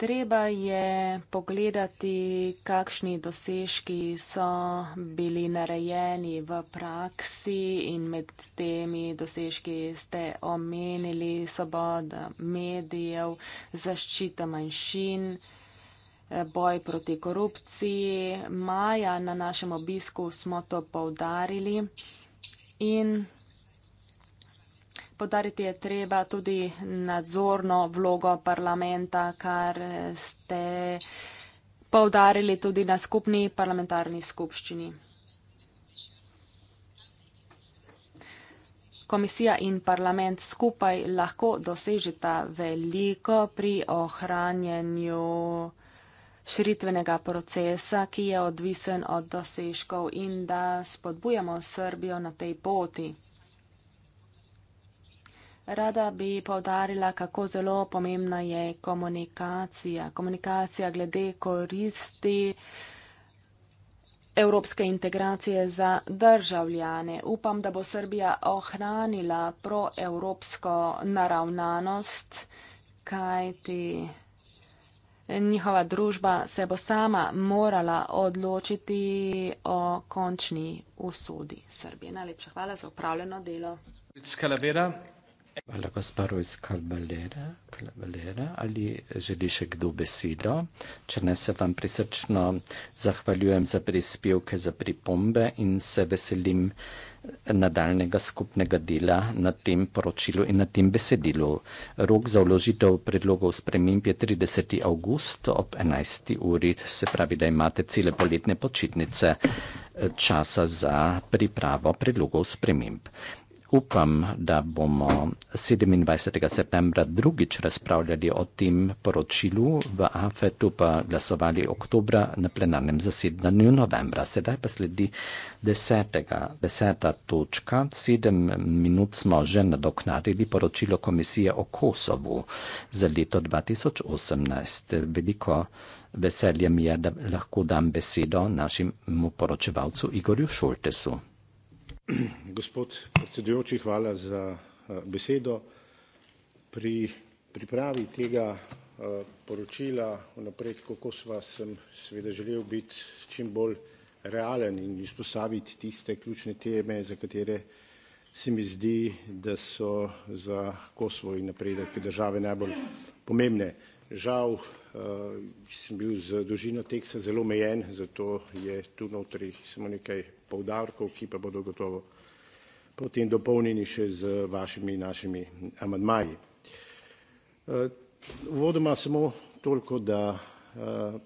Treba je pogledati, kakšni dosežki so bili narejeni v praksi in med temi dosežki ste omenili svoboda medijev, zaščita manjšin in vsega boj proti korupciji. Maja na našem obisku smo to povdarili in podariti je treba tudi nadzorno vlogo parlamenta, kar ste povdarili tudi na skupni parlamentarni skupščini. Komisija in parlament skupaj lahko dosežeta veliko pri ohranjanju parlamenta širitvenega procesa, ki je odvisen od dosežkov in da spodbujamo Srbijo na tej poti. Rada bi povdarila, kako zelo pomembna je komunikacija. Komunikacija glede koristi evropske integracije za državljane. Upam, da bo Srbija ohranila proevropsko naravnanost, kajti njihova družba se bo sama morala odločiti o končni usodi Srbije. Najlepša hvala za upravljeno delo. Hvala, gospa Rojs Kalbalera. Ali želi še kdo besedo? Če ne, se vam prisrčno zahvaljujem za prispevke, za pripombe in se veselim nadaljnega skupnega dela na tem poročilu in na tem besedilu. Rok za vložitev predlogov sprememb je 30. august ob 11. uri, se pravi, da imate cele poletne počitnice eh, časa za pripravo predlogov sprememb upam, da bomo 27. septembra drugič razpravljali o tem poročilu v AFET-u, pa glasovali oktobra na plenarnem zasedanju novembra. Sedaj pa sledi desetega, deseta točka. Sedem minut smo že nadoknadili poročilo komisije o Kosovu za leto 2018. Veliko veselje mi je, da lahko dam besedo našemu poročevalcu Igorju Šoltesu gospod predsedujoči hvala za eh, besedo pri pripravi tega eh, poročila vnaprej tako kot sva sem seveda želel biti čim bolj realen in izpostaviti tiste ključne teme za katere se mi zdi da so za Kosovo in napredek države najbolj pomembne žal eh, sem bil z dolžino teksta zelo omejen zato je tu notri samo nekaj poudarkov, ki pa bodo gotovo potem dopolnjeni še z vašimi in našimi amadmaji. Eh, uvodoma samo toliko, da eh,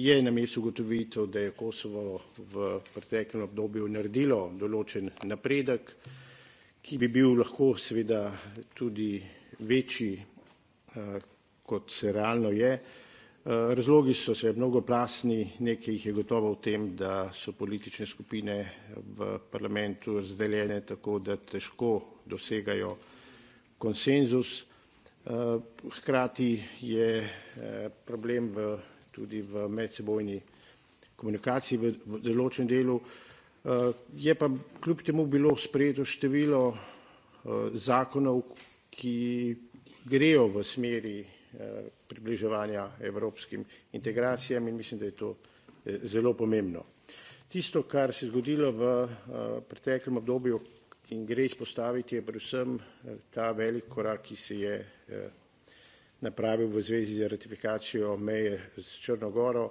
je na mestu ugotovitev, da je Kosovo v preteklem obdobju naredilo določen napredek, ki bi bil lahko seveda tudi večji, eh, kot se realno je, Razlogi so se mnogoplasni, nekaj jih je gotovo v tem, da so politične skupine v parlamentu razdeljene tako, da težko dosegajo konsenzus. Hkrati je problem v, tudi v medsebojni komunikaciji v, v določenem delu. Je pa kljub temu bilo sprejeto število zakonov, ki grejo v smeri Eh, približevanja evropskim integracijam in mislim, da je to eh, zelo pomembno. Tisto, kar se je zgodilo v eh, preteklem obdobju in gre izpostaviti, je predvsem ta velik korak, ki se je napravil v zvezi z ratifikacijo meje s Črnogoro,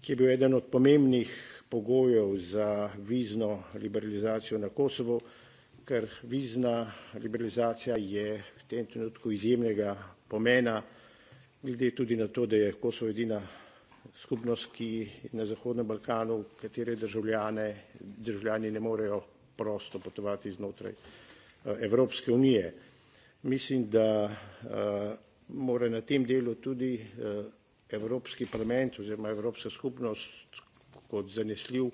ki je bil eden od pomembnih pogojev za vizno liberalizacijo na Kosovo, ker vizna liberalizacija je v tem trenutku izjemnega pomena, glede tudi na to, da je Kosovo edina skupnost, ki na Zahodnem Balkanu, katere državljane, državljani ne morejo prosto potovati znotraj eh, Evropske unije. Mislim, da eh, mora na tem delu tudi eh, Evropski parlament oziroma Evropska skupnost kot zanesljiv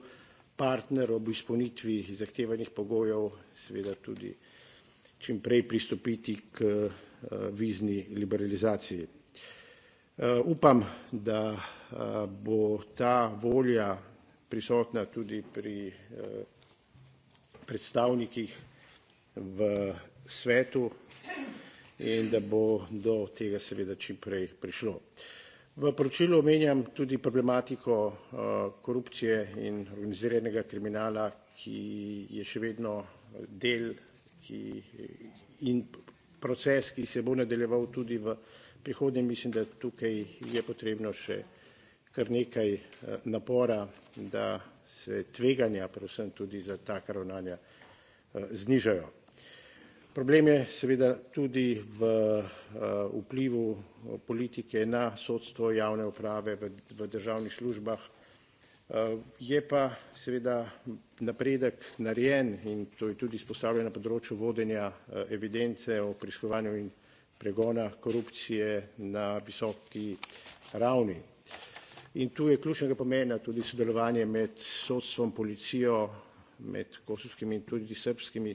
partner ob izpolnitvi zahtevanih pogojev seveda tudi čim prej pristopiti k Eh, vizni liberalizaciji. Eh, upam, da eh, bo ta volja prisotna tudi pri predstavnikih v svetu in da bo do tega seveda čimprej prišlo. V poročilu omenjam tudi problematiko korupcije in organiziranega kriminala, ki je še vedno del in proces, ki se bo nadaljeval tudi v prihodnje. Mislim, da tukaj je potrebno še kar nekaj eh, napora, da se tveganja, predvsem tudi za taka ravnanja, eh, znižajo. Problem je seveda tudi v eh, vplivu politike na sodstvo javne uprave v državnih službah, Eh, je pa seveda napredek narejen in to je tudi izpostavljeno na področju vodenja eh, evidence o preiskovanju in pregona korupcije na visoki ravni. In tu je ključnega pomena tudi sodelovanje med sodstvom, policijo, med kosovskimi in tudi srbskimi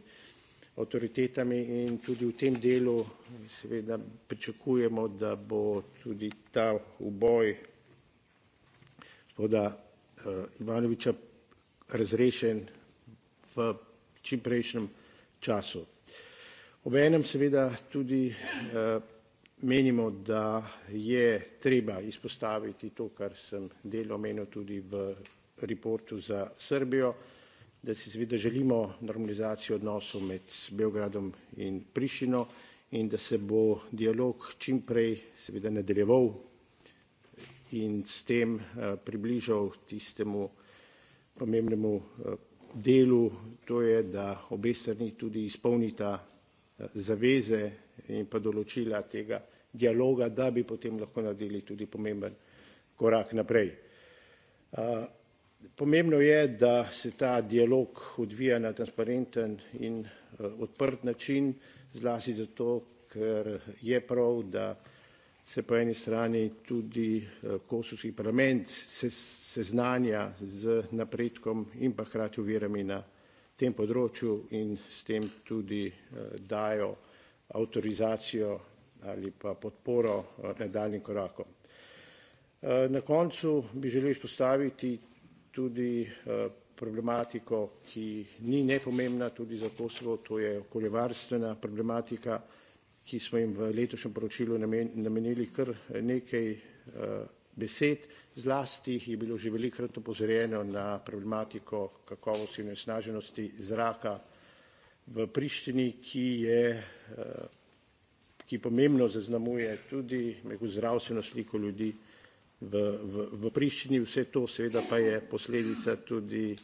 avtoritetami in tudi v tem delu seveda pričakujemo, da bo tudi ta uboj gospoda Eh, Ivanoviča razrešen v čimprejšnjem času. Obenem seveda tudi eh, menimo, da je treba izpostaviti to, kar sem del omenil tudi v reportu za Srbijo, da si seveda želimo normalizacijo odnosov med Beogradom in Prišino in da se bo dialog čimprej seveda nadaljeval in s tem eh, približal tistemu pomembnemu eh, delu, to je, da obe strani tudi izpolnita eh, zaveze in pa določila tega dialoga, da bi potem lahko naredili tudi pomemben korak naprej. Pomembno je, da se ta dialog odvija na transparenten in odprt način, zlasti zato, ker je prav, da se po eni strani tudi eh, kosovski parlament seznanja se z napredkom in pa hkrati uvirami na tem področju in s tem tudi uh, dajo avtorizacijo ali pa podporo uh, eh, nadaljnim korakom. Uh, na koncu bi želel izpostaviti tudi uh, problematiko, ki ni nepomembna tudi za Kosovo, to je okoljevarstvena problematika ki smo jim v letošnjem poročilu namenili kar nekaj eh, besed. Zlasti je bilo že velikrat upozorjeno na problematiko kakovosti in osnaženosti zraka v Prištini, ki je eh, ki pomembno zaznamuje tudi zdravstveno sliko ljudi v, v, v Prištini. Vse to seveda pa je posledica tudi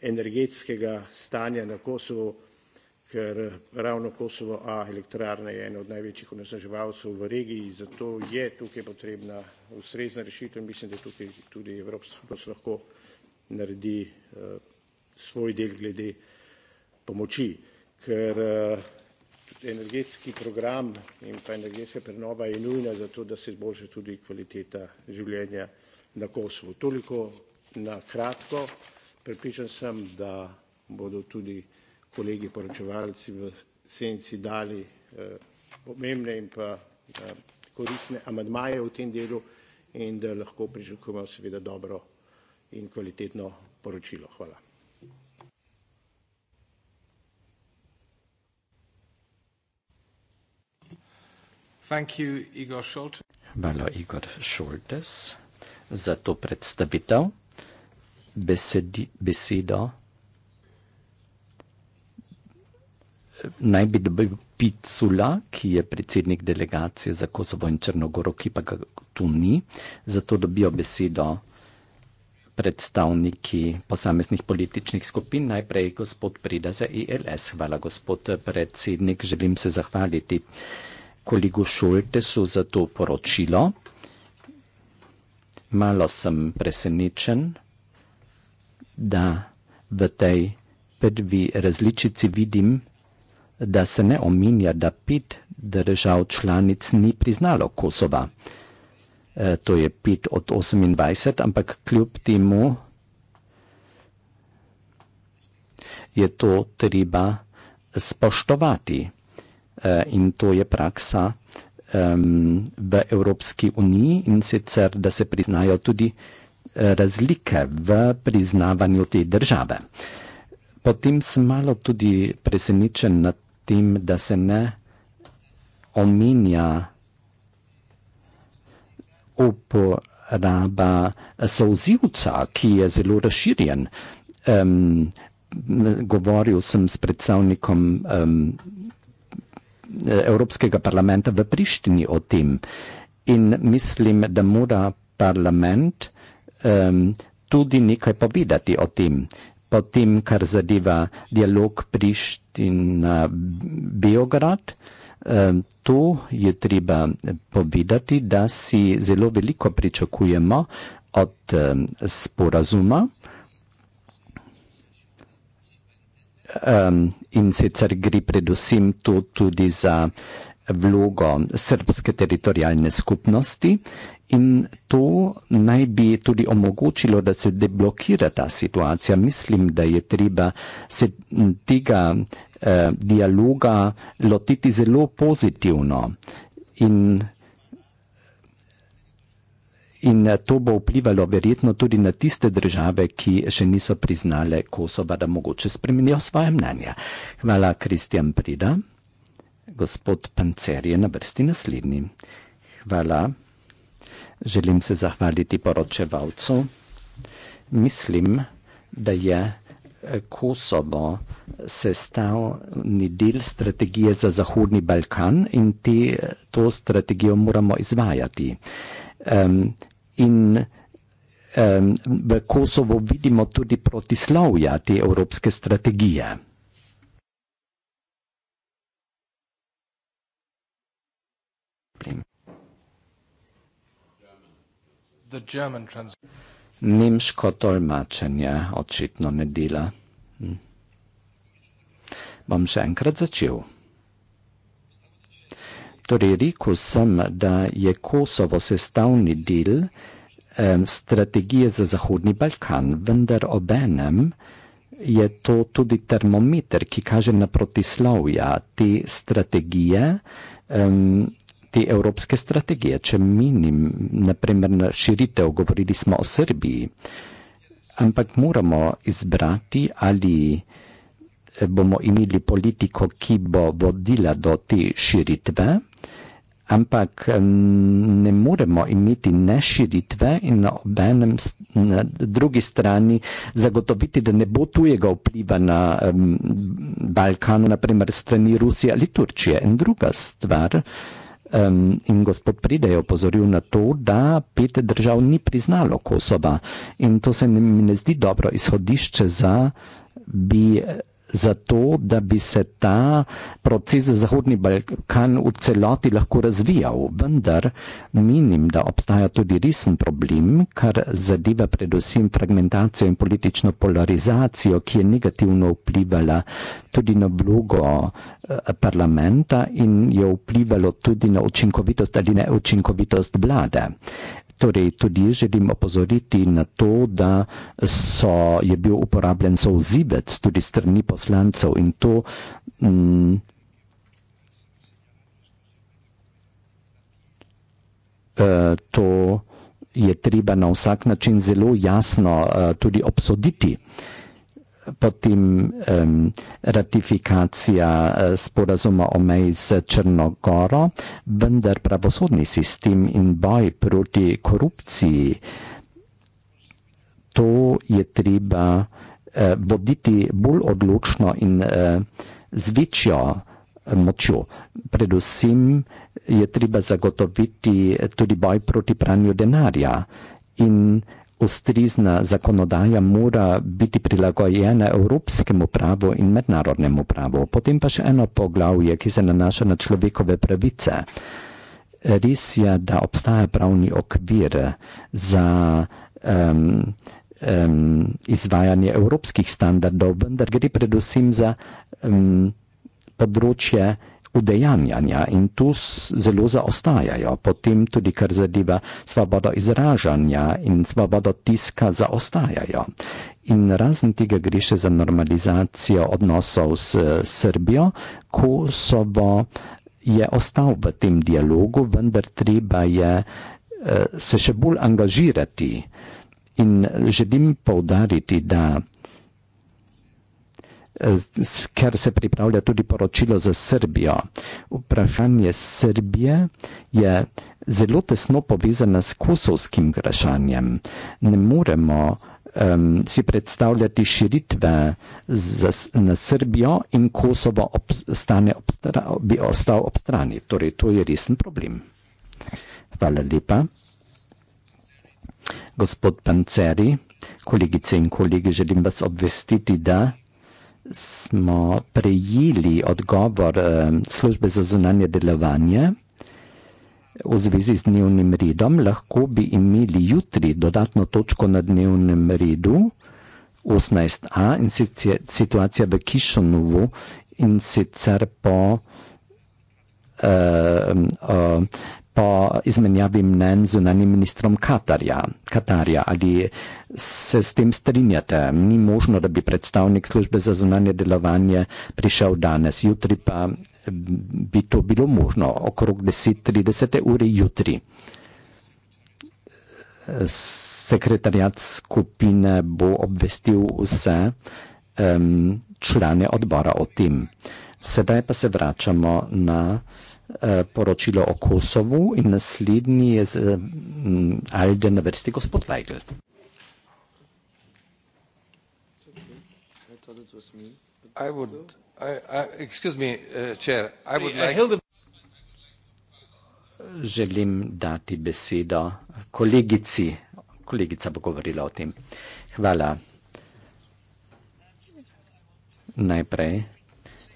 energetskega stanja na Kosovo, ker eh, ravno Kosovo A elektrarna je ena od največjih onesnaževalcev v regiji, zato je tukaj potrebna ustrezna rešitev in mislim, da tukaj tudi Evropska unija lahko naredi eh, svoj del glede pomoči, ker eh, energetski program in pa energetska prenova je nujna za to, da se izboljša tudi kvaliteta življenja na Kosovu. Toliko na kratko, pripričan sem, da bodo tudi kolegi poročevalci v senci dali eh, pomembne in pa eh, koristne amadmaje v tem delu in da lahko pričakujemo seveda dobro in kvalitetno poročilo. Hvala. Thank you, Igor Hvala, Igor Šoltes, za to predstavitev. Besedi, besedo naj bi dobil Picula, ki je predsednik delegacije za Kosovo in Črnogoro, ki pa ga tu ni, zato dobijo besedo predstavniki posameznih političnih skupin, najprej gospod Preda za ELS. Hvala, gospod predsednik, želim se zahvaliti kolegu Šoltesu za to poročilo. Malo sem presenečen, da v tej prvi različici vidim da se ne ominja, da pet držav članic ni priznalo Kosova. E, to je pet od 28, ampak kljub temu je to treba spoštovati. E, in to je praksa v Evropski uniji in sicer, da se priznajo tudi e, razlike v priznavanju te države. Potem sem malo tudi presenečen nad tem, da se ne omenja uporaba sozivca, ki je zelo razširjen. Um, govoril sem s predstavnikom um, Evropskega parlamenta v Prištini o tem in mislim, da mora parlament um, tudi nekaj povedati o tem potem, kar zadeva dialog Priština-Beograd. Eh, to je treba povedati, da si zelo veliko pričakujemo od eh, sporazuma. Ehm, in sicer gre predvsem to tudi za vlogo srpske teritorijalne skupnosti In to naj bi tudi omogočilo, da se deblokira ta situacija. Mislim, da je treba se tega eh, dialoga lotiti zelo pozitivno. In, in eh, to bo vplivalo verjetno tudi na tiste države, ki še niso priznale Kosova, da mogoče spremenijo svoje mnenje. Hvala, Kristjan Prida. Gospod Pancer je na vrsti naslednji. Hvala. Želim se zahvaliti poročevalcu. Mislim, da je eh, Kosovo sestavni del strategije za Zahodni Balkan in ti, eh, to strategijo moramo izvajati. Um, in um, v Kosovo vidimo tudi protislovja te evropske strategije. Nemško tolmačenje očitno ne dela. Hm. Bom še enkrat začel. Torej, rekel sem, da je Kosovo sestavni del eh, strategije za Zahodni Balkan, vendar obenem je to tudi termometer, ki kaže na protislovja te strategije. Eh, te evropske strategije. Če minim, naprimer, na širitev, govorili smo o Srbiji, ampak moramo izbrati, ali eh, bomo imeli politiko, ki bo vodila do te širitve, ampak ne moremo imeti ne širitve in obenem na drugi strani zagotoviti, da ne bo tujega vpliva na um, Balkanu, naprimer strani Rusije ali Turčije. In druga stvar, Um, in gospod pride je opozoril na to, da pet držav ni priznalo Kosova in to se mi ne zdi dobro izhodišče za bi zato, da bi se ta proces za Zahodni Balkan v celoti lahko razvijal. Vendar menim, da obstaja tudi resen problem, kar zadeva predvsem fragmentacijo in politično polarizacijo, ki je negativno vplivala tudi na vlogo eh, parlamenta in je vplivalo tudi na učinkovitost ali neučinkovitost vlade. Torej, tudi jaz želim opozoriti na to, da so, je bil uporabljen sozivec tudi strani poslancev in to. Mm, eh, To je treba na vsak način zelo jasno eh, tudi obsoditi potim um, ratifikacija uh, sporazuma o meji z Črnogoro, vendar pravosodni sistem in boj proti korupciji, to je treba uh, voditi bolj odločno in uh, z večjo močjo. Predvsem je treba zagotoviti tudi boj proti pranju denarja. In ustrezna zakonodaja mora biti prilagojena evropskemu pravu in mednarodnemu pravu. Potem pa še eno poglavje, ki se nanaša na človekove pravice. Res je, da obstaja pravni okvir za um, um, izvajanje evropskih standardov, vendar gre predvsem za um, področje, udejanjanja in tu zelo zaostajajo. Potem tudi, kar zadeva svobodo izražanja in svobodo tiska, zaostajajo. In razen tega gre še za normalizacijo odnosov s Srbijo, Kosovo je ostal v tem dialogu, vendar treba je eh, se še bolj angažirati. In želim povdariti, da Eh, ker se pripravlja tudi poročilo za Srbijo. Vprašanje Srbije je zelo tesno povezano s kosovskim vprašanjem. Ne moremo um, si predstavljati širitve za, na Srbijo in Kosovo ob, stane, obstra, bi ostal ob strani. Torej, to je resen problem. Hvala lepa. Gospod Panceri, kolegice in kolegi, želim vas obvestiti, da smo prejeli odgovor eh, službe za zunanje delovanje v zvezi z dnevnim redom, lahko bi imeli jutri dodatno točko na dnevnem redu 18a in sicer situacija v Kišonovu in sicer po eh, eh, po izmenjavi mnen z unanim ministrom Katarja. Katarja, ali se s tem strinjate? Ni možno, da bi predstavnik službe za zunanje delovanje prišel danes, jutri pa mm, bi to bilo možno, okrog 10.30 ure jutri. Sekretarjat skupine bo obvestil vse um, člane odbora o tem. Sedaj pa se vračamo na Eh, poročilo o Kosovu in naslednji je z eh, Alden na vrsti gospod Weigl. I would, I, I, excuse me, uh, chair, I would like... Želim dati besedo kolegici. Kolegica bo govorila o tem. Hvala. Najprej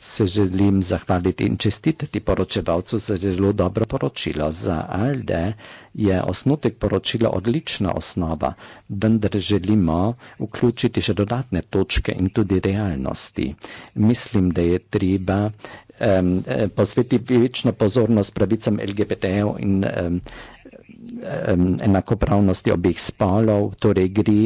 se želim zahvaliti in čestitati poročevalcu za zelo dobro poročilo. Za Alde je osnutek poročila odlična osnova, vendar želimo vključiti še dodatne točke in tudi realnosti. Mislim, da je treba um, posvetiti večno pozornost pravicam LGBT-jev in um, enakopravnosti obeh spolov, torej gre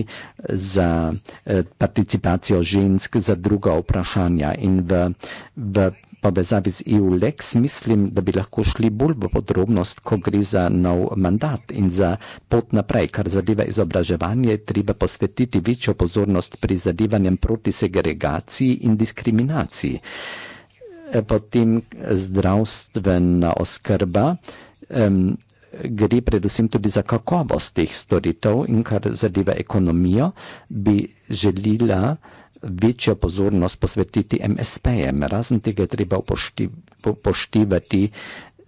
za eh, participacijo žensk za druga vprašanja in v, v povezavi z EU-LEX mislim, da bi lahko šli bolj v podrobnost, ko gre za nov mandat in za pot naprej, kar zadeva izobraževanje, treba posvetiti večjo pozornost pri zadevanjem proti segregaciji in diskriminaciji. Eh, potem eh, zdravstvena oskrba gre predvsem tudi za kakovost teh storitev in kar zadeva ekonomijo, bi želila večjo pozornost posvetiti MSP-jem. Razen tega je treba upoštevati.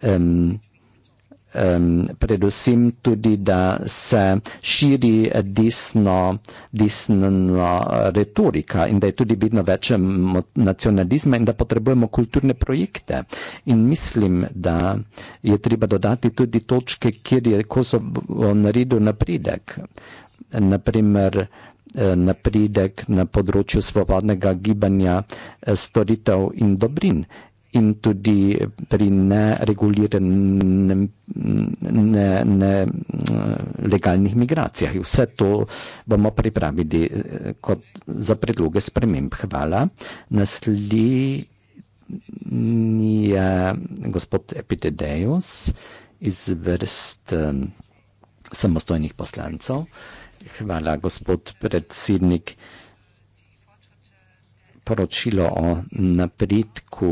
Um, um, predvsem tudi, da se širi desno, desno retorika in da je tudi vedno več nacionalizma in da potrebujemo kulturne projekte. In mislim, da je treba dodati tudi točke, kjer je Kosovo naredil napredek. Naprimer, e, napredek na področju svobodnega gibanja e, storitev in dobrin into the tedy neregulirane ne, ne, ne eh, legalnih migracijah. Vse to bomo pripravili eh, kot za predloge sprememb. Hvala. Naslednji je gospod Epitedejus iz vrst eh, samostojnih poslancev. Hvala, gospod predsednik poročilo o napredku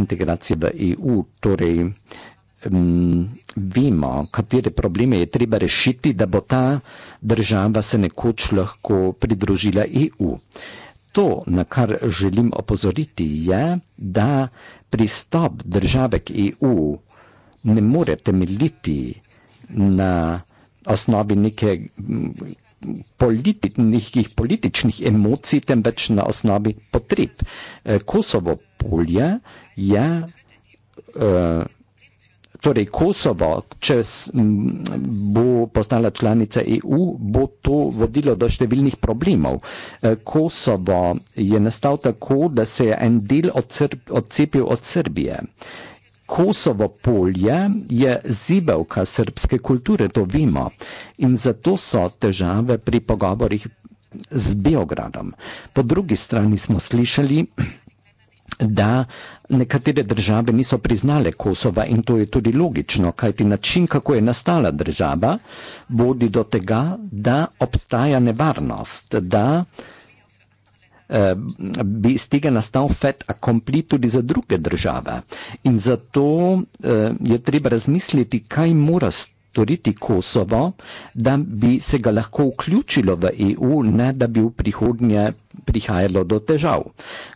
integracije v EU, torej vemo, katere probleme je treba rešiti, da bo ta država se nekoč lahko pridružila EU. To, na kar želim opozoriti, je, da pristop države k EU ne more temeljiti na osnovi neke politi nekih političnih emocij, temveč na osnovi potreb. Eh, Kosovo polje je eh, torej Kosovo, če bo postala članica EU, bo to vodilo do številnih problemov. Eh, Kosovo je nastal tako, da se je en del odcepil od Srbije. Kosovo polje je zibelka srpske kulture, to vemo, in zato so težave pri pogovorih z Beogradom. Po drugi strani smo slišali, da nekatere države niso priznale Kosova in to je tudi logično, kajti način, kako je nastala država, vodi do tega, da obstaja nevarnost, da bi iz tega nastal fet accompli tudi za druge države. In zato eh, je treba razmisliti, kaj mora storiti Kosovo, da bi se ga lahko vključilo v EU, ne da bi v prihodnje prihajalo do težav.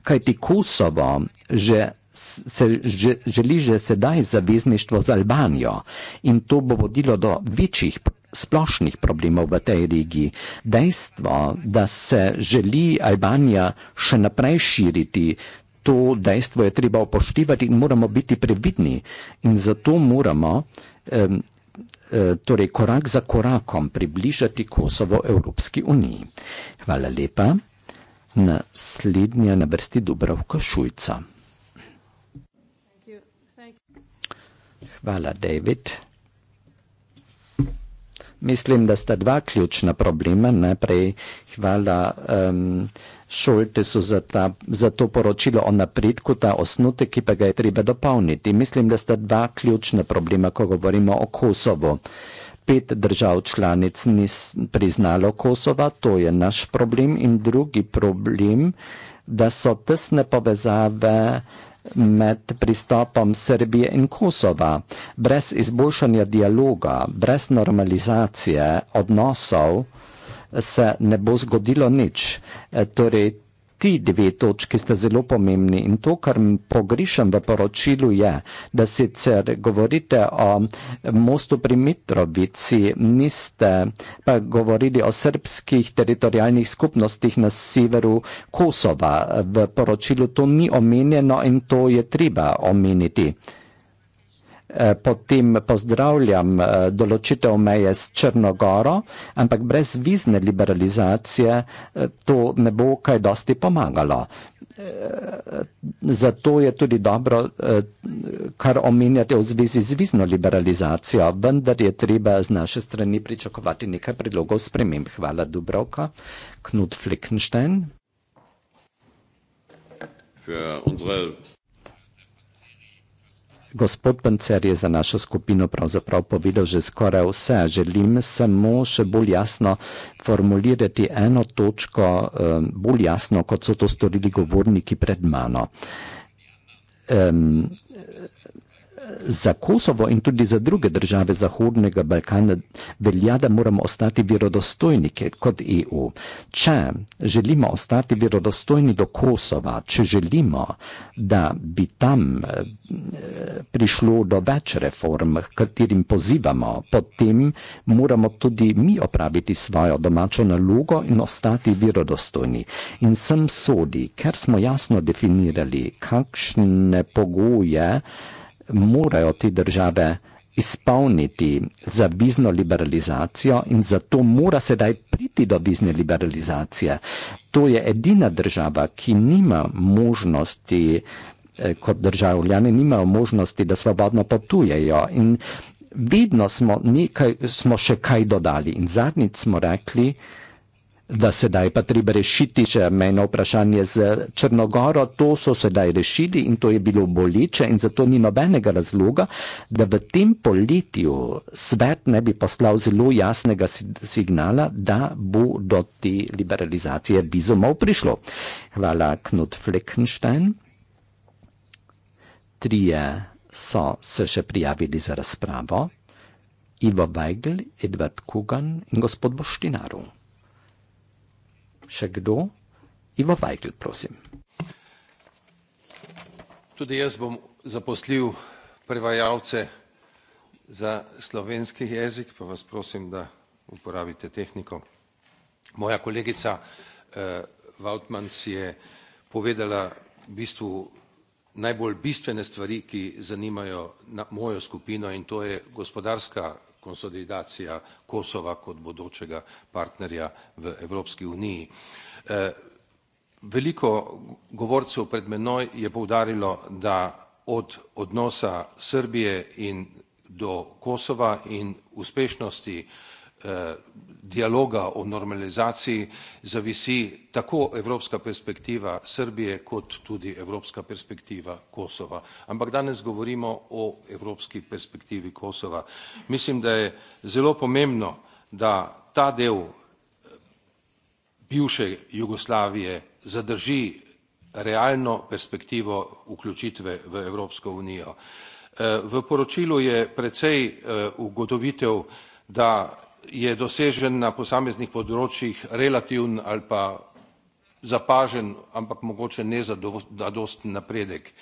Kaj ti Kosovo že se želi že sedaj zavezništvo z Albanijo in to bo vodilo do večjih splošnih problemov v tej regiji. Dejstvo, da se želi Albanija še naprej širiti, to dejstvo je treba upoštevati in moramo biti previdni. In zato moramo e, torej, korak za korakom približati Kosovo Evropski uniji. Hvala lepa. Naslednja na vrsti Dubrovka Šujca. Hvala, David mislim, da sta dva ključna problema. Najprej hvala um, Šoltesu za, ta, za to poročilo o napredku, ta osnutek, ki pa ga je treba dopolniti. Mislim, da sta dva ključna problema, ko govorimo o Kosovo. Pet držav članic ni priznalo Kosova, to je naš problem. In drugi problem, da so tesne povezave med pristopom Srbije in Kosova. Brez izboljšanja dialoga, brez normalizacije odnosov se ne bo zgodilo nič. E, torej, ti dve točki sta zelo pomembni in to, kar pogrišam v poročilu je, da sicer govorite o mostu pri Mitrovici, niste pa govorili o srpskih teritorijalnih skupnostih na severu Kosova. V poročilu to ni omenjeno in to je treba omeniti. Eh, potem pozdravljam eh, določitev meje s Črnogoro, ampak brez vizne liberalizacije eh, to ne bo kaj dosti pomagalo. Zato je tudi dobro, kar omenjate v zvezi z vizno liberalizacijo, vendar je treba z naše strani pričakovati nekaj predlogov sprememb. Hvala Dubrovka, Knut Flickenstein. Gospod Pencer je za našo skupino pravzaprav povedal že skoraj vse. Želim samo še bolj jasno formulirati eno točko, eh, bolj jasno, kot so to storili govorniki pred mano. Um, za Kosovo in tudi za druge države Zahodnega Balkana velja, da moramo ostati verodostojni kot EU. Če želimo ostati verodostojni do Kosova, če želimo, da bi tam eh, prišlo do več reform, katerim pozivamo, potem moramo tudi mi opraviti svojo domačo nalogo in ostati verodostojni. In sem sodi, ker smo jasno definirali, kakšne pogoje, morajo te države izpolniti za vizno liberalizacijo in zato mora sedaj priti do vizne liberalizacije. To je edina država, ki nima možnosti, eh, kot državljani, nimajo možnosti, da svobodno potujejo in vedno smo, nekaj, smo še kaj dodali in zadnjič smo rekli, da sedaj pa treba rešiti še mejno vprašanje z Črnogoro. To so sedaj rešili in to je bilo boliče in zato ni nobenega razloga, da v tem poletju svet ne bi poslal zelo jasnega signala, da bo do te liberalizacije vizumov prišlo. Hvala, Knut Fleckenstein. Trije so se še prijavili za razpravo. Ivo Weigl, Edward Kugan in gospod Boštinaru še kdo? Ivo Vajgl, prosim. Tudi jaz bom zaposlil prevajalce za slovenski jezik, pa vas prosim, da uporabite tehniko. Moja kolegica eh, Vautman si je povedala v bistvu najbolj bistvene stvari, ki zanimajo na, mojo skupino in to je gospodarska konsolidacija Kosova kot bodočega partnerja v Evropski uniji. Eh, veliko govorcev pred menoj je poudarilo, da od odnosa Srbije in do Kosova in uspešnosti Eh, dialoga o normalizaciji zavisi tako evropska perspektiva Srbije kot tudi evropska perspektiva Kosova. Ampak danes govorimo o evropski perspektivi Kosova. Mislim, da je zelo pomembno, da ta del eh, bivše Jugoslavije zadrži realno perspektivo vključitve v Evropsko unijo. Eh, v poročilu je precej ugotovitev, da je dosežen na posameznih področjih relativen ali pa zapažen, ampak mogoče ne zadosten napredek.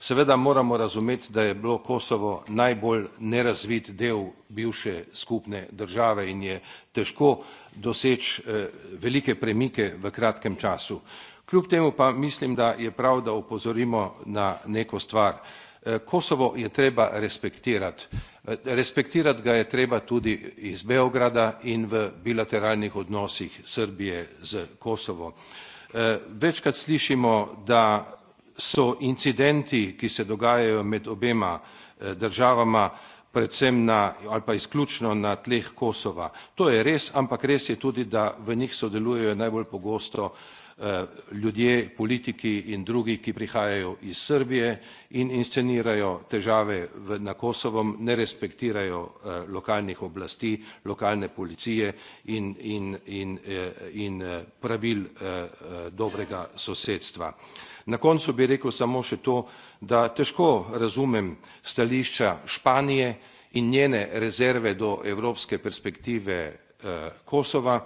Seveda moramo razumeti, da je bilo Kosovo najbolj nerazvit del bivše skupne države in je težko doseči eh, velike premike v kratkem času. Kljub temu pa mislim, da je prav, da opozorimo na neko stvar. Eh, Kosovo je treba respektirati. Eh, respektirati ga je treba tudi iz Beograda in v bilateralnih odnosih Srbije z Kosovo. Eh, večkrat slišimo, da so incidenti, ki se dogajajo med obema eh, državama, predvsem na ali pa izključno na tleh Kosova. To je res, ampak res je tudi, da v njih sodelujejo najbolj pogosto Eh, ljudje, politiki in drugi, ki prihajajo iz Srbije in inscenirajo težave na Kosovom, ne respektirajo eh, lokalnih oblasti, lokalne policije in, in, in, eh, in pravil dobrega sosedstva. Na koncu bi rekel samo še to, da težko razumem stališča Španije in njene rezerve do evropske perspektive Kosova,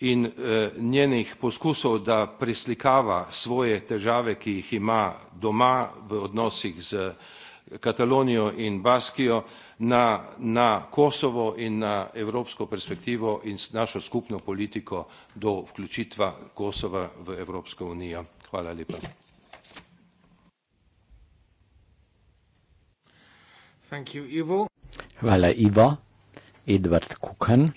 in eh, njenih poskusov, da preslikava svoje težave, ki jih ima doma v odnosih z eh, Katalonijo in Baskijo, na Kosovo in na evropsko perspektivo in našo skupno politiko do vključitva Kosova v Evropsko unijo. Hvala lepa. Hvala Ivo. Edvard Kukan.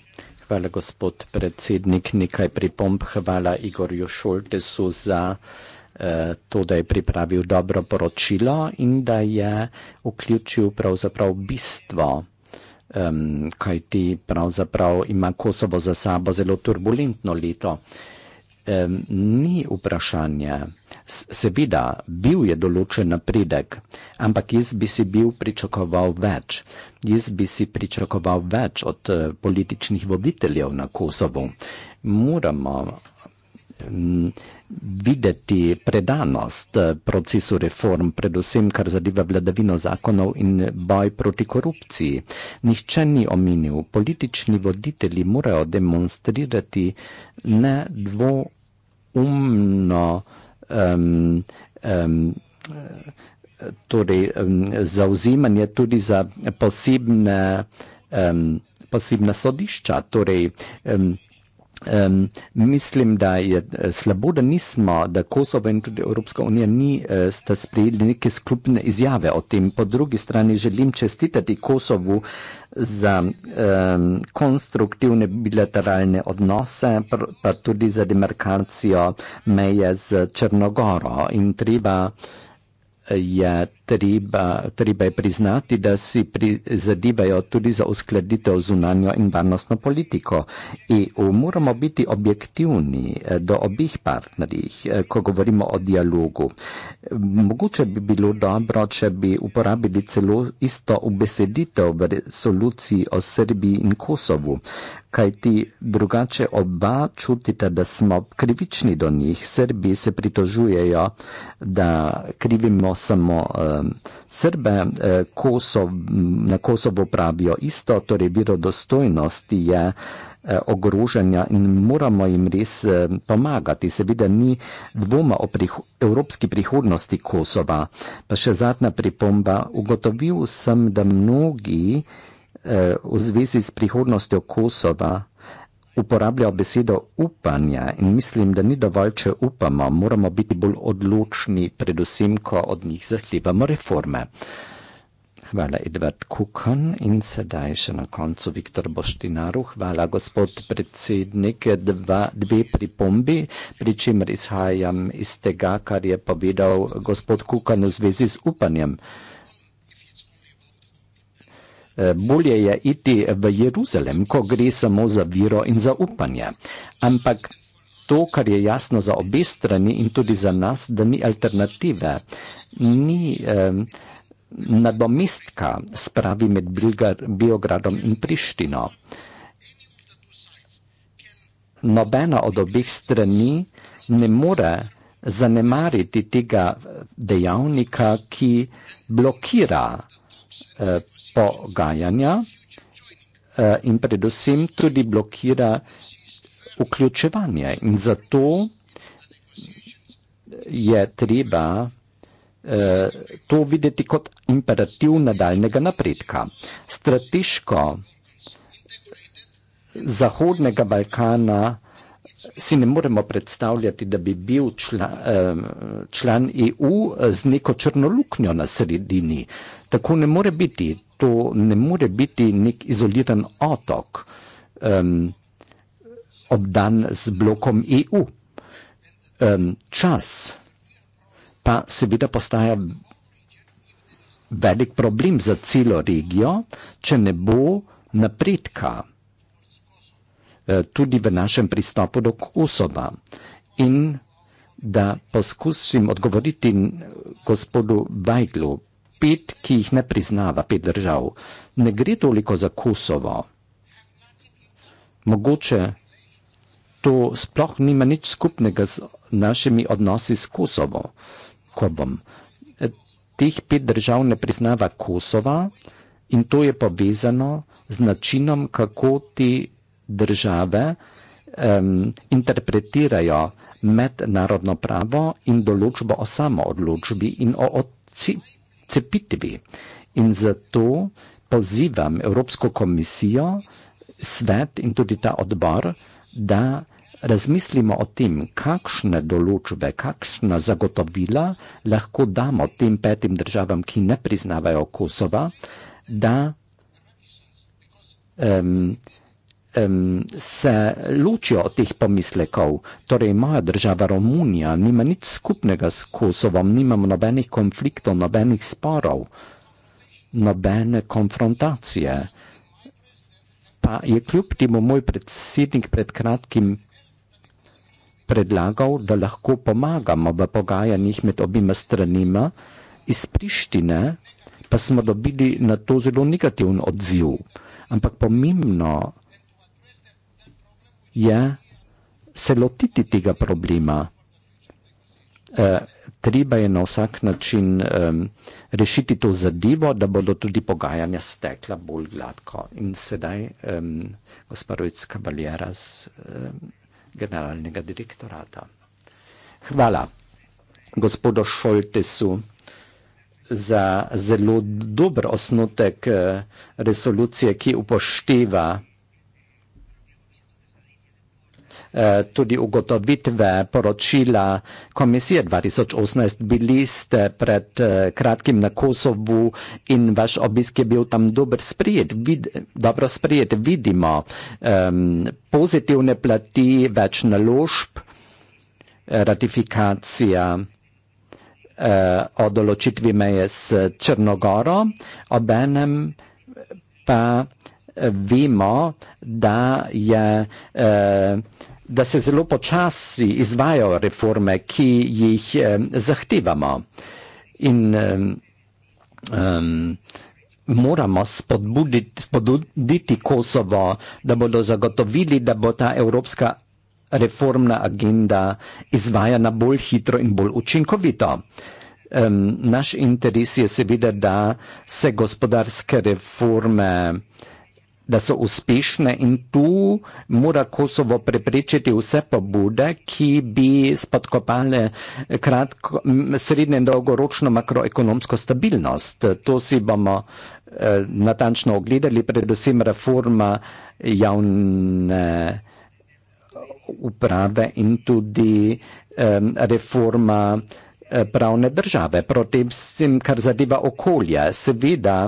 Hvala, gospod predsednik. Nekaj pripomb. Hvala Igorju Šoltesu za eh, to, da je pripravil dobro poročilo in da je vključil pravzaprav bistvo, eh, kaj ti pravzaprav ima Kosovo za sabo zelo turbulentno leto. Eh, ni vprašanje. Seveda, bil je določen napredek, ampak jaz bi si bil pričakoval več. Jaz bi si pričakoval več od eh, političnih voditeljev na Kosovo. Moramo mm, videti predanost eh, procesu reform, predvsem kar zadeva vladavino zakonov in boj proti korupciji. Nihče ni omenil, politični voditelji morajo demonstrirati nedvoumno um, um, torej, um, ehm, zauzemanje tudi za posebne, um, posebna sodišča. Torej, um, Um, mislim, da je e, slabo, da nismo, da Kosovo in tudi Evropska unija ni, e, sta sprejeli neke skupne izjave o tem. Po drugi strani želim čestitati Kosovu za um, konstruktivne bilateralne odnose, pr, pa tudi za demarkacijo meje z Črnogoro. In treba je treba, treba je priznati, da si prizadivajo tudi za uskladitev zunanjo in varnostno politiko. EU moramo biti objektivni eh, do obih partnerjih, eh, ko govorimo o dialogu. Mogoče bi bilo dobro, če bi uporabili celo isto ubeseditev v resoluciji o Srbiji in Kosovu. Kaj ti drugače oba čutite, da smo krivični do njih? Srbi se pritožujejo, da krivimo samo uh, Um, Srbe uh, Kosov, na Kosovo pravijo isto, torej virodostojnost je uh, ogroženja in moramo jim res uh, pomagati. Seveda ni dvoma o priho evropski prihodnosti Kosova. Pa še zadnja pripomba. Ugotovil sem, da mnogi v zvezi s prihodnostjo Kosova uporabljal besedo upanja in mislim, da ni dovolj, če upamo, moramo biti bolj odločni, predvsem, ko od njih zahtevamo reforme. Hvala Edvard Kukon in sedaj še na koncu Viktor Boštinaru. Hvala gospod predsednik. Dva, dve pripombi, pri čemer izhajam iz tega, kar je povedal gospod Kukon v zvezi z upanjem. Eh, bolje je iti v Jeruzalem, ko gre samo za viro in za upanje. Ampak to, kar je jasno za obe strani in tudi za nas, da ni alternative, ni eh, nadomestka spravi med Bilgar, Biogradom in Prištino. Nobena od obeh strani ne more zanemariti tega dejavnika, ki blokira eh, pogajanja eh, in predvsem tudi blokira vključevanje. In zato je treba eh, to videti kot imperativ nadaljnega napredka. Strateško Zahodnega Balkana si ne moremo predstavljati, da bi bil eh, član, član e EU z neko črno luknjo na sredini. Tako ne more biti, to ne more biti nek izoliran otok, um, obdan z blokom EU. Um, čas pa seveda postaja velik problem za celo regijo, če ne bo napredka eh, tudi v našem pristopu do Kosova. In da poskusim odgovoriti gospodu Vajglu, pet, ki jih ne priznava, pet držav. Ne gre toliko za Kosovo. Mogoče to sploh nima nič skupnega z našimi odnosi s Kosovo. Kobom. E, teh pet držav ne priznava Kosova in to je povezano z načinom, kako ti države um, interpretirajo mednarodno pravo in določbo o samoodločbi in o odločbi cepitvi. In zato pozivam Evropsko komisijo, svet in tudi ta odbor, da razmislimo o tem, kakšne določbe, kakšna zagotovila lahko damo tem petim državam, ki ne priznavajo Kosova, da um, um, se ločijo od teh pomislekov. Torej, moja država Romunija nima nič skupnega s Kosovom, nimamo nobenih konfliktov, nobenih sporov, nobene konfrontacije. Pa je kljub temu moj predsednik pred kratkim predlagal, da lahko pomagamo v pogajanjih med obima stranima iz Prištine, pa smo dobili na to zelo negativen odziv. Ampak pomembno je, je se lotiti tega problema. E, treba je na vsak način e, rešiti to zadevo, da bodo tudi pogajanja stekla bolj gladko. In sedaj, e, gospod Rojc Kabaljera z e, generalnega direktorata. Hvala gospodu Šoltesu za zelo dober osnotek eh, resolucije, ki upošteva Eh, tudi ugotovitve poročila komisije 2018. Bili ste pred eh, kratkim na Kosovu in vaš obisk je bil tam dober sprijet, vid, dobro sprijet, vidimo um, pozitivne plati, več naložb, ratifikacija eh, o določitvi meje s Črnogoro, obenem pa vemo, da je eh, da se zelo počasi izvajo reforme, ki jih eh, zahtevamo in eh, eh, moramo spodbuditi Kosovo, da bodo zagotovili, da bo ta evropska reformna agenda izvajana bolj hitro in bolj učinkovito. Eh, naš interes je seveda, da se gospodarske reforme eh, da so uspešne in tu mora Kosovo preprečiti vse pobude, ki bi spodkopale kratko, srednje in dolgoročno makroekonomsko stabilnost. To si bomo eh, natančno ogledali, predvsem reforma javne uprave in tudi eh, reforma eh, pravne države. Protem, kar zadeva okolje, seveda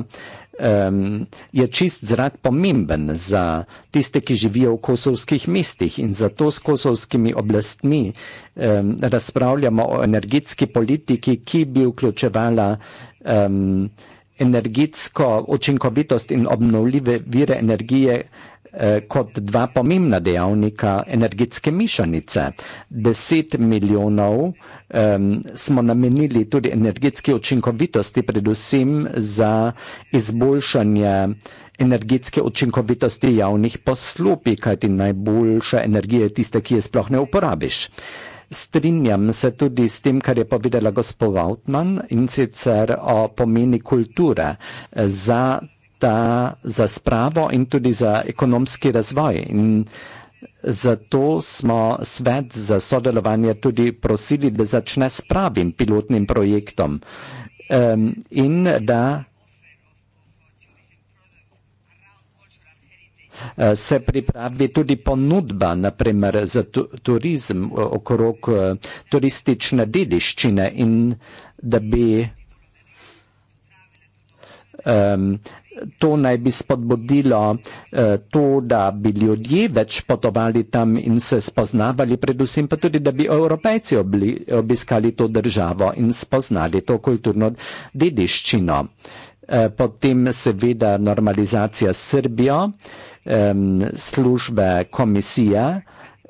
um, je čist zrak pomemben za tiste, ki živijo v kosovskih mestih in zato s kosovskimi oblastmi um, razpravljamo o energetski politiki, ki bi vključevala um, energetsko učinkovitost in obnovljive vire energije. Eh, kot dva pomembna dejavnika energetske mišanice. 10 milijonov um, smo namenili tudi energetske učinkovitosti, predvsem za izboljšanje energetske učinkovitosti javnih poslopi, kajti najboljša energija je tista, ki je sploh ne uporabiš. Strinjam se tudi s tem, kar je povedala gospod Vautman in sicer o pomeni kulture za ta za spravo in tudi za ekonomski razvoj. In zato smo svet za sodelovanje tudi prosili, da začne s pravim pilotnim projektom um, in da eh, se pripravi tudi ponudba, naprimer za tu, turizem okrog eh, turistične dediščine in da bi um, to naj bi spodbudilo eh, to, da bi ljudje več potovali tam in se spoznavali, predvsem pa tudi, da bi Evropejci obli, obiskali to državo in spoznali to kulturno dediščino. Eh, potem seveda normalizacija s Srbijo, eh, službe komisije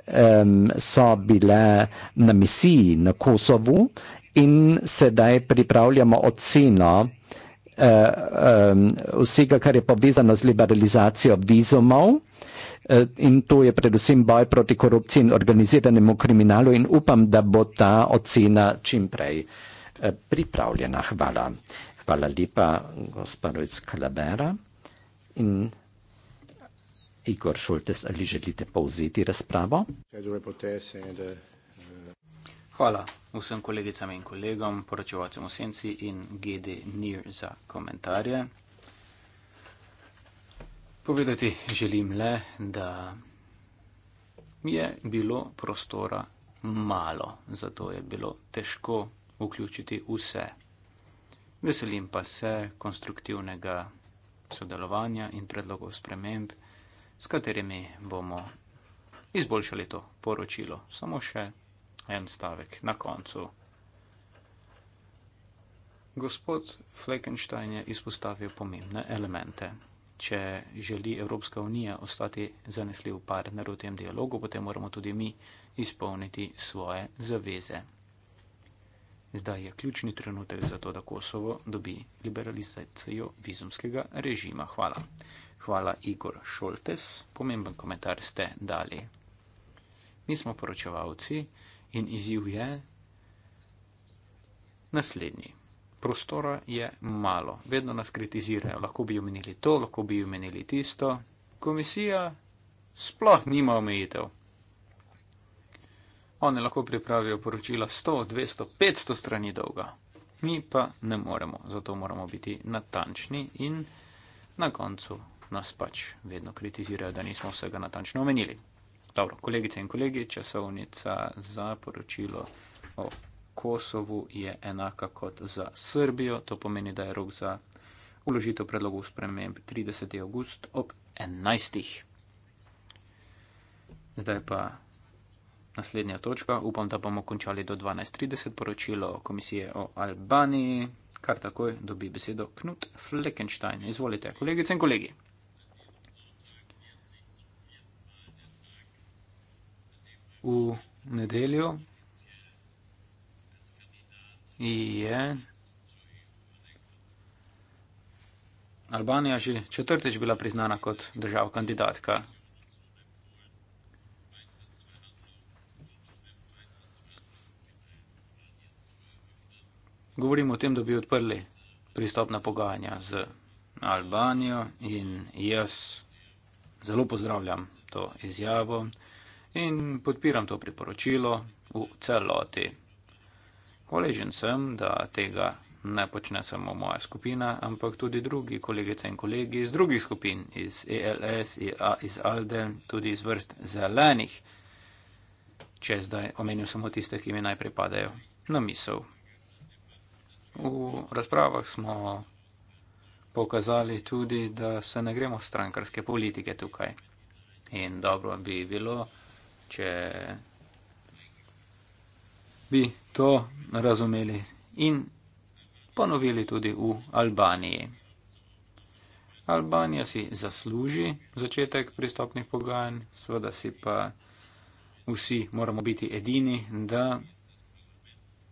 eh, so bile na misiji na Kosovu in sedaj pripravljamo oceno, Eh, vsega, kar je povezano z liberalizacijo vizumov eh, in to je predvsem boj proti korupciji in organiziranemu kriminalu in upam, da bo ta ocena čim prej eh, pripravljena. Hvala. Hvala lepa, gospodic Kalabera in Igor Šultes, ali želite povzeti razpravo? Hvala vsem kolegicam in kolegom, poročevalcem v senci in GD Nir za komentarje. Povedati želim le, da mi je bilo prostora malo, zato je bilo težko vključiti vse. Veselim pa se konstruktivnega sodelovanja in predlogov sprememb, s katerimi bomo izboljšali to poročilo. Samo še en stavek na koncu. Gospod Fleckenstein je izpostavil pomembne elemente. Če želi Evropska unija ostati zanesljiv partner v tem dialogu, potem moramo tudi mi izpolniti svoje zaveze. Zdaj je ključni trenutek za to, da Kosovo dobi liberalizacijo vizumskega režima. Hvala. Hvala, Igor Šoltes. Pomemben komentar ste dali. Mi smo poročevalci. In izjiv je naslednji. Prostora je malo, vedno nas kritizirajo. Lahko bi omenili to, lahko bi omenili tisto. Komisija sploh nima omejitev. Oni lahko pripravijo poročila 100, 200, 500 strani dolga. Mi pa ne moremo, zato moramo biti natančni in na koncu nas pač vedno kritizirajo, da nismo vsega natančno omenili dobro, kolegice in kolegi, časovnica za poročilo o Kosovu je enaka kot za Srbijo. To pomeni, da je rok za uložitev predlogov sprememb 30. august ob 11. Zdaj pa naslednja točka. Upam, da bomo končali do 12.30 poročilo komisije o Albaniji. Kar takoj dobi besedo Knut Fleckenstein. Izvolite, kolegice in kolegi. v nedeljo je Albanija že četrtič bila priznana kot država kandidatka. Govorimo o tem, da bi odprli pristopna pogajanja z Albanijo in jaz zelo pozdravljam to izjavo in podpiram to priporočilo v celoti. Hvaležen sem, da tega ne počne samo moja skupina, ampak tudi drugi kolegice in kolegi iz drugih skupin, iz ELS, IA, e iz ALDE, tudi iz vrst zelenih, če zdaj omenim samo tiste, ki mi najprej padajo na misel. V razpravah smo pokazali tudi, da se ne gremo strankarske politike tukaj. In dobro bi bilo, če bi to razumeli in ponovili tudi v Albaniji. Albanija si zasluži začetek pristopnih pogajanj, seveda si pa vsi moramo biti edini, da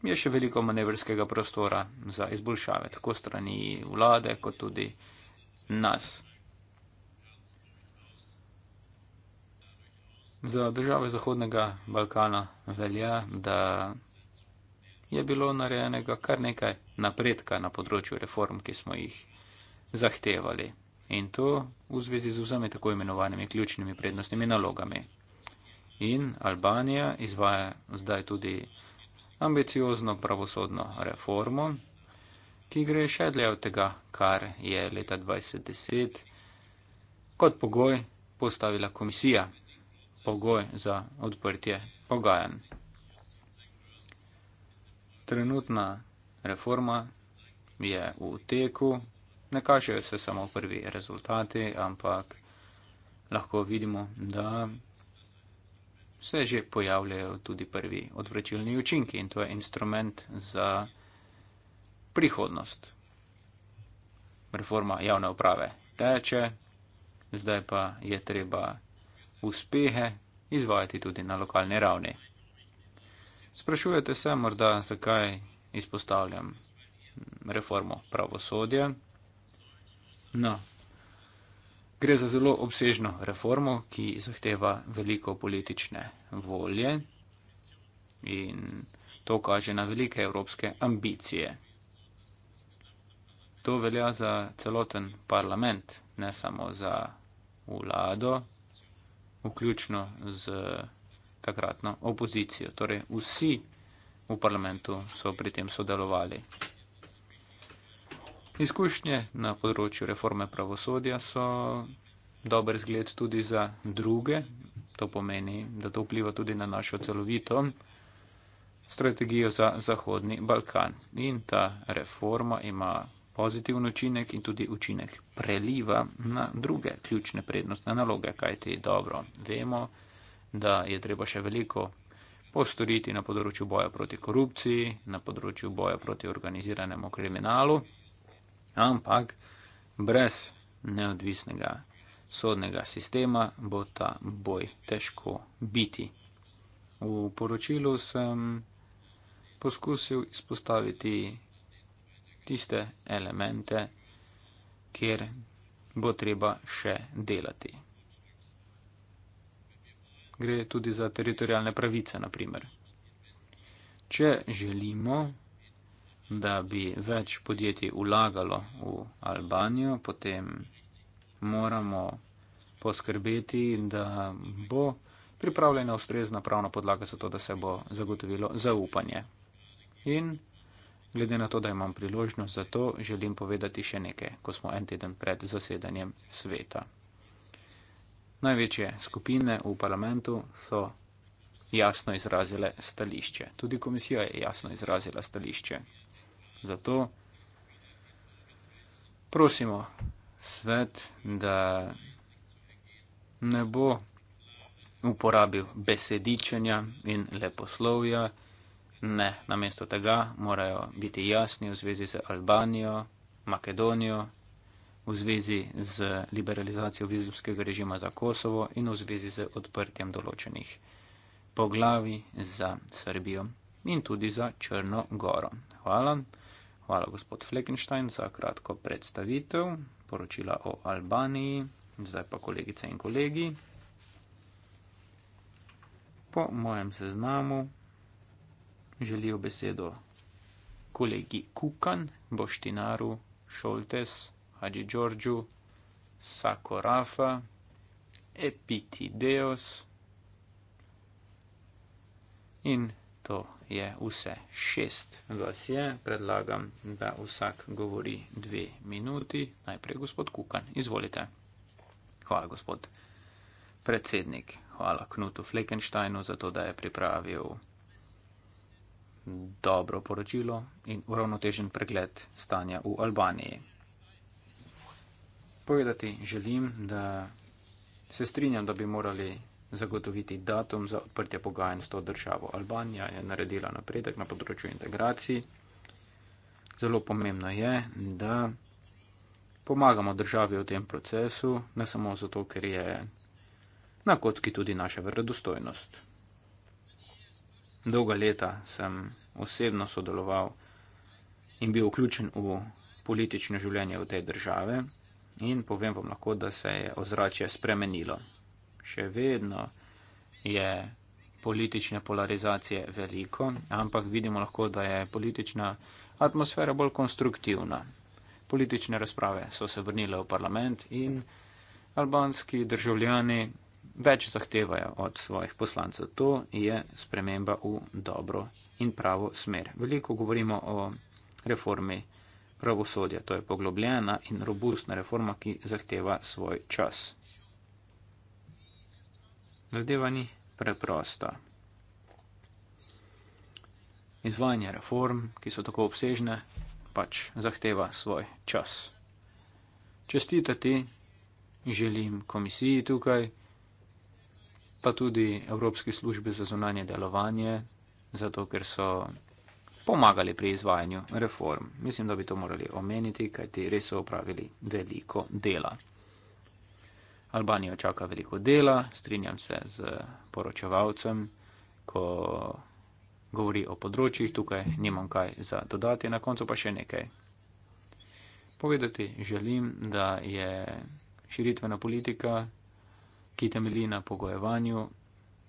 je še veliko manevrskega prostora za izboljšave, tako strani vlade, kot tudi nas. Za države Zahodnega Balkana velja, da je bilo narejenega kar nekaj napredka na področju reform, ki smo jih zahtevali. In to v zvezi z vsemi tako imenovanimi ključnimi prednostnimi nalogami. In Albanija izvaja zdaj tudi ambiciozno pravosodno reformo, ki gre še dlje od tega, kar je leta 2010 kot pogoj postavila komisija pogoj za odprtje pogajanj. Trenutna reforma je v teku, ne kažejo se samo prvi rezultati, ampak lahko vidimo, da se že pojavljajo tudi prvi odvračilni učinki in to je instrument za prihodnost. Reforma javne uprave teče, zdaj pa je treba uspehe izvajati tudi na lokalni ravni. Sprašujete se morda, zakaj izpostavljam reformo pravosodja? No, gre za zelo obsežno reformo, ki zahteva veliko politične volje in to kaže na velike evropske ambicije. To velja za celoten parlament, ne samo za vlado, vključno z takratno opozicijo. Torej, vsi v parlamentu so pri tem sodelovali. Izkušnje na področju reforme pravosodja so dober zgled tudi za druge. To pomeni, da to vpliva tudi na našo celovito strategijo za Zahodni Balkan. In ta reforma ima pozitiven učinek in tudi učinek preliva na druge ključne prednostne naloge, kajti dobro vemo, da je treba še veliko postoriti na področju boja proti korupciji, na področju boja proti organiziranemu kriminalu, ampak brez neodvisnega sodnega sistema bo ta boj težko biti. V poročilu sem poskusil izpostaviti tiste elemente, kjer bo treba še delati. Gre tudi za teritorijalne pravice, naprimer. Če želimo, da bi več podjetij ulagalo v Albanijo, potem moramo poskrbeti, da bo pripravljena ustrezna pravna podlaga za to, da se bo zagotovilo zaupanje. In Glede na to, da imam priložnost za to, želim povedati še nekaj, ko smo en teden pred zasedanjem sveta. Največje skupine v parlamentu so jasno izrazile stališče. Tudi komisija je jasno izrazila stališče. Zato prosimo svet, da ne bo uporabil besedičenja in leposlovja, Ne, namesto tega morajo biti jasni v zvezi z Albanijo, Makedonijo, v zvezi z liberalizacijo vizumskega režima za Kosovo in v zvezi z odprtjem določenih poglavi za Srbijo in tudi za Črno Goro. Hvala. Hvala, gospod Fleckenstein, za kratko predstavitev poročila o Albaniji. Zdaj pa kolegice in kolegi. Po mojem seznamu želijo besedo kolegi Kukan, Boštinaru, Šoltes, Hadži Đorđu, Sako Rafa, Epiti Deos. In to je vse. Šest vas je, predlagam, da vsak govori dve minuti. Najprej gospod Kukan, izvolite. Hvala, gospod predsednik. Hvala Knutu Fleckensteinu za to, da je pripravil dobro poročilo in uravnotežen pregled stanja v Albaniji. Povedati želim, da se strinjam, da bi morali zagotoviti datum za odprtje pogajen s to državo. Albanija je naredila napredek na področju integracij. Zelo pomembno je, da pomagamo državi v tem procesu, ne samo zato, ker je na kocki tudi naša verodostojnost dolga leta sem osebno sodeloval in bil vključen v politično življenje v tej države in povem vam lahko, da se je ozračje spremenilo. Še vedno je politične polarizacije veliko, ampak vidimo lahko, da je politična atmosfera bolj konstruktivna. Politične razprave so se vrnile v parlament in albanski državljani več zahtevajo od svojih poslancev. To je sprememba v dobro in pravo smer. Veliko govorimo o reformi pravosodja. To je poglobljena in robustna reforma, ki zahteva svoj čas. Zadeva ni preprosta. Izvajanje reform, ki so tako obsežne, pač zahteva svoj čas. Čestitati želim komisiji tukaj pa tudi Evropske službe za zunanje delovanje, zato ker so pomagali pri izvajanju reform. Mislim, da bi to morali omeniti, kajti res so opravili veliko dela. Albanijo čaka veliko dela, strinjam se z poročevalcem, ko govori o področjih, tukaj nimam kaj za dodati, na koncu pa še nekaj. Povedati želim, da je širitvena politika ki temelji na pogojevanju,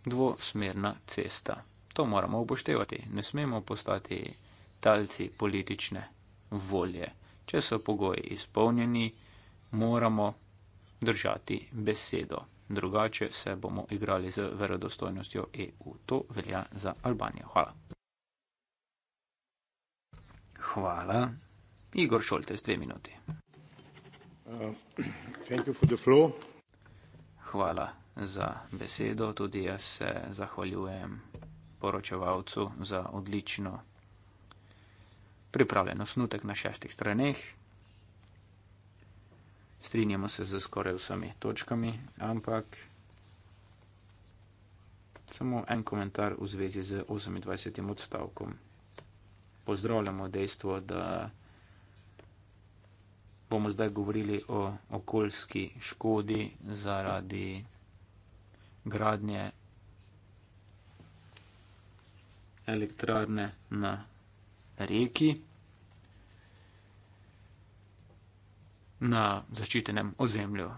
dvosmerna cesta. To moramo upoštevati. Ne smemo postati talci politične volje. Če so pogoji izpolnjeni, moramo držati besedo. Drugače se bomo igrali z verodostojnostjo EU. To velja za Albanijo. Hvala. Hvala. Igor Šoltes, dve minuti. Uh, hvala za besedo. Tudi jaz se zahvaljujem poročevalcu za odlično pripravljen osnutek na šestih straneh. Strinjamo se z skoraj vsemi točkami, ampak samo en komentar v zvezi z 28. odstavkom. Pozdravljamo dejstvo, da bomo zdaj govorili o okoljski škodi zaradi gradnje elektrarne na reki na zaščitenem ozemlju.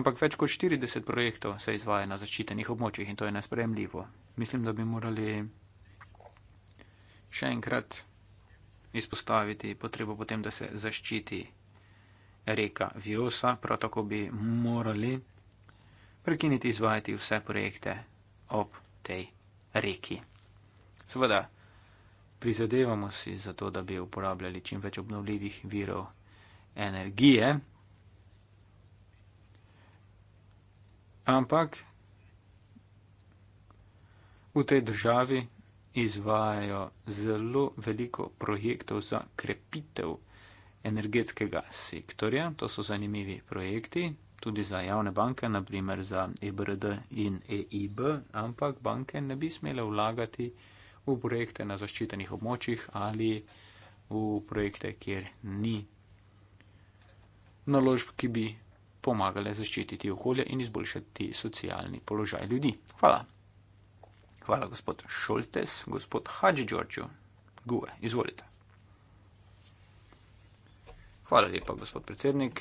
Ampak več kot 40 projektov se izvaja na zaščitenih območjih in to je nespremljivo. Mislim, da bi morali še enkrat izpostaviti potrebo potem, da se zaščiti reka Viosa, prav tako bi morali prekiniti izvajati vse projekte ob tej reki. Seveda, prizadevamo si za to, da bi uporabljali čim več obnovljivih virov energije, ampak v tej državi izvajajo zelo veliko projektov za krepitev energetskega sektorja. To so zanimivi projekti, tudi za javne banke, naprimer za EBRD in EIB, ampak banke ne bi smele vlagati v projekte na zaščitenih območjih ali v projekte, kjer ni naložb, ki bi pomagale zaščititi okolje in izboljšati socialni položaj ljudi. Hvala. Hvala, gospod Šoltes, gospod Hadži Đorđu. Gue, izvolite. Hvala lepa, gospod predsednik.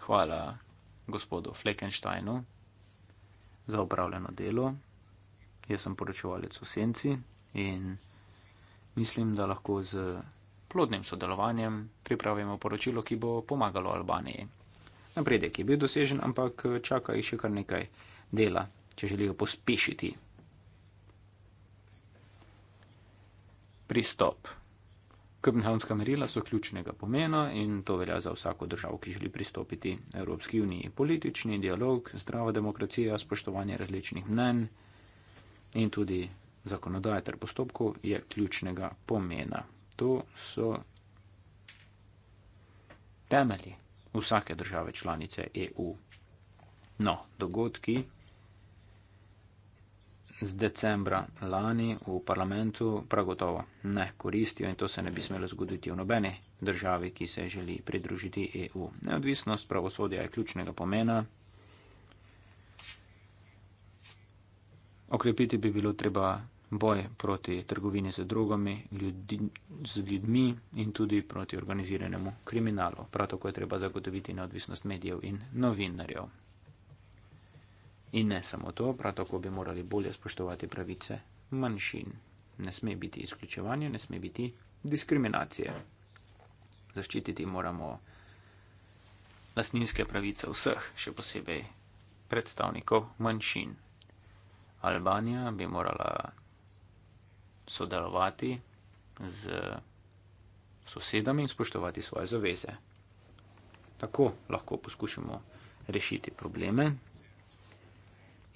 Hvala gospodu Fleckensteinu za upravljeno delo. Jaz sem poročevalec v Senci in mislim, da lahko z plodnim sodelovanjem pripravimo poročilo, ki bo pomagalo Albaniji. Napredek je bil dosežen, ampak čaka jih še kar nekaj dela, če želijo pospešiti pristop. Kopenhavnska merila so ključnega pomena in to velja za vsako državo, ki želi pristopiti Evropski uniji. Politični dialog, zdrava demokracija, spoštovanje različnih mnen in tudi zakonodaje ter postopkov je ključnega pomena. To so temelji vsake države članice EU. No, dogodki z decembra lani v parlamentu, prav gotovo ne koristijo in to se ne bi smelo zgoditi v nobeni državi, ki se želi pridružiti EU. Neodvisnost pravosodja je ključnega pomena. Okrepiti bi bilo treba boj proti trgovini z drogami, ljudi, z ljudmi in tudi proti organiziranemu kriminalu. Prav tako je treba zagotoviti neodvisnost medijev in novinarjev. In ne samo to, prav tako bi morali bolje spoštovati pravice manjšin. Ne sme biti izključevanje, ne sme biti diskriminacije. Zaščititi moramo lasninske pravice vseh, še posebej predstavnikov manjšin. Albanija bi morala sodelovati z sosedami in spoštovati svoje zaveze. Tako lahko poskušamo rešiti probleme,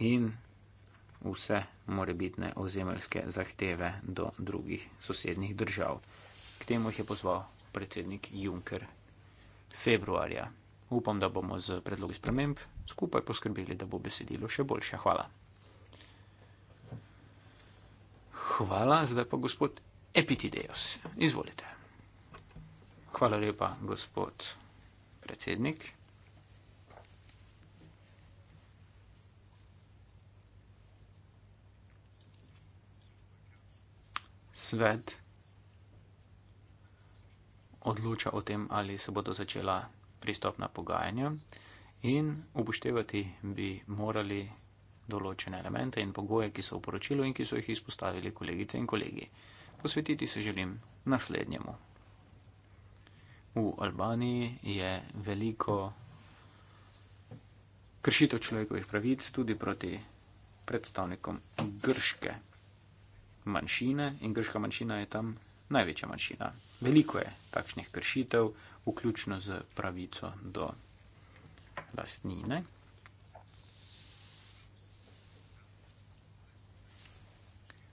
in vse morebitne ozemeljske zahteve do drugih sosednjih držav. K temu jih je pozval predsednik Juncker februarja. Upam, da bomo z predlogi sprememb skupaj poskrbeli, da bo besedilo še boljše. Hvala. Hvala, zdaj pa gospod Epitideos. Izvolite. Hvala lepa, gospod predsednik. svet odloča o tem, ali se bodo začela pristopna pogajanja in upoštevati bi morali določene elemente in pogoje, ki so v poročilu in ki so jih izpostavili kolegice in kolegi. Posvetiti se želim naslednjemu. V Albaniji je veliko kršitev človekovih pravic tudi proti predstavnikom grške manjšine in grška manjšina je tam največja manjšina. Veliko je takšnih kršitev, vključno z pravico do lastnine.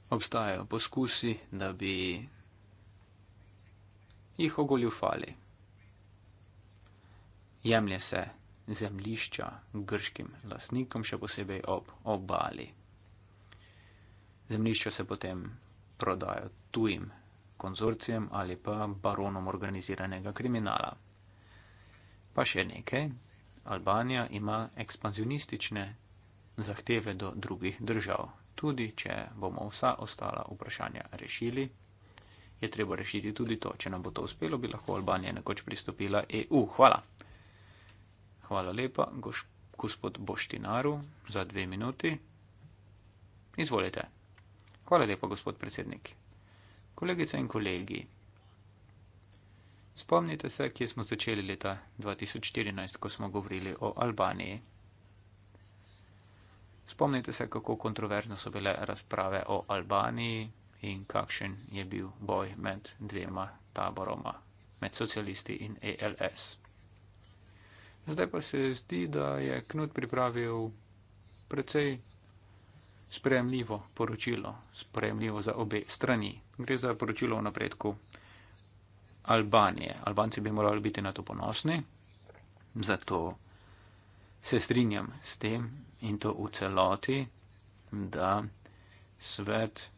Obstajajo poskusi, da bi jih ogoljufali. Jemlje se zemlišča grškim lasnikom, še posebej ob obali zemljišča se potem prodajo tujim konzorcijem ali pa baronom organiziranega kriminala. Pa še nekaj, Albanija ima ekspanzionistične zahteve do drugih držav. Tudi če bomo vsa ostala vprašanja rešili, je treba rešiti tudi to. Če nam bo to uspelo, bi lahko Albanija nekoč pristopila EU. Hvala. Hvala lepa, gospod Boštinaru, za dve minuti. Izvolite. Hvala lepa, gospod predsednik. Kolegice in kolegi, spomnite se, kje smo začeli leta 2014, ko smo govorili o Albaniji. Spomnite se, kako kontroverzne so bile razprave o Albaniji in kakšen je bil boj med dvema taboroma, med socialisti in ALS. Zdaj pa se zdi, da je Knut pripravil precej sprejemljivo poročilo, sprejemljivo za obe strani. Gre za poročilo o napredku Albanije. Albanci bi morali biti na to ponosni, zato se strinjam s tem in to v celoti, da svet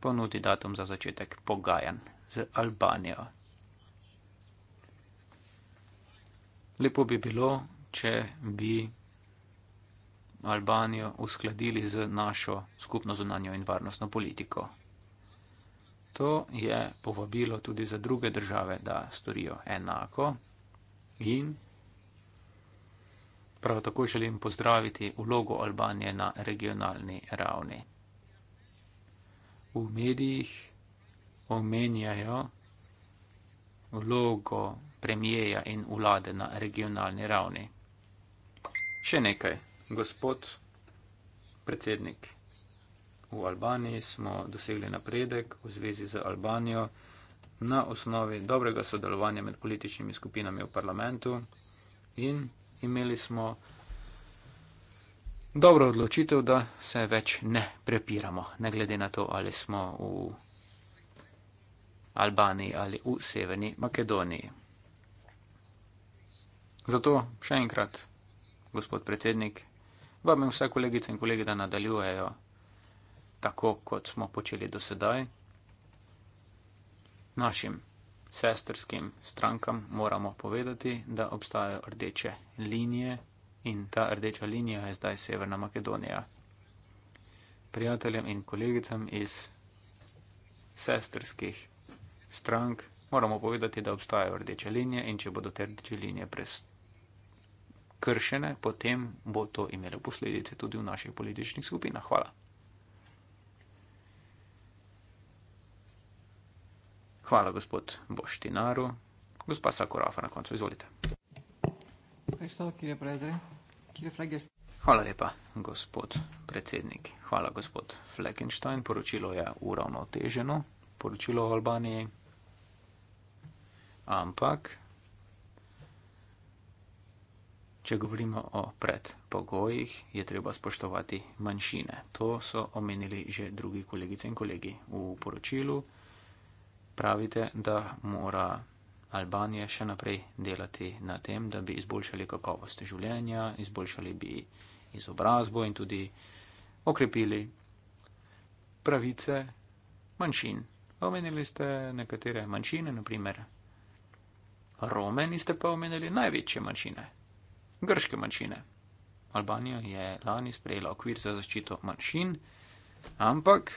ponudi datum za začetek pogajanj z Albanijo. Lepo bi bilo, če bi Albanijo uskladili z našo skupno zunanjo in varnostno politiko. To je povabilo tudi za druge države, da storijo enako in prav tako želim pozdraviti vlogo Albanije na regionalni ravni. V medijih omenjajo vlogo premijeja in vlade na regionalni ravni. Še nekaj gospod predsednik, v Albaniji smo dosegli napredek v zvezi z Albanijo na osnovi dobrega sodelovanja med političnimi skupinami v parlamentu in imeli smo dobro odločitev, da se več ne prepiramo, ne glede na to, ali smo v Albaniji ali v Severni Makedoniji. Zato še enkrat, gospod predsednik, Vabim vse kolegice in kolege, da nadaljujejo tako, kot smo počeli do sedaj. Našim sestrskim strankam moramo povedati, da obstajajo rdeče linije in ta rdeča linija je zdaj Severna Makedonija. Prijateljem in kolegicam iz sestrskih strank moramo povedati, da obstajajo rdeče linije in če bodo te rdeče linije prestali kršene, potem bo to imelo posledice tudi v naših političnih skupinah. Hvala. Hvala, gospod Boštinaru. Gospa Sakurafa, na koncu izvolite. Hvala lepa, gospod predsednik. Hvala, gospod Fleckenstein. Poročilo je uravnoteženo, poročilo o Albaniji. Ampak Če govorimo o predpogojih, je treba spoštovati manjšine. To so omenili že drugi kolegice in kolegi v poročilu. Pravite, da mora Albanija še naprej delati na tem, da bi izboljšali kakovost življenja, izboljšali bi izobrazbo in tudi okrepili pravice manjšin. Omenili ste nekatere manjšine, naprimer Rome, niste pa omenili največje manjšine grške manjšine. Albanija je lani sprejela okvir za zaščito manjšin, ampak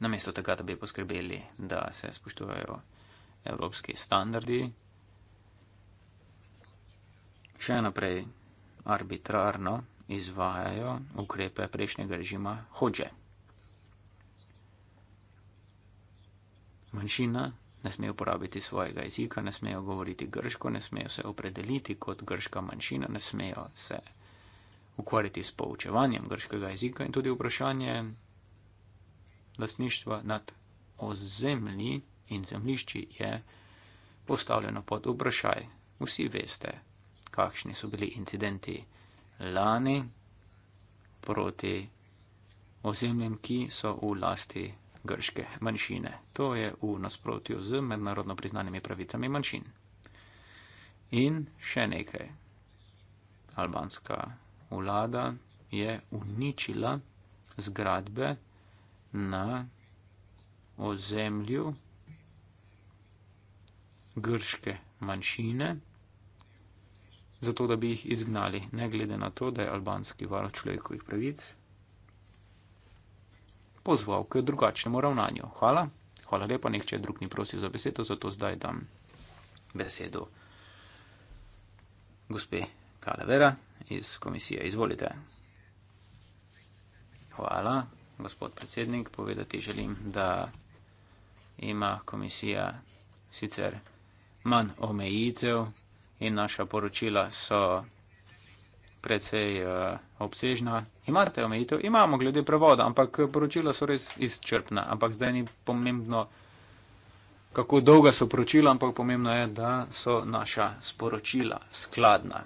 namesto tega, da bi poskrbeli, da se spoštujejo evropski standardi, še naprej arbitrarno izvajajo ukrepe prejšnjega režima hoče. Manjšina ne smejo uporabiti svojega jezika, ne smejo govoriti grško, ne smejo se opredeliti kot grška manjšina, ne smejo se ukvarjati s poučevanjem grškega jezika in tudi vprašanje lasništva nad ozemlji in zemlišči je postavljeno pod vprašaj. Vsi veste, kakšni so bili incidenti lani proti ozemljem, ki so v lasti grške manjšine. To je v nasprotju z mednarodno priznanimi pravicami manjšin. In še nekaj. Albanska vlada je uničila zgradbe na ozemlju grške manjšine, zato da bi jih izgnali, ne glede na to, da je albanski varuh človekovih pravic pozval k drugačnemu ravnanju. Hvala. Hvala lepa, nihče drug ni prosil za besedo, zato zdaj dam besedo gospe Kalevera iz komisije. Izvolite. Hvala, gospod predsednik. Povedati želim, da ima komisija sicer manj omejitev in naša poročila so precej uh, obsežna. Imate omejitev, imamo glede prevoda, ampak poročila so res izčrpna. Ampak zdaj ni pomembno, kako dolga so poročila, ampak pomembno je, da so naša sporočila skladna.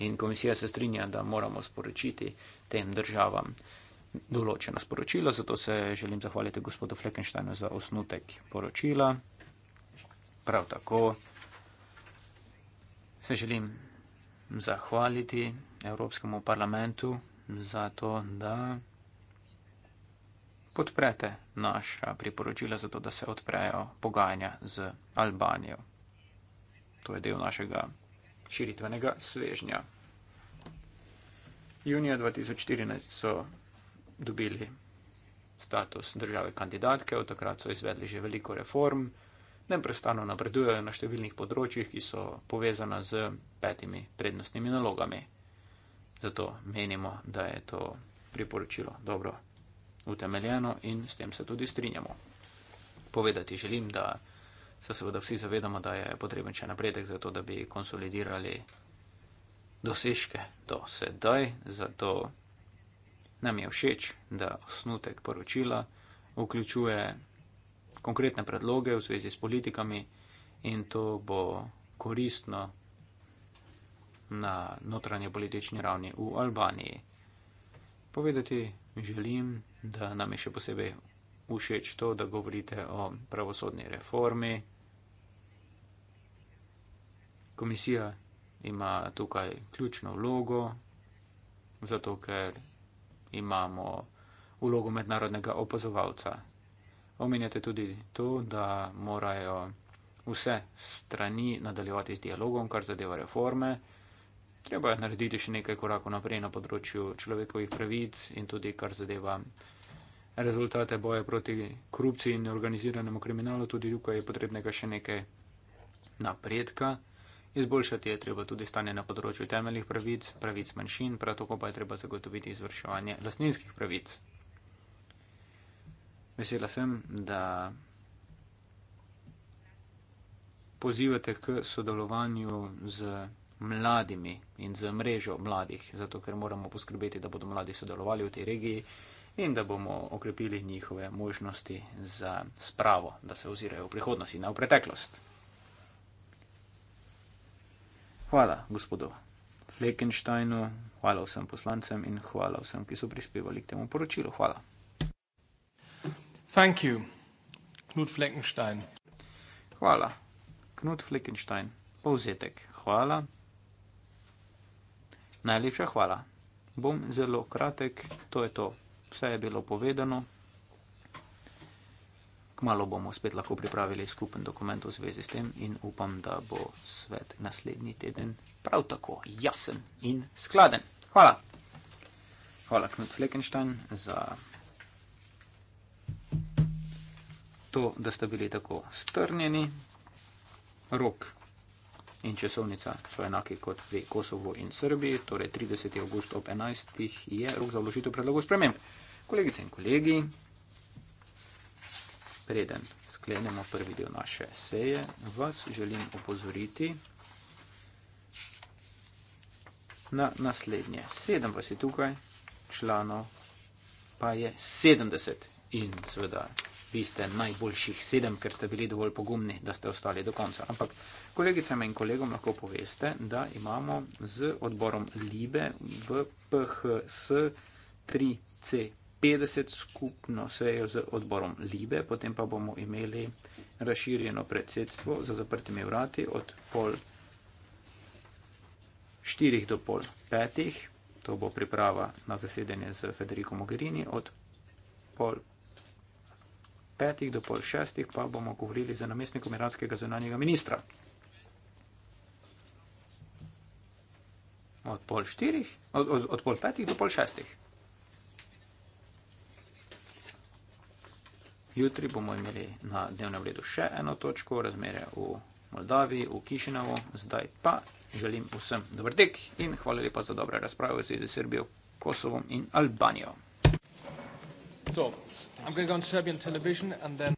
In komisija se strinja, da moramo sporočiti tem državam določena sporočila, zato se želim zahvaliti gospodu Fleckensteinu za osnutek poročila. Prav tako se želim zahvaliti Evropskemu parlamentu za to, da podprete naša priporočila za to, da se odprejo pogajanja z Albanijo. To je del našega širitvenega svežnja. Junija 2014 so dobili status države kandidatke, od takrat so izvedli že veliko reform neprestano napredujejo na številnih področjih, ki so povezana z petimi prednostnimi nalogami. Zato menimo, da je to priporočilo dobro utemeljeno in s tem se tudi strinjamo. Povedati želim, da se seveda vsi zavedamo, da je potreben še napredek za to, da bi konsolidirali dosežke do sedaj, zato nam je všeč, da osnutek poročila vključuje konkretne predloge v zvezi s politikami in to bo koristno na notranje politični ravni v Albaniji. Povedati želim, da nam je še posebej všeč to, da govorite o pravosodni reformi. Komisija ima tukaj ključno vlogo, zato ker imamo vlogo mednarodnega opazovalca. Omenjate tudi to, da morajo vse strani nadaljevati z dialogom, kar zadeva reforme. Treba je narediti še nekaj korakov naprej na področju človekovih pravic in tudi kar zadeva rezultate boja proti korupciji in organiziranemu kriminalu, tudi tukaj je potrebnega še nekaj napredka. Izboljšati je treba tudi stanje na področju temeljnih pravic, pravic manjšin, prav tako pa je treba zagotoviti izvrševanje lastninskih pravic. Vesela sem, da pozivate k sodelovanju z mladimi in z mrežo mladih, zato ker moramo poskrbeti, da bodo mladi sodelovali v tej regiji in da bomo okrepili njihove možnosti za spravo, da se ozirajo v prihodnost in ne v preteklost. Hvala, gospodu Fleckensteinu, hvala vsem poslancem in hvala vsem, ki so prispevali k temu poročilu. Hvala. Thank you, Knut Fleckenstein. Hvala, Knut Fleckenstein. Povzetek. Hvala. Najlepša hvala. Bom zelo kratek, to je to. Vse je bilo povedano. Kmalo bomo spet lahko pripravili skupen dokument v zvezi s tem in upam, da bo svet naslednji teden prav tako jasen in skladen. Hvala. Hvala, Knut Fleckenstein, za. to, da sta bili tako strnjeni, rok in časovnica so enaki kot pri Kosovo in Srbiji, torej 30. august ob 11. je rok za vložitev predlogov sprememb. Kolegice in kolegi, preden sklenemo prvi del naše seje, vas želim opozoriti na naslednje. Sedem vas je tukaj, članov pa je 70 in seveda vi ste najboljših sedem, ker ste bili dovolj pogumni, da ste ostali do konca. Ampak kolegicam in kolegom lahko poveste, da imamo z odborom Libe v PHS 3C50 skupno sejo z odborom Libe, potem pa bomo imeli razširjeno predsedstvo za zaprtimi vrati od pol štirih do pol petih. To bo priprava na zasedanje z Federico Mogherini od pol petih do pol šestih pa bomo govorili z namestnikom iranskega zunanjega ministra. Od pol štirih, od, od, od pol petih do pol šestih. Jutri bomo imeli na dnevnem redu še eno točko, razmere v Moldaviji, v Kišinavu. Zdaj pa želim vsem dober tek in hvala lepa za dobre razprave z Srbijo, Kosovom in Albanijo. So, I'm going to go on Serbian television and then.